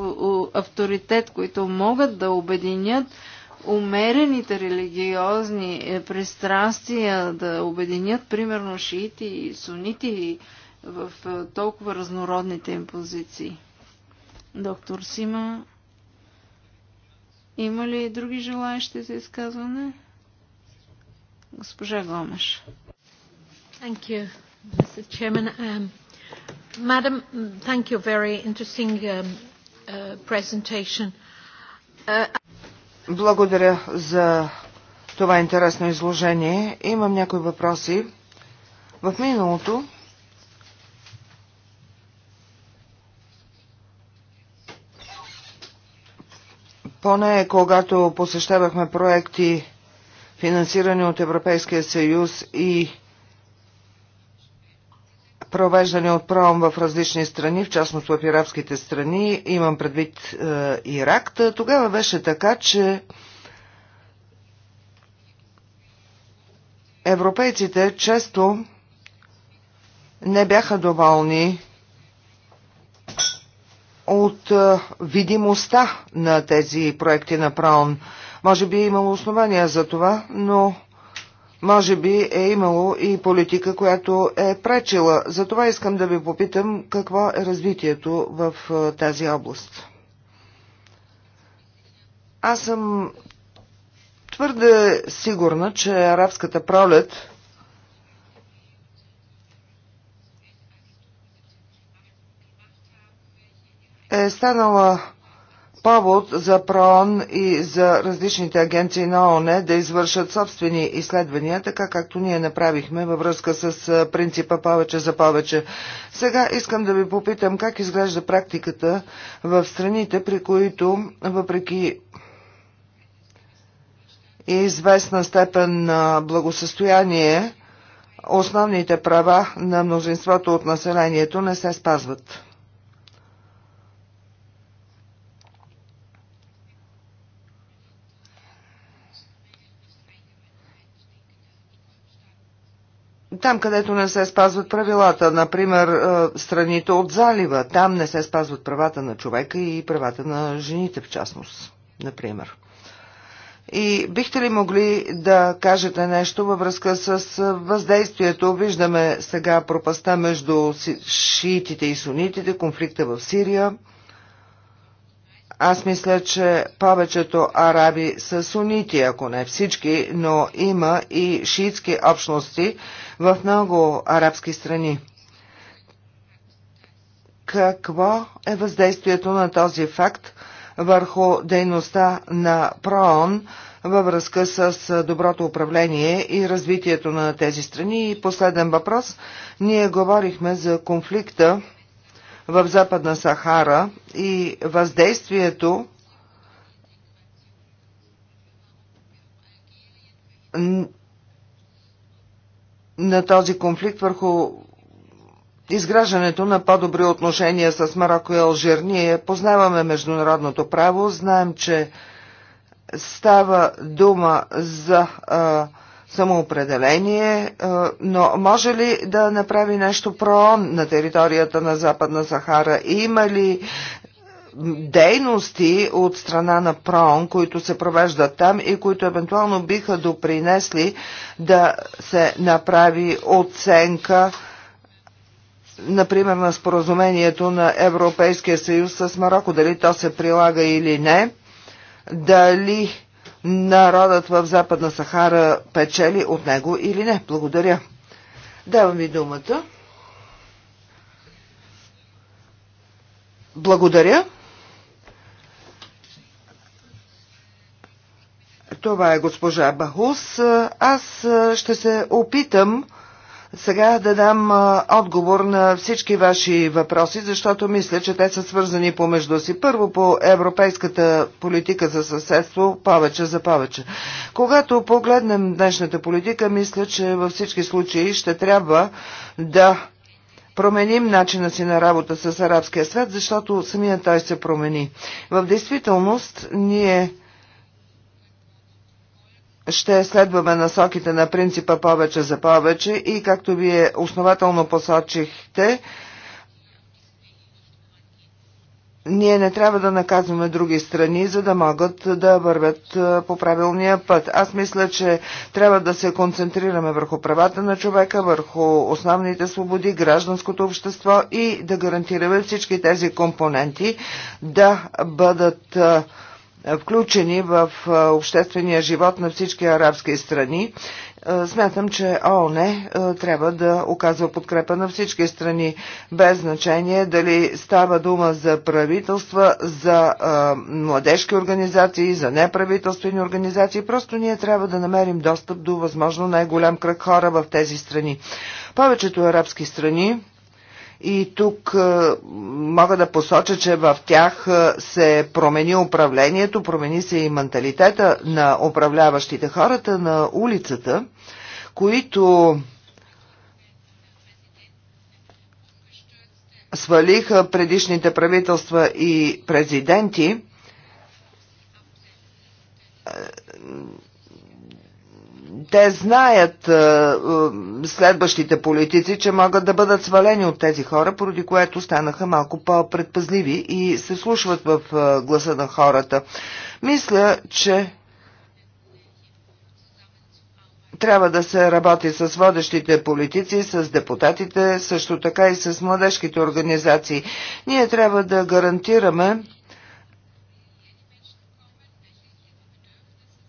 авторитет, които могат да обединят умерените религиозни пристрастия, да обединят примерно шиити и сунити и в толкова разнородните им позиции. Доктор Сима, има ли други желаящи за изказване? Госпожа Гомеш. Thank you, Mr. Chairman. Um, Madam, thank you. Very interesting um, uh, presentation. Uh, Благодаря за това интересно изложение. Имам някои въпроси. В миналото Поне когато посещавахме проекти, финансирани от Европейския съюз и провеждани от пром в различни страни, в частност в иракските страни, имам предвид е, Ирак, тогава беше така, че европейците често не бяха доволни от е, видимостта на тези проекти на Праун. Може би е имало основания за това, но може би е имало и политика, която е пречила. Затова искам да ви попитам какво е развитието в е, тази област. Аз съм твърде сигурна, че арабската пролет е станала повод за ПРООН и за различните агенции на ООН да извършат собствени изследвания, така както ние направихме във връзка с е, принципа повече за повече. Сега искам да ви попитам как изглежда практиката в страните, при които въпреки и известна степен на благосъстояние, основните права на мнозинството от населението не се спазват. там, където не се спазват правилата, например, е, страните от залива, там не се спазват правата на човека и правата на жените в частност, например. И бихте ли могли да кажете нещо във връзка с е, въздействието? Виждаме сега пропаста между шиитите и сунитите, конфликта в Сирия. Аз мисля, че повечето араби са сунити, ако не всички, но има и шиитски общности, в много арабски страни. Какво е въздействието на този факт върху дейността на ПРООН във връзка с доброто управление и развитието на тези страни? И последен въпрос. Ние говорихме за конфликта в Западна Сахара и въздействието на този конфликт върху изграждането на по-добри отношения с Марокко и Алжир. Ние познаваме международното право, знаем, че става дума за а, самоопределение, а, но може ли да направи нещо ПРООН на територията на Западна Сахара? Има ли дейности от страна на ПРОН, които се провеждат там и които евентуално биха допринесли да се направи оценка например, на споразумението на Европейския съюз с Марокко, дали то се прилага или не, дали народът в Западна Сахара печели от него или не. Благодаря. Давам ви думата. Благодаря. Това е госпожа Бахус. Аз ще се опитам сега да дам отговор на всички ваши въпроси, защото мисля, че те са свързани помежду си. Първо по европейската политика за съседство, повече за повече. Когато погледнем днешната политика, мисля, че във всички случаи ще трябва да променим начина си на работа с арабския свят, защото самия той се промени. В действителност ние ще следваме насоките на принципа повече за повече и както вие основателно посочихте, ние не трябва да наказваме други страни, за да могат да вървят по правилния път. Аз мисля, че трябва да се концентрираме върху правата на човека, върху основните свободи, гражданското общество и да гарантираме всички тези компоненти да бъдат е, включени в е, обществения живот на всички арабски страни. Е, смятам, че ООН трябва да оказва подкрепа на всички страни, без значение дали става дума за правителства, за младежки организации, за неправителствени организации. Просто ние трябва да намерим достъп до възможно най-голям кръг хора в тези страни. Повечето арабски страни и тук е, мога да посоча, че в тях е, се промени управлението, промени се и менталитета на управляващите хората на улицата, които свалиха предишните правителства и президенти е, те знаят е, е, следващите политици, че могат да бъдат свалени от тези хора, поради което станаха малко по-предпазливи и се слушват в е, гласа на хората. Мисля, че трябва да се работи с водещите политици, с депутатите, също така и с младежките организации. Ние трябва да гарантираме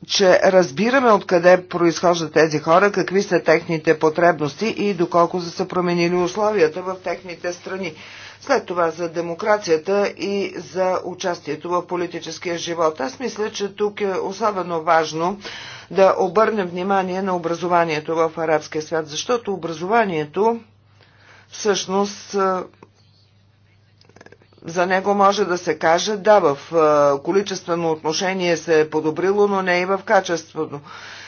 че разбираме откъде произхождат тези хора, какви са техните потребности и доколко са се променили условията в техните страни. След това за демокрацията и за участието в политическия живот. Аз мисля, че тук е особено важно да обърнем внимание на образованието в арабския свят, защото образованието всъщност е, за него може да се каже, да, в количествено отношение се е подобрило, но не и в качеството.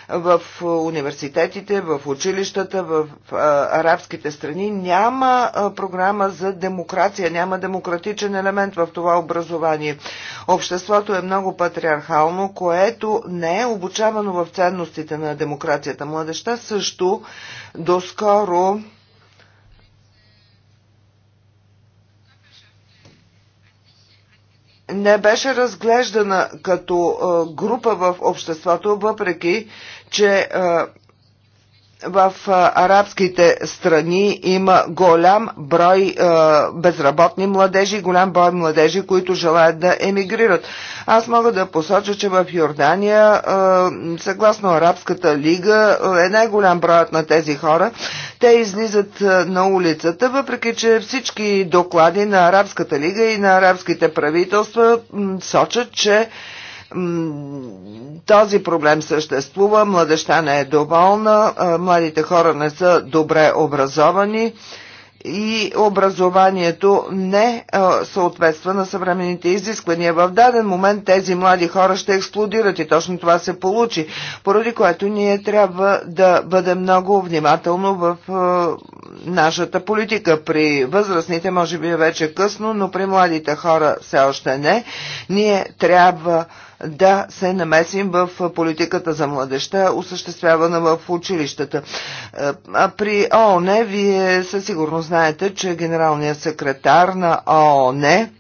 В университетите, в училищата, в арабските страни няма програма за демокрация, няма демократичен елемент в това образование. Обществото е много патриархално, което не е обучавано в ценностите на демокрацията. Младеща също доскоро не беше разглеждана като група в обществото, въпреки че в арабските страни има голям брой безработни младежи, голям брой младежи, които желаят да емигрират. Аз мога да посоча, че в Йордания, съгласно Арабската лига, е най-голям броят на тези хора. Те излизат на улицата, въпреки че всички доклади на Арабската лига и на арабските правителства сочат, че този проблем съществува, младеща не е доволна, младите хора не са добре образовани и образованието не съответства на съвременните изисквания. В даден момент тези млади хора ще експлодират и точно това се получи, поради което ние трябва да бъдем много внимателно в нашата политика. При възрастните може би е вече късно, но при младите хора все още не. Ние трябва да се намесим в политиката за младеща, осъществявана в училищата. Е, а при ООН вие със сигурност знаете, че генералният секретар на ООН е,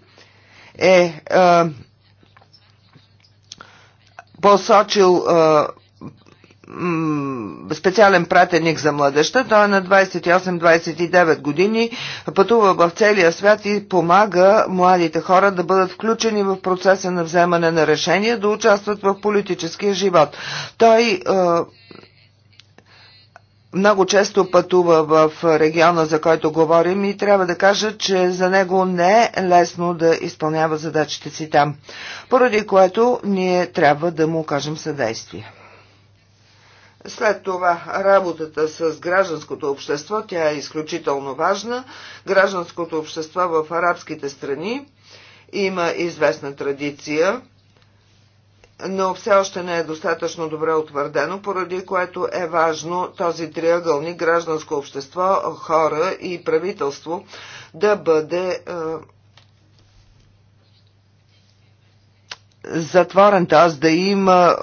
е посочил е, специален пратеник за младеща. Той е на 28-29 години, пътува в целия свят и помага младите хора да бъдат включени в процеса на вземане на решения, да участват в политическия живот. Той е, много често пътува в региона, за който говорим и трябва да кажа, че за него не е лесно да изпълнява задачите си там, поради което ние трябва да му окажем съдействие. След това работата с гражданското общество, тя е изключително важна. Гражданското общество в арабските страни има известна традиция, но все още не е достатъчно добре утвърдено, поради което е важно този триъгълник гражданско общество, хора и правителство да бъде затворен, т.е. да има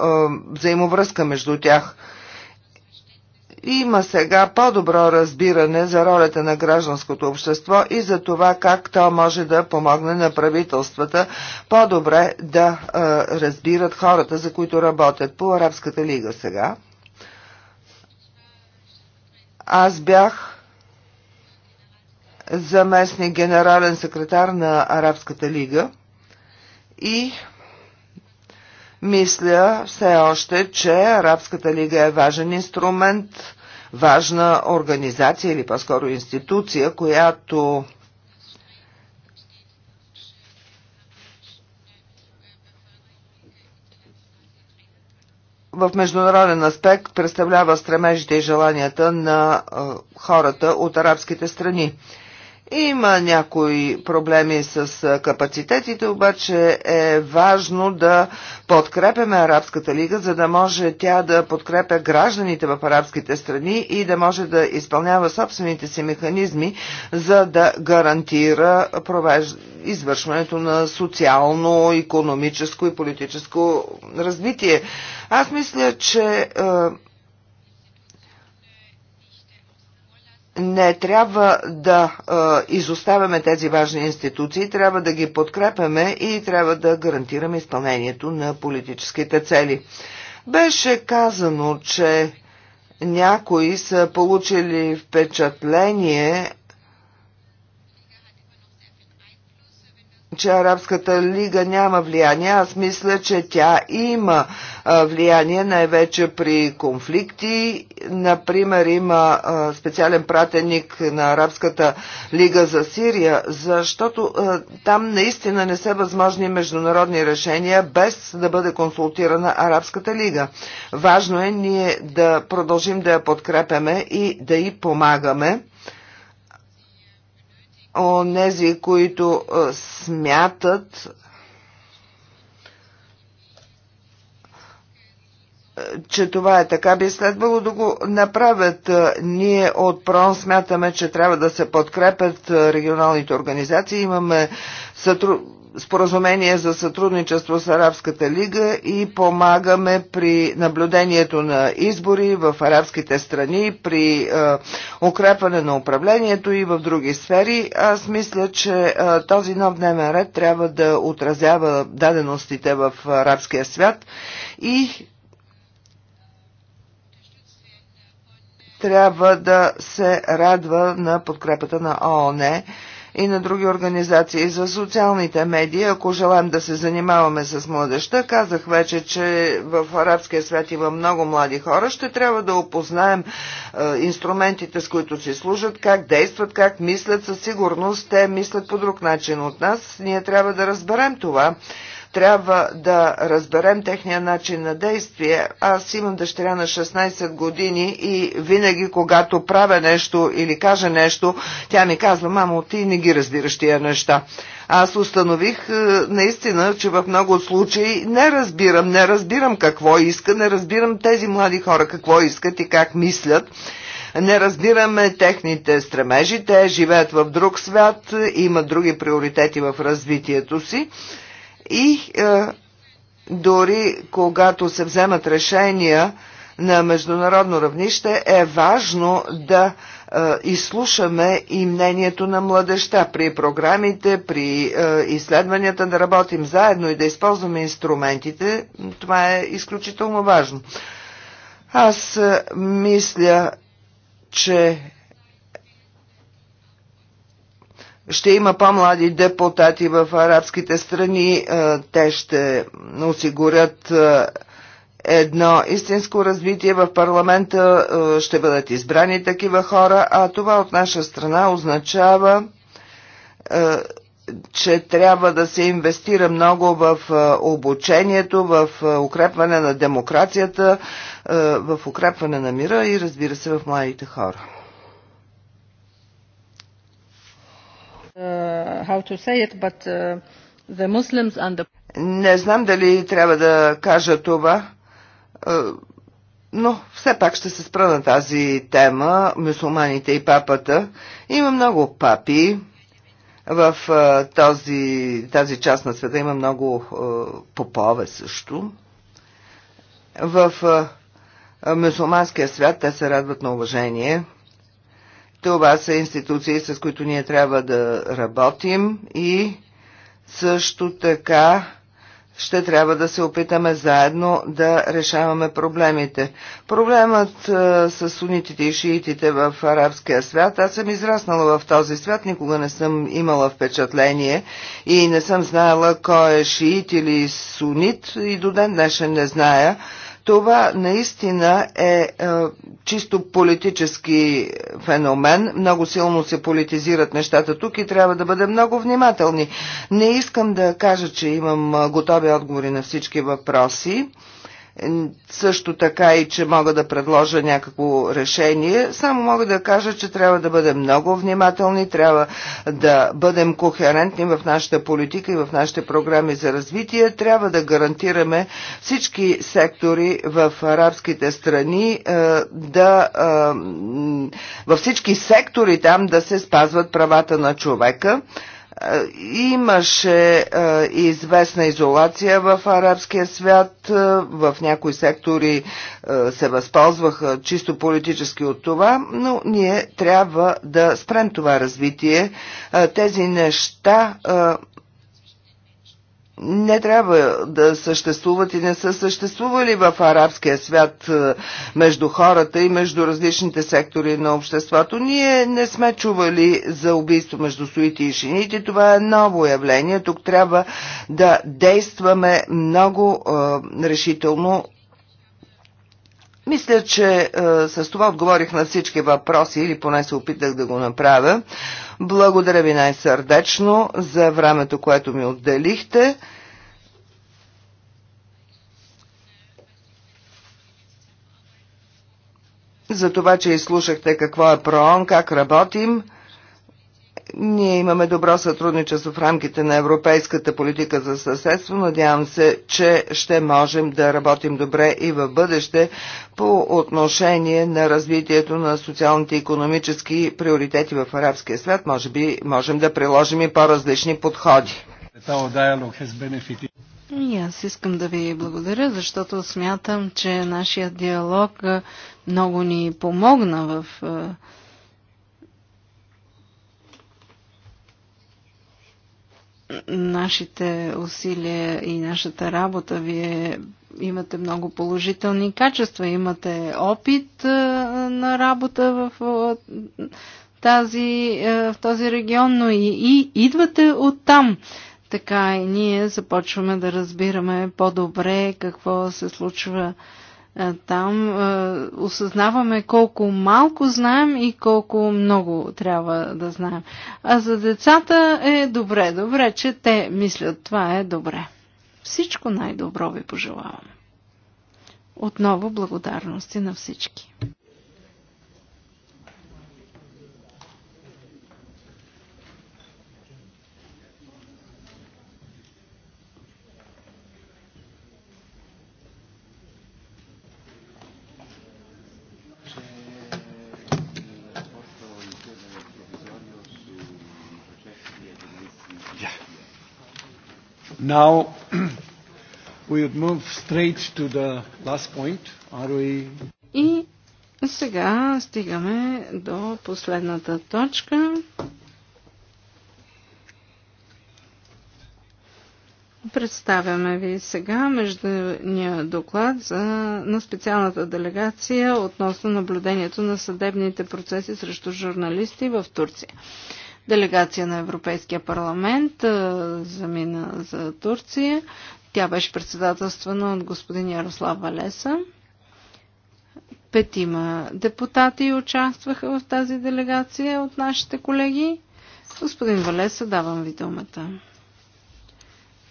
взаимовръзка между тях. Има сега по-добро разбиране за ролята на гражданското общество и за това как то може да помогне на правителствата по-добре да а, разбират хората, за които работят по Арабската лига сега. Аз бях заместник генерален секретар на Арабската лига и мисля все още, че Арабската лига е важен инструмент, важна организация или по-скоро институция, която в международен аспект представлява стремежите и желанията на хората от арабските страни. Има някои проблеми с капацитетите, обаче е важно да подкрепяме Арабската лига, за да може тя да подкрепя гражданите в арабските страни и да може да изпълнява собствените си механизми, за да гарантира провеж... извършването на социално, економическо и политическо развитие. Аз мисля, че не трябва да а, изоставяме тези важни институции, трябва да ги подкрепяме и трябва да гарантираме изпълнението на политическите цели. Беше казано, че някои са получили впечатление че Арабската лига няма влияние. Аз мисля, че тя има влияние най-вече при конфликти. Например, има специален пратеник на Арабската лига за Сирия, защото там наистина не са възможни международни решения без да бъде консултирана Арабската лига. Важно е ние да продължим да я подкрепяме и да й помагаме онези, които смятат, че това е така, би следвало да го направят. Ние от ПРОН смятаме, че трябва да се подкрепят регионалните организации. Имаме сътруд споразумение за сътрудничество с Арабската лига и помагаме при наблюдението на избори в арабските страни, при е, укрепване на управлението и в други сфери. Аз мисля, че е, този нов дневен ред трябва да отразява даденостите в арабския свят и трябва да се радва на подкрепата на ООН и на други организации за социалните медии, ако желаем да се занимаваме с младеща, казах вече, че в арабския свят има много млади хора, ще трябва да опознаем е, инструментите, с които си служат, как действат, как мислят, със сигурност те мислят по друг начин от нас. Ние трябва да разберем това трябва да разберем техния начин на действие. Аз имам дъщеря на 16 години и винаги, когато правя нещо или кажа нещо, тя ми казва, мамо, ти не ги разбираш тия неща. Аз установих е, наистина, че в много случаи не разбирам, не разбирам какво иска, не разбирам тези млади хора какво искат и как мислят не разбираме техните стремежи, те живеят в друг свят, имат други приоритети в развитието си и е, дори когато се вземат решения на международно равнище, е важно да е, изслушаме и мнението на младеща при програмите, при е, изследванията, да работим заедно и да използваме инструментите. Това е изключително важно. Аз е, мисля, че ще има по-млади депутати в арабските страни. Е, те ще осигурят е, едно истинско развитие в парламента, е, ще бъдат избрани такива хора, а това от наша страна означава, че трябва да се инвестира много в обучението, в укрепване на демокрацията, в укрепване на мира и разбира се в младите хора. Uh, uh, Не знам дали трябва да кажа това, но все пак ще се спра на тази тема, Мусулманите и папата. Има много папи, в този, тази част на света има много попове също. В мусулманския свят те се радват на уважение – това са институции, с които ние трябва да работим и също така ще трябва да се опитаме заедно да решаваме проблемите. Проблемът с сунитите и шиитите в арабския свят, аз съм израснала в този свят, никога не съм имала впечатление и не съм знаела кой е шиит или сунит и до ден днешен не зная. Това наистина е, е чисто политически феномен. Много силно се политизират нещата тук и трябва да бъдем много внимателни. Не искам да кажа, че имам готови отговори на всички въпроси също така и, че мога да предложа някакво решение. Само мога да кажа, че трябва да бъдем много внимателни, трябва да бъдем кохерентни в нашата политика и в нашите програми за развитие. Трябва да гарантираме всички сектори в арабските страни е, да е, във всички сектори там да се спазват правата на човека. Имаше известна изолация в арабския свят, в някои сектори се възползваха чисто политически от това, но ние трябва да спрем това развитие. Тези неща не трябва да съществуват и не са съществували в арабския свят е, между хората и между различните сектори на обществото. Ние не сме чували за убийство между суити и шините. Това е ново явление. Тук трябва да действаме много е, решително мисля, че е, с това отговорих на всички въпроси или поне се опитах да го направя. Благодаря ви най-сърдечно за времето, което ми отделихте. За това, че изслушахте какво е ПРООН, как работим. Ние имаме добро сътрудничество в рамките на европейската политика за съседство. Надявам се, че ще можем да работим добре и в бъдеще по отношение на развитието на социалните и економически приоритети в арабския свят. Може би можем да приложим и по-различни подходи. Е и аз искам да ви благодаря, защото смятам, че нашия диалог много ни помогна в е, нашите усилия и нашата работа. Вие имате много положителни качества, имате опит на работа в тази, в този регион, но и, и идвате от там. Така и ние започваме да разбираме по-добре какво се случва е, там е, осъзнаваме колко малко знаем и колко много трябва да знаем. А за децата е добре, добре, че те мислят. Това е добре. Всичко най-добро ви пожелавам. Отново благодарности на всички. Now, [CLEARS THROAT] we would move straight to the last point, we... И сега стигаме до последната точка. Представяме ви сега междуния доклад за, на специалната делегация относно наблюдението на съдебните процеси срещу журналисти в Турция делегация на Европейския парламент замина за Турция. Тя беше председателствана от господин Ярослав Валеса. Петима депутати участваха в тази делегация от нашите колеги. Господин Валеса, давам ви думата.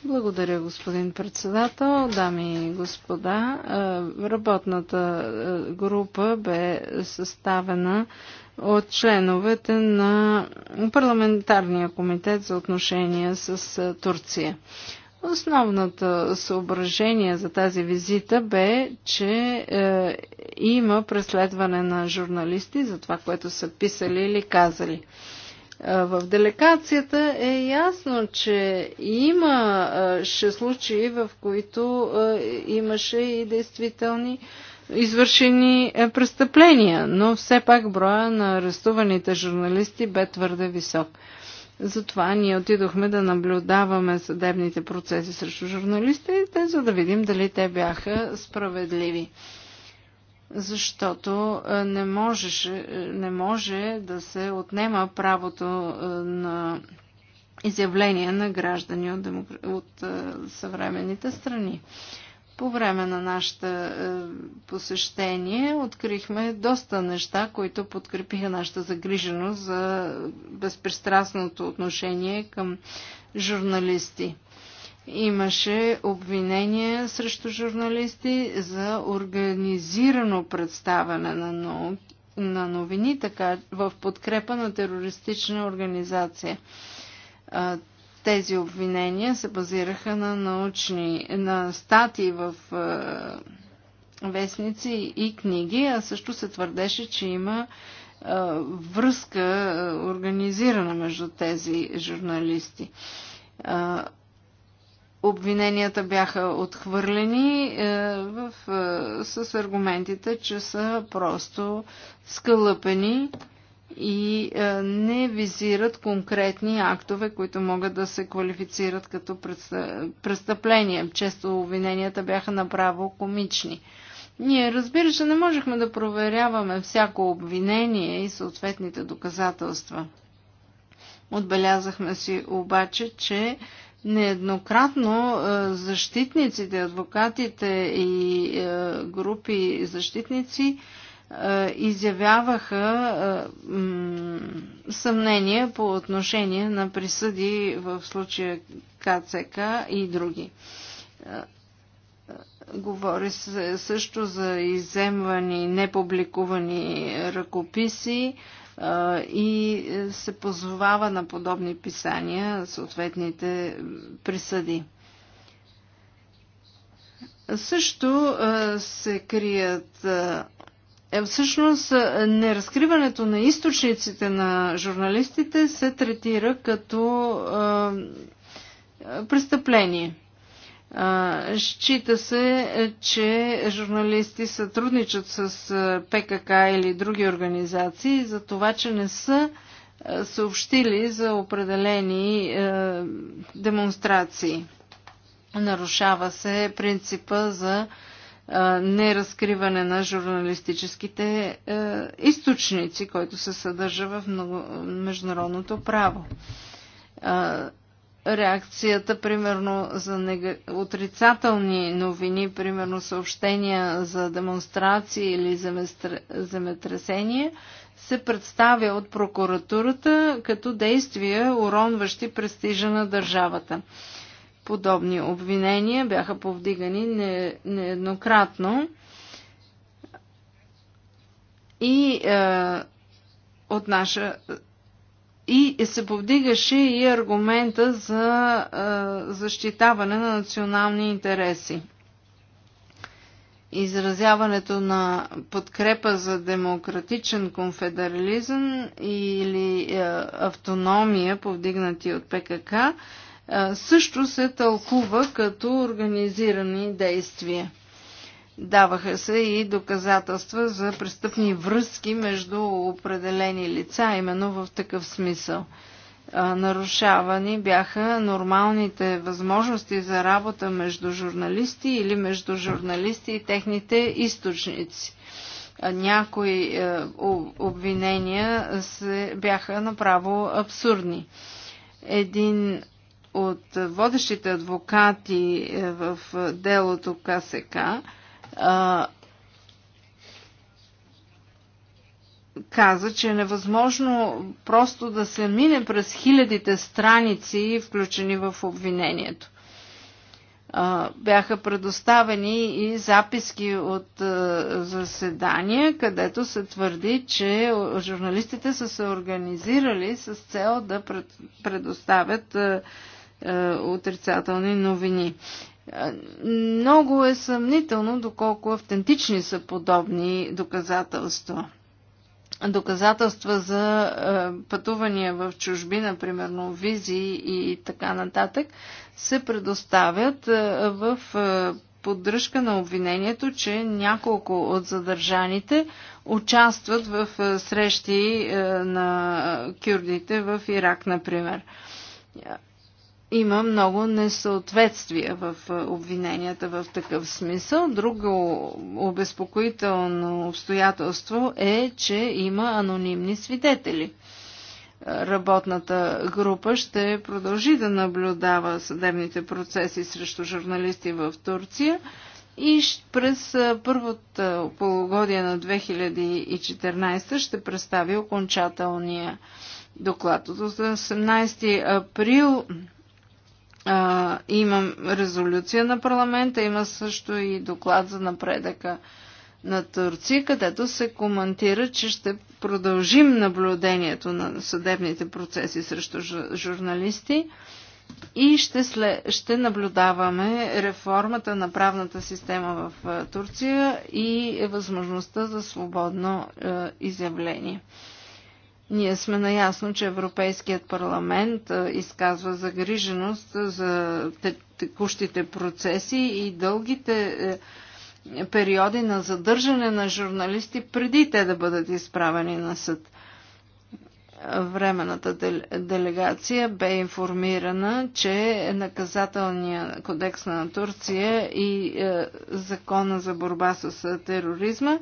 Благодаря, господин председател. Дами и господа, работната група бе съставена от членовете на парламентарния комитет за отношения с Турция. Основната съображение за тази визита бе, че е, има преследване на журналисти за това, което са писали или казали. Е, в делегацията е ясно, че имаше случаи, в които е, имаше и действителни е, извършени е, престъпления, но все пак броя на арестуваните журналисти бе твърде висок. Затова ние отидохме да наблюдаваме съдебните процеси срещу журналистите, за да видим дали те бяха справедливи. Защото е, не, можеш, е, не може да се отнема правото на изявление на граждани от, демокр... от съвременните страни. По време на нашата е, посещение открихме доста неща, които подкрепиха нашата загриженост за безпристрастното отношение към журналисти. Имаше обвинения срещу журналисти за организирано представяне на, нау... на новини така, в подкрепа на терористична организация тези обвинения се базираха на научни, на статии в е, вестници и книги, а също се твърдеше, че има е, връзка е, организирана между тези журналисти. Обвиненията бяха отхвърлени в, с аргументите, че са просто скълъпени и е, не визират конкретни актове, които могат да се квалифицират като престъпления. Често обвиненията бяха направо комични. Ние, разбира се, не можехме да проверяваме всяко обвинение и съответните доказателства. Отбелязахме си обаче, че нееднократно е, защитниците, адвокатите и е, групи защитници е, изявяваха е, съмнение по отношение на присъди в случая КЦК и други. Е, говори се също за иземвани, непубликувани ръкописи и се позовава на подобни писания съответните присъди. Също се крият е, всъщност е, неразкриването на източниците на журналистите се третира като е, е престъпление. Е, счита се, че журналисти сътрудничат с ПКК или други организации за това, че не са съобщили за определени е, демонстрации. Нарушава се принципа за е, неразкриване на журналистическите източници, който се съдържа в много, международното право. Реакцията, примерно, за нег... отрицателни новини, примерно съобщения за демонстрации или земетресения, се представя от прокуратурата като действия, уронващи престижа на държавата. Подобни обвинения бяха повдигани не, нееднократно и е, от наша и се повдигаше и аргумента за е, защитаване на национални интереси. Изразяването на подкрепа за демократичен конфедерализъм или е, автономия, повдигнати от ПКК, също се тълкува като организирани действия. Даваха се и доказателства за престъпни връзки между определени лица, именно в такъв смисъл. Нарушавани бяха нормалните възможности за работа между журналисти или между журналисти и техните източници. Някои е, обвинения се бяха направо абсурдни. Един от водещите адвокати е, в е, делото КСК каза, че е невъзможно просто да се мине през хилядите страници, включени в обвинението. Бяха предоставени и записки от е, заседания, където се твърди, че журналистите са се организирали с цел да предоставят е, отрицателни новини. Е, много е съмнително доколко автентични са подобни доказателства. Доказателства за е, пътувания в чужбина, примерно визи и така нататък, се предоставят в поддръжка на обвинението, че няколко от задържаните участват в срещи на кюрдите в Ирак, например има много несъответствия в обвиненията в такъв смисъл. Друго обезпокоително обстоятелство е, че има анонимни свидетели. Работната група ще продължи да наблюдава съдебните процеси срещу журналисти в Турция и през първото полугодие на 2014 ще представи окончателния доклад. От 18 април а, имам резолюция на парламента, има също и доклад за напредъка на Турция, където се коментира, че ще продължим наблюдението на съдебните процеси срещу журналисти и ще, след, ще наблюдаваме реформата на правната система в Турция и възможността за свободно е, изявление. Ние сме наясно, че Европейският парламент изказва загриженост за текущите процеси и дългите е, периоди на задържане на журналисти преди те да бъдат изправени на съд. Временната делегация бе информирана, че наказателния кодекс на Турция и е, закона за борба с е, тероризма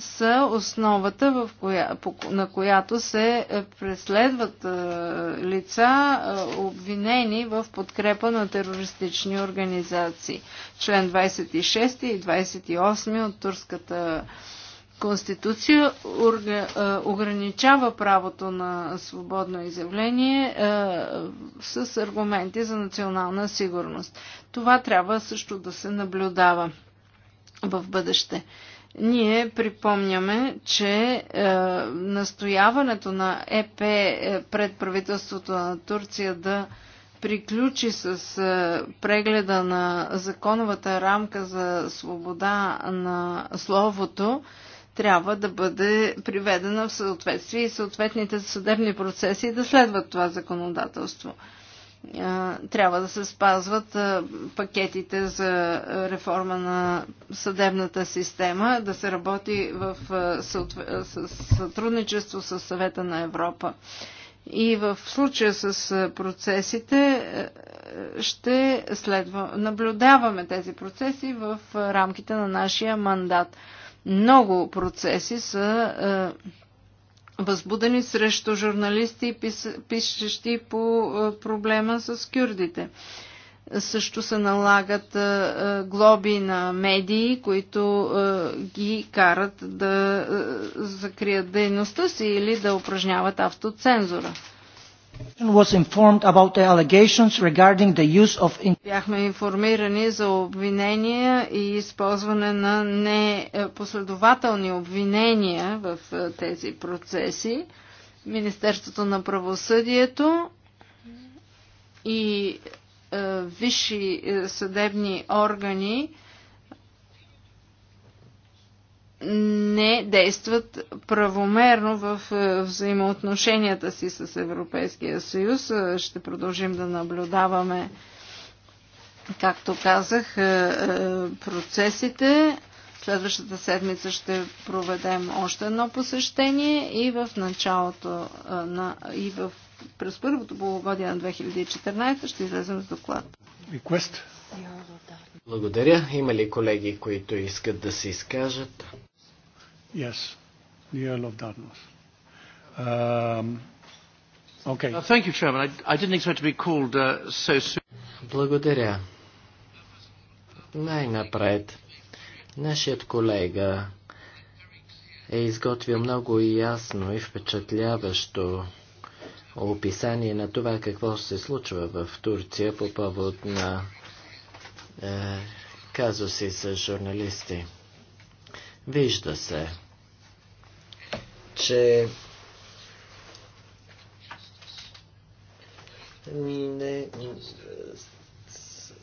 са основата, в коя, на която се е, преследват е, лица, е, обвинени в подкрепа на терористични организации. Член 26 и 28 от Турската Конституция ограничава правото на свободно изявление е, с аргументи за национална сигурност. Това трябва също да се наблюдава в бъдеще. Ние припомняме, че е, настояването на ЕП е, пред правителството на Турция да приключи с е, прегледа на законовата рамка за свобода на словото, трябва да бъде приведена в съответствие и съответните съдебни процеси да следват това законодателство трябва да се спазват пакетите за реформа на съдебната система, да се работи в сътрудничество с съвета на Европа. И в случая с процесите ще следва, наблюдаваме тези процеси в рамките на нашия мандат. Много процеси са възбудени срещу журналисти, пишещи по е, проблема с кюрдите. Също се налагат е, е, глоби на медии, които ги карат да закрият дейността си или да упражняват автоцензура. Бяхме информирани за обвинения и използване на непоследователни обвинения в е, тези процеси. Министерството на правосъдието и е, висши е, съдебни органи не действат правомерно в е, взаимоотношенията си с Европейския съюз. Е, ще продължим да наблюдаваме, както казах, е, процесите. Следващата седмица ще проведем още едно посещение и в началото на, и в, през първото полугодие на 2014 ще излезем с доклад. Request. Благодаря. Има ли колеги, които искат да се изкажат? Yes, Dartmouth. Um, okay. Uh, thank you, Chairman. I, I didn't expect to be called uh, so soon. Благодаря. Най-напред. Нашият колега е изготвил много ясно и впечатляващо описание на това какво се случва в Турция по повод на е, казуси с журналисти. Вижда се, че не,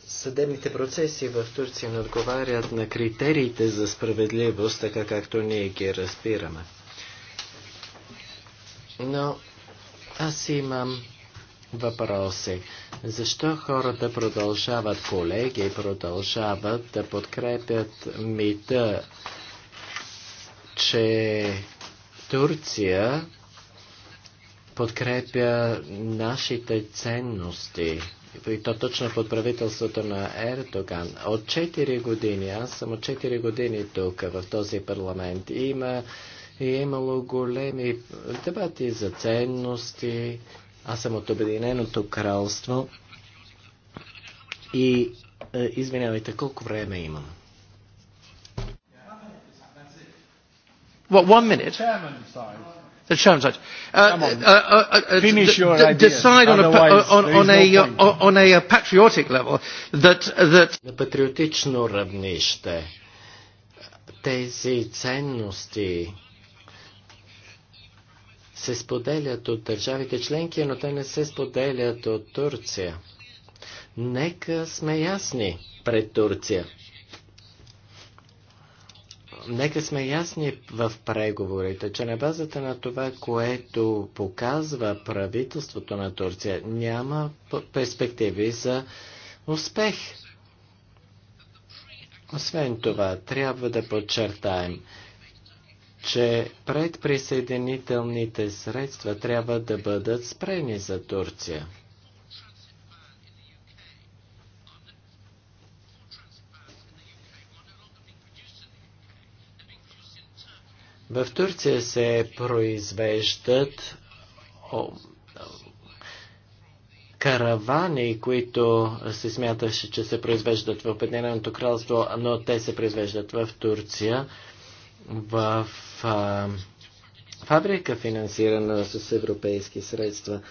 съдебните процеси в Турция не отговарят на критериите за справедливост, така както ние ги разбираме. Но аз имам въпроси. Защо хората продължават, колеги, продължават да подкрепят мита, че Турция подкрепя нашите ценности? и то точно под правителството на Ердоган. От 4 години, аз съм от 4 години тук в този парламент, има, и е имало големи дебати за ценности, аз съм от Обединеното кралство и е, извинявайте, колко време имам? What, one minute? The chairman's side. Uh uh, uh, uh, uh, Finish your d- decide on a, uh, on, on, a, on a patriotic level that, that... На патриотично равнище тези ценности, се споделят от държавите членки, но те не се споделят от Турция. Нека сме ясни пред Турция. Нека сме ясни в преговорите, че на базата на това, което показва правителството на Турция, няма перспективи за успех. Освен това, трябва да подчертаем, че предприсъединителните средства трябва да бъдат спрени за Турция. В Турция се произвеждат каравани, които се смяташе, че се произвеждат в Обединеното кралство, но те се произвеждат в Турция, в фабрика, финансирана с европейски средства.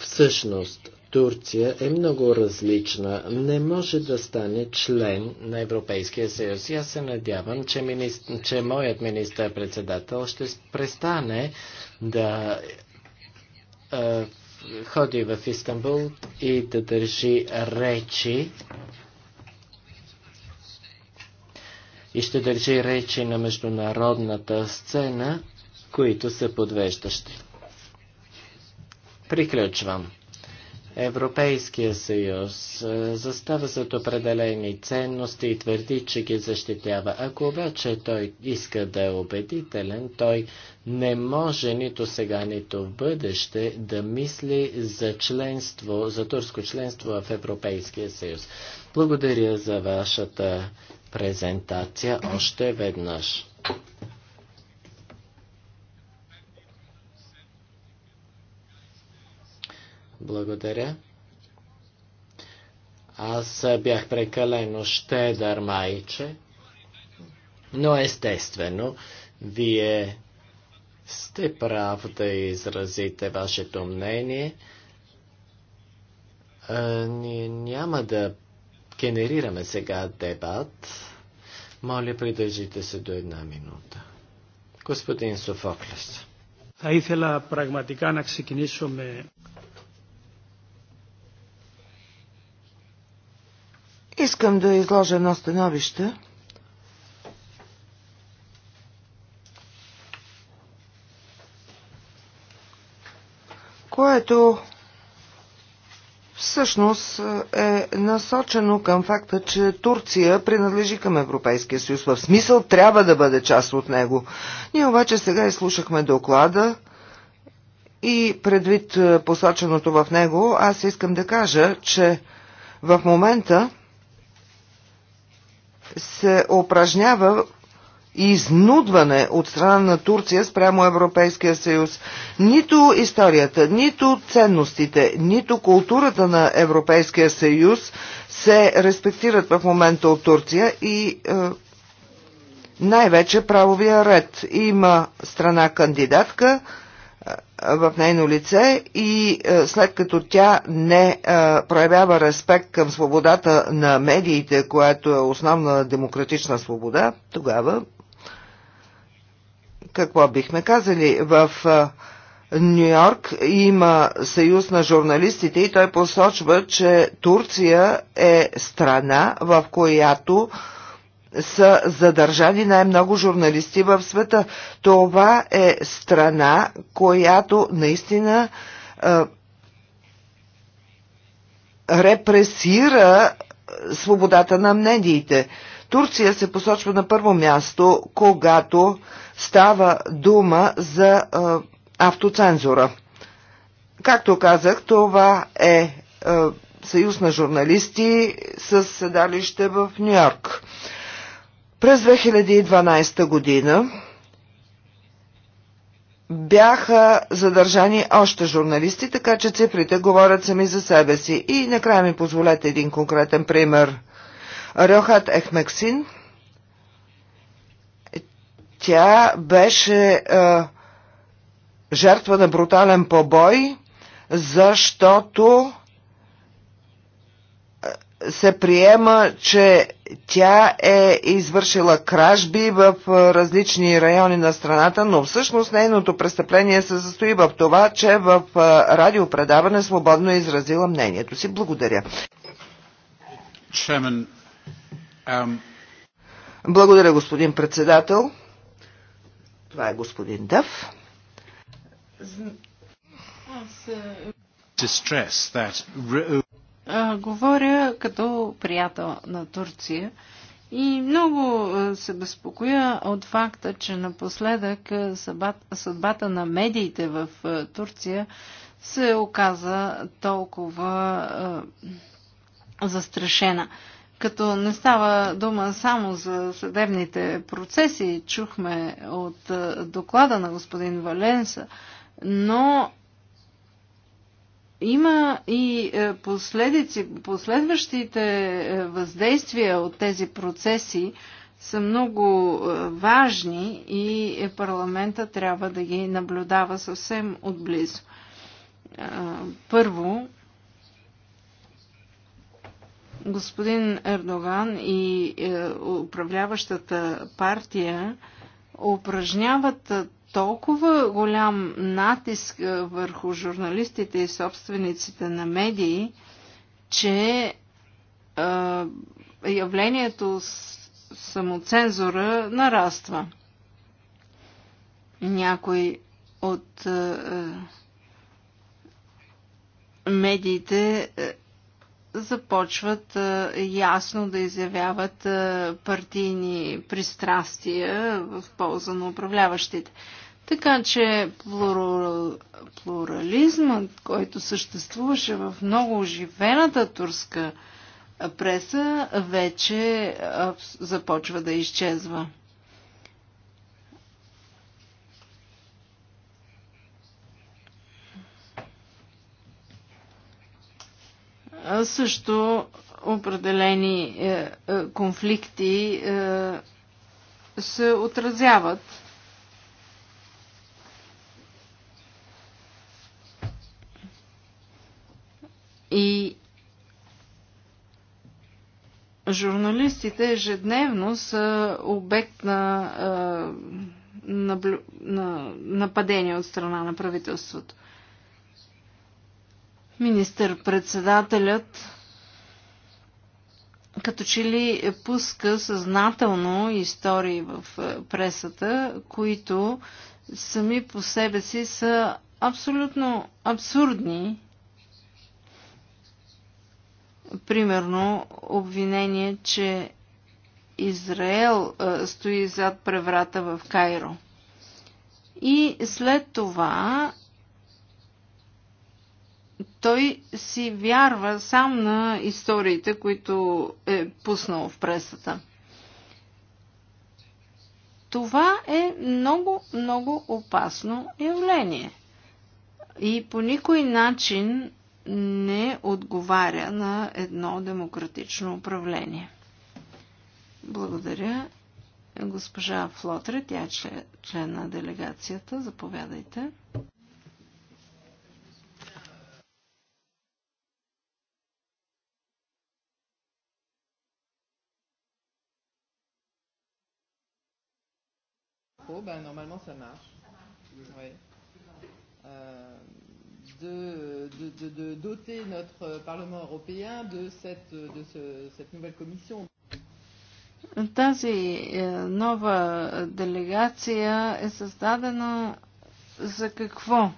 Всъщност, Турция е много различна. Не може да стане член на Европейския съюз. аз се надявам, че, министр, че моят министър-председател ще престане да е, ходи в Истанбул и да държи речи и ще държи речи на международната сцена, които са подвеждащи. Приключвам. Европейския съюз е, застава зад определени ценности и твърди, че ги защитява. Ако обаче той иска да е убедителен, той не може нито сега, нито в бъдеще да мисли за членство, за турско членство в Европейския съюз. Благодаря за вашата презентация още веднъж. Благодаря. Аз бях прекалено щедър, майче. Но естествено, вие сте прав да изразите вашето мнение. А, е, ние няма да генерираме сега дебат. Моля, придържите се до една минута. Господин Софоклес. Θα ήθελα πραγματικά να ξεκινήσω με... Искам да изложа едно становище. което всъщност е насочено към факта, че Турция принадлежи към Европейския съюз. В смисъл трябва да бъде част от него. Ние обаче сега изслушахме доклада и предвид е, посоченото в него, аз искам да кажа, че в момента се упражнява изнудване от страна на Турция спрямо Европейския съюз. Нито историята, нито ценностите, нито културата на Европейския съюз се респектират в момента от Турция и е, най-вече правовия ред. Има страна кандидатка, е, в нейно лице и е, след като тя не е, проявява респект към свободата на медиите, която е основна демократична свобода, тогава какво бихме казали? В Нью Йорк има съюз на журналистите и той посочва, че Турция е страна, в която са задържани най-много журналисти в света. Това е страна, която наистина е, репресира свободата на медиите. Турция се посочва на първо място, когато става дума за а, автоцензура. Както казах, това е а, съюз на журналисти с седалище в Нью-Йорк. През 2012 година бяха задържани още журналисти, така че цифрите говорят сами за себе си. И накрая ми позволете един конкретен пример. Рохат Ехмексин – тя беше а, е, жертва на брутален побой, защото е, се приема, че тя е извършила кражби в е, различни райони на страната, но всъщност нейното престъпление се състои в това, че в радиопредаване свободно е изразила мнението си. Благодаря. Um, Благодаря, господин председател. Това е господин Дъв. говоря като приятел на Турция и много се безпокоя от факта, че напоследък съдбата на медиите в Турция се оказа толкова застрашена като не става дума само за съдебните процеси, чухме от е, доклада на господин Валенса, но има и е, последици, последващите е, въздействия от тези процеси са много важни и парламента трябва да ги наблюдава съвсем отблизо. Първо, господин Ердоган и е, управляващата партия упражняват е, толкова голям натиск е, върху журналистите и собствениците на медии, че явлението самоцензура нараства. Някой от медиите започват ясно да изявяват партийни пристрастия в полза на управляващите. Така че плурал, плурализмът, който съществуваше в много оживената турска преса, вече започва да изчезва. също определени е, е, конфликти е, се отразяват. И журналистите ежедневно са обект на, на, на нападение от страна на правителството. Министър-председателят като че ли пуска съзнателно истории в е, пресата, които сами по себе си са абсолютно абсурдни. Примерно обвинение, че Израел е, стои зад преврата в Кайро. И след това той си вярва сам на историите, които е пуснал в пресата. Това е много, много опасно явление и по никой начин не отговаря на едно демократично управление. Благодаря. Госпожа Флотре, тя е член на делегацията. Заповядайте. ben, normalement ça marche. Oui. Euh, de, de, de, de doter notre Parlement européen de cette, de ce, cette nouvelle commission. Тази нова делегация е създадена за какво?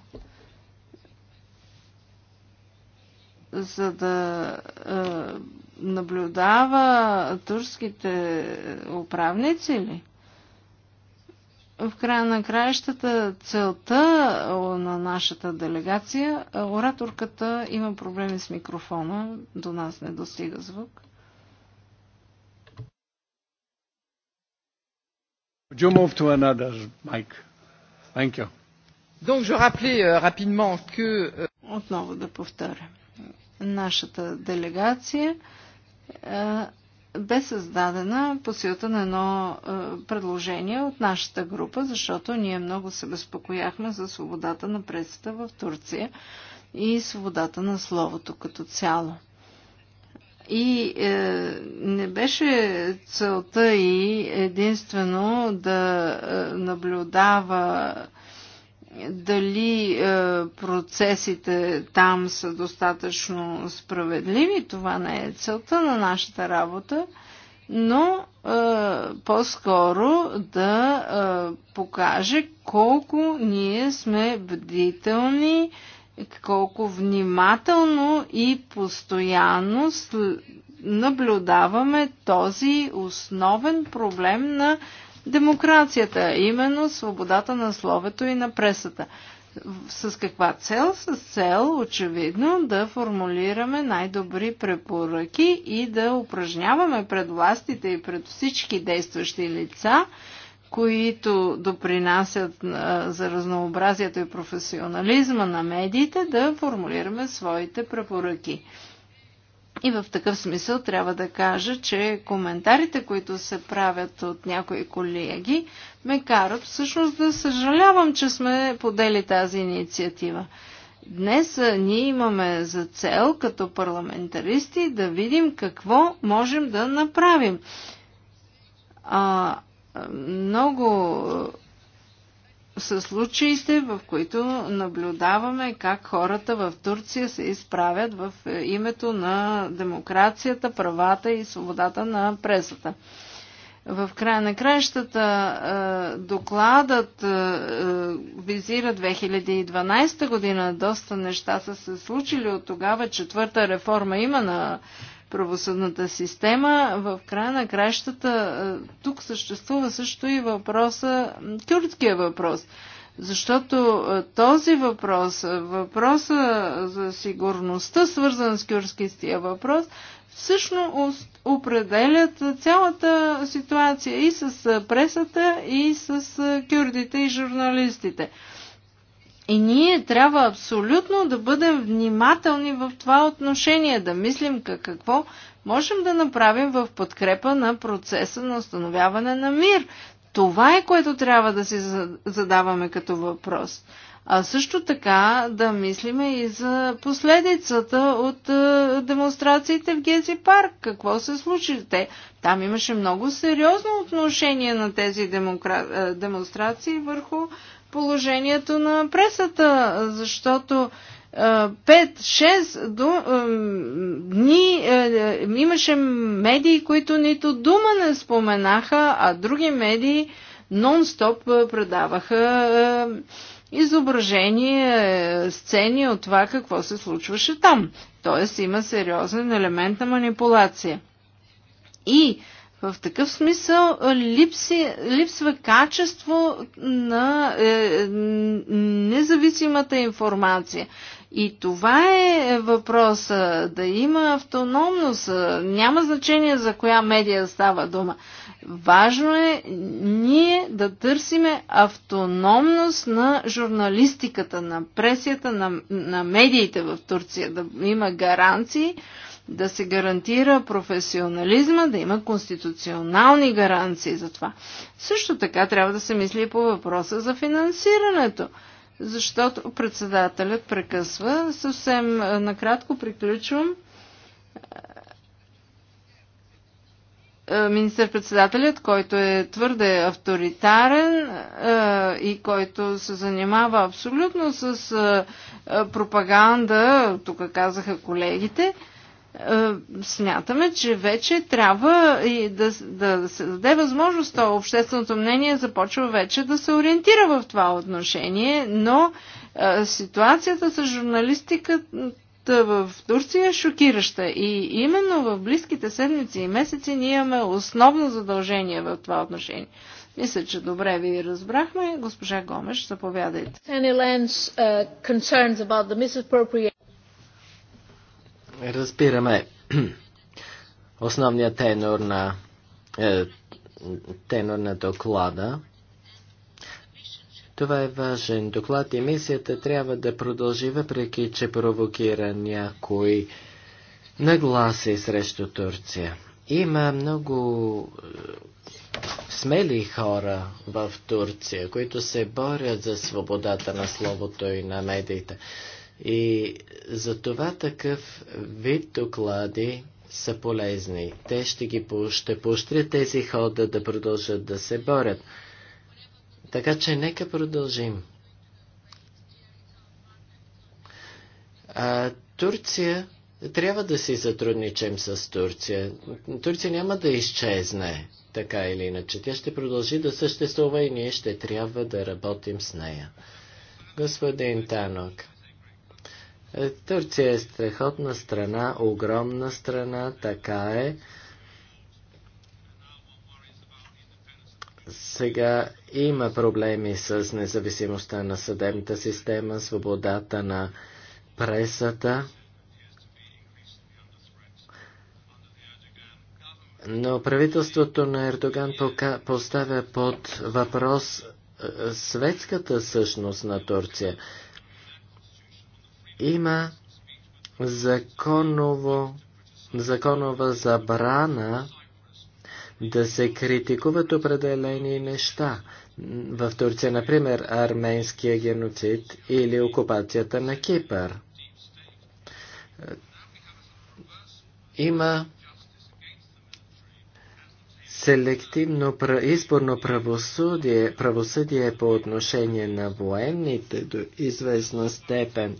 За да е, наблюдава турските управници ли? в края на краищата целта на нашата делегация, е, ораторката има проблеми с микрофона, до нас не достига звук. move to another mic? Thank you. Donc je rappelais euh, rapidement que euh... Отново да повторя. Нашата делегация е, бе създадена по силата на едно е, предложение от нашата група, защото ние много се безпокояхме за свободата на пресата в Турция и свободата на словото като цяло. И е, не беше целта и единствено да е, наблюдава дали е, процесите там са достатъчно справедливи, това не е целта на нашата работа, но е, по-скоро да е, покаже колко ние сме бдителни, колко внимателно и постоянно наблюдаваме този основен проблем на демокрацията, именно свободата на словето и на пресата. С каква цел? С цел, очевидно, да формулираме най-добри препоръки и да упражняваме пред властите и пред всички действащи лица, които допринасят за разнообразието и професионализма на медиите, да формулираме своите препоръки. И в такъв смисъл трябва да кажа, че коментарите, които се правят от някои колеги, ме карат всъщност да съжалявам, че сме подели тази инициатива. Днес ние имаме за цел като парламентаристи да видим какво можем да направим. А, много са случаите, в които наблюдаваме как хората в Турция се изправят в е, името на демокрацията, правата и свободата на пресата. В края на краищата е, докладът е, визира 2012 година. Доста неща са се случили от тогава. Четвърта реформа има на правосъдната система. В края на кращата е, тук съществува също и въпроса, кюрдския въпрос. Защото е, този въпрос, е, въпроса за сигурността, свързан с кюрския въпрос, всъщност определят цялата ситуация и с пресата, и с кюрдите и журналистите. И ние трябва абсолютно да бъдем внимателни в това отношение, да мислим какво можем да направим в подкрепа на процеса на установяване на мир. Това е което трябва да си задаваме като въпрос. А също така да мислиме и за последицата от е, демонстрациите в Гези парк. Какво се случи? Те, там имаше много сериозно отношение на тези демокра... Е, демонстрации върху положението на пресата, защото 5-6 дни имаше медии, които нито дума не споменаха, а други медии нон-стоп предаваха изображения, сцени от това какво се случваше там. Тоест има сериозен елемент на манипулация. И в такъв смисъл липси, липсва качество на е, независимата информация. И това е въпроса, да има автономност. Няма значение за коя медия става дума. Важно е ние да търсиме автономност на журналистиката, на пресията, на, на медиите в Турция, да има гаранции, да се гарантира професионализма, да има конституционални гаранции за това. Също така трябва да се мисли по въпроса за финансирането, защото председателят прекъсва. Съвсем е, накратко приключвам. Е, министър-председателят, който е твърде авторитарен е, и който се занимава абсолютно с пропаганда, тук казаха колегите, е, смятаме, че вече трябва и да, да се даде възможност то общественото мнение започва вече да се ориентира в това отношение, но е, ситуацията с журналистиката в Турция е шокираща и именно в близките седмици и месеци ние имаме основно задължение в това отношение. Мисля, че добре ви разбрахме. Госпожа Гомеш, заповядайте разбираме [CLEARS THROAT] основния тенор на, е, тенор на доклада. Това е важен доклад и мисията трябва да продължи, въпреки че провокира някои нагласи срещу Турция. Има много е, смели хора в Турция, които се борят за свободата на словото и на медиите. И за това такъв вид доклади са полезни. Те ще ги ще поощрят тези хода да продължат да се борят. Така че нека продължим. А, Турция трябва да си затрудничим с Турция. Турция няма да изчезне, така или иначе. Тя ще продължи да съществува и ние ще трябва да работим с нея. Господин Танок. Е, Турция е страхотна страна, огромна страна, така е. Сега има проблеми с независимостта на съдебната система, свободата на пресата. Но правителството на Ердоган поставя под въпрос е, светската същност на Турция има законово, законова забрана да се критикуват определени неща. В Турция, например, арменския геноцид или окупацията на Кипър. Има селективно изборно правосъдие, правосъдие по отношение на военните до известна степен.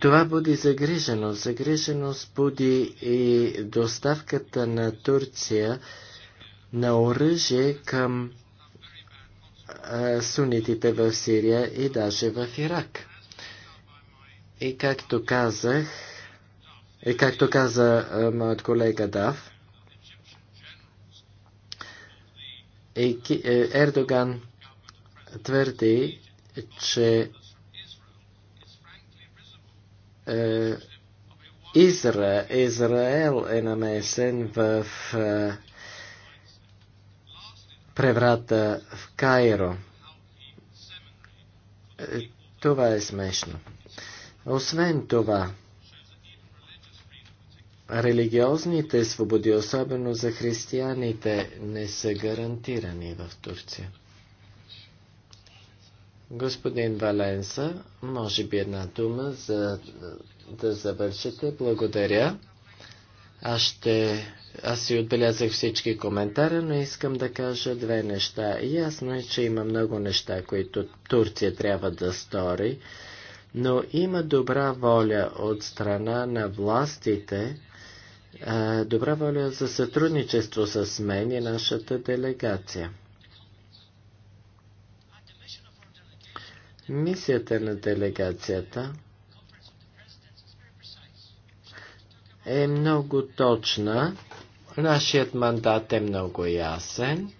Това буди загриженост. Загриженост буди и доставката на Турция на оръжие към а, сунитите в Сирия и даже в Ирак. И както казах, и както каза а, моят колега Дав, е, Ердоган твърди, че е, Изра, Израел е намесен в е, преврата в Кайро. Е, това е смешно. Освен това, религиозните свободи, особено за християните, не са гарантирани в Турция. Господин Валенса, може би една дума за да завършите. Благодаря. Аз ще... Аз си отбелязах всички коментари, но искам да кажа две неща. Ясно е, че има много неща, които Турция трябва да стори, но има добра воля от страна на властите, добра воля за сътрудничество с мен и нашата делегация. Мисията на делегацията е много точна. Нашият мандат е много ясен.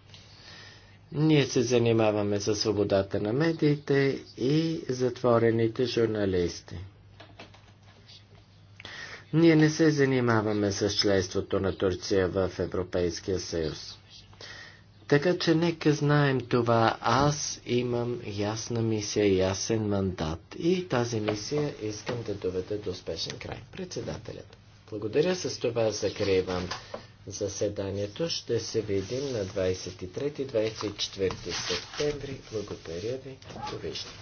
Ние се занимаваме за свободата на медиите и затворените журналисти. Ние не се занимаваме с членството на Турция в Европейския съюз. Така че нека знаем това. Аз имам ясна мисия, ясен мандат и тази мисия искам да доведа до успешен край. Председателят. Благодаря с това закривам заседанието. Ще се видим на 23-24 септември. Благодаря ви. Довиждане.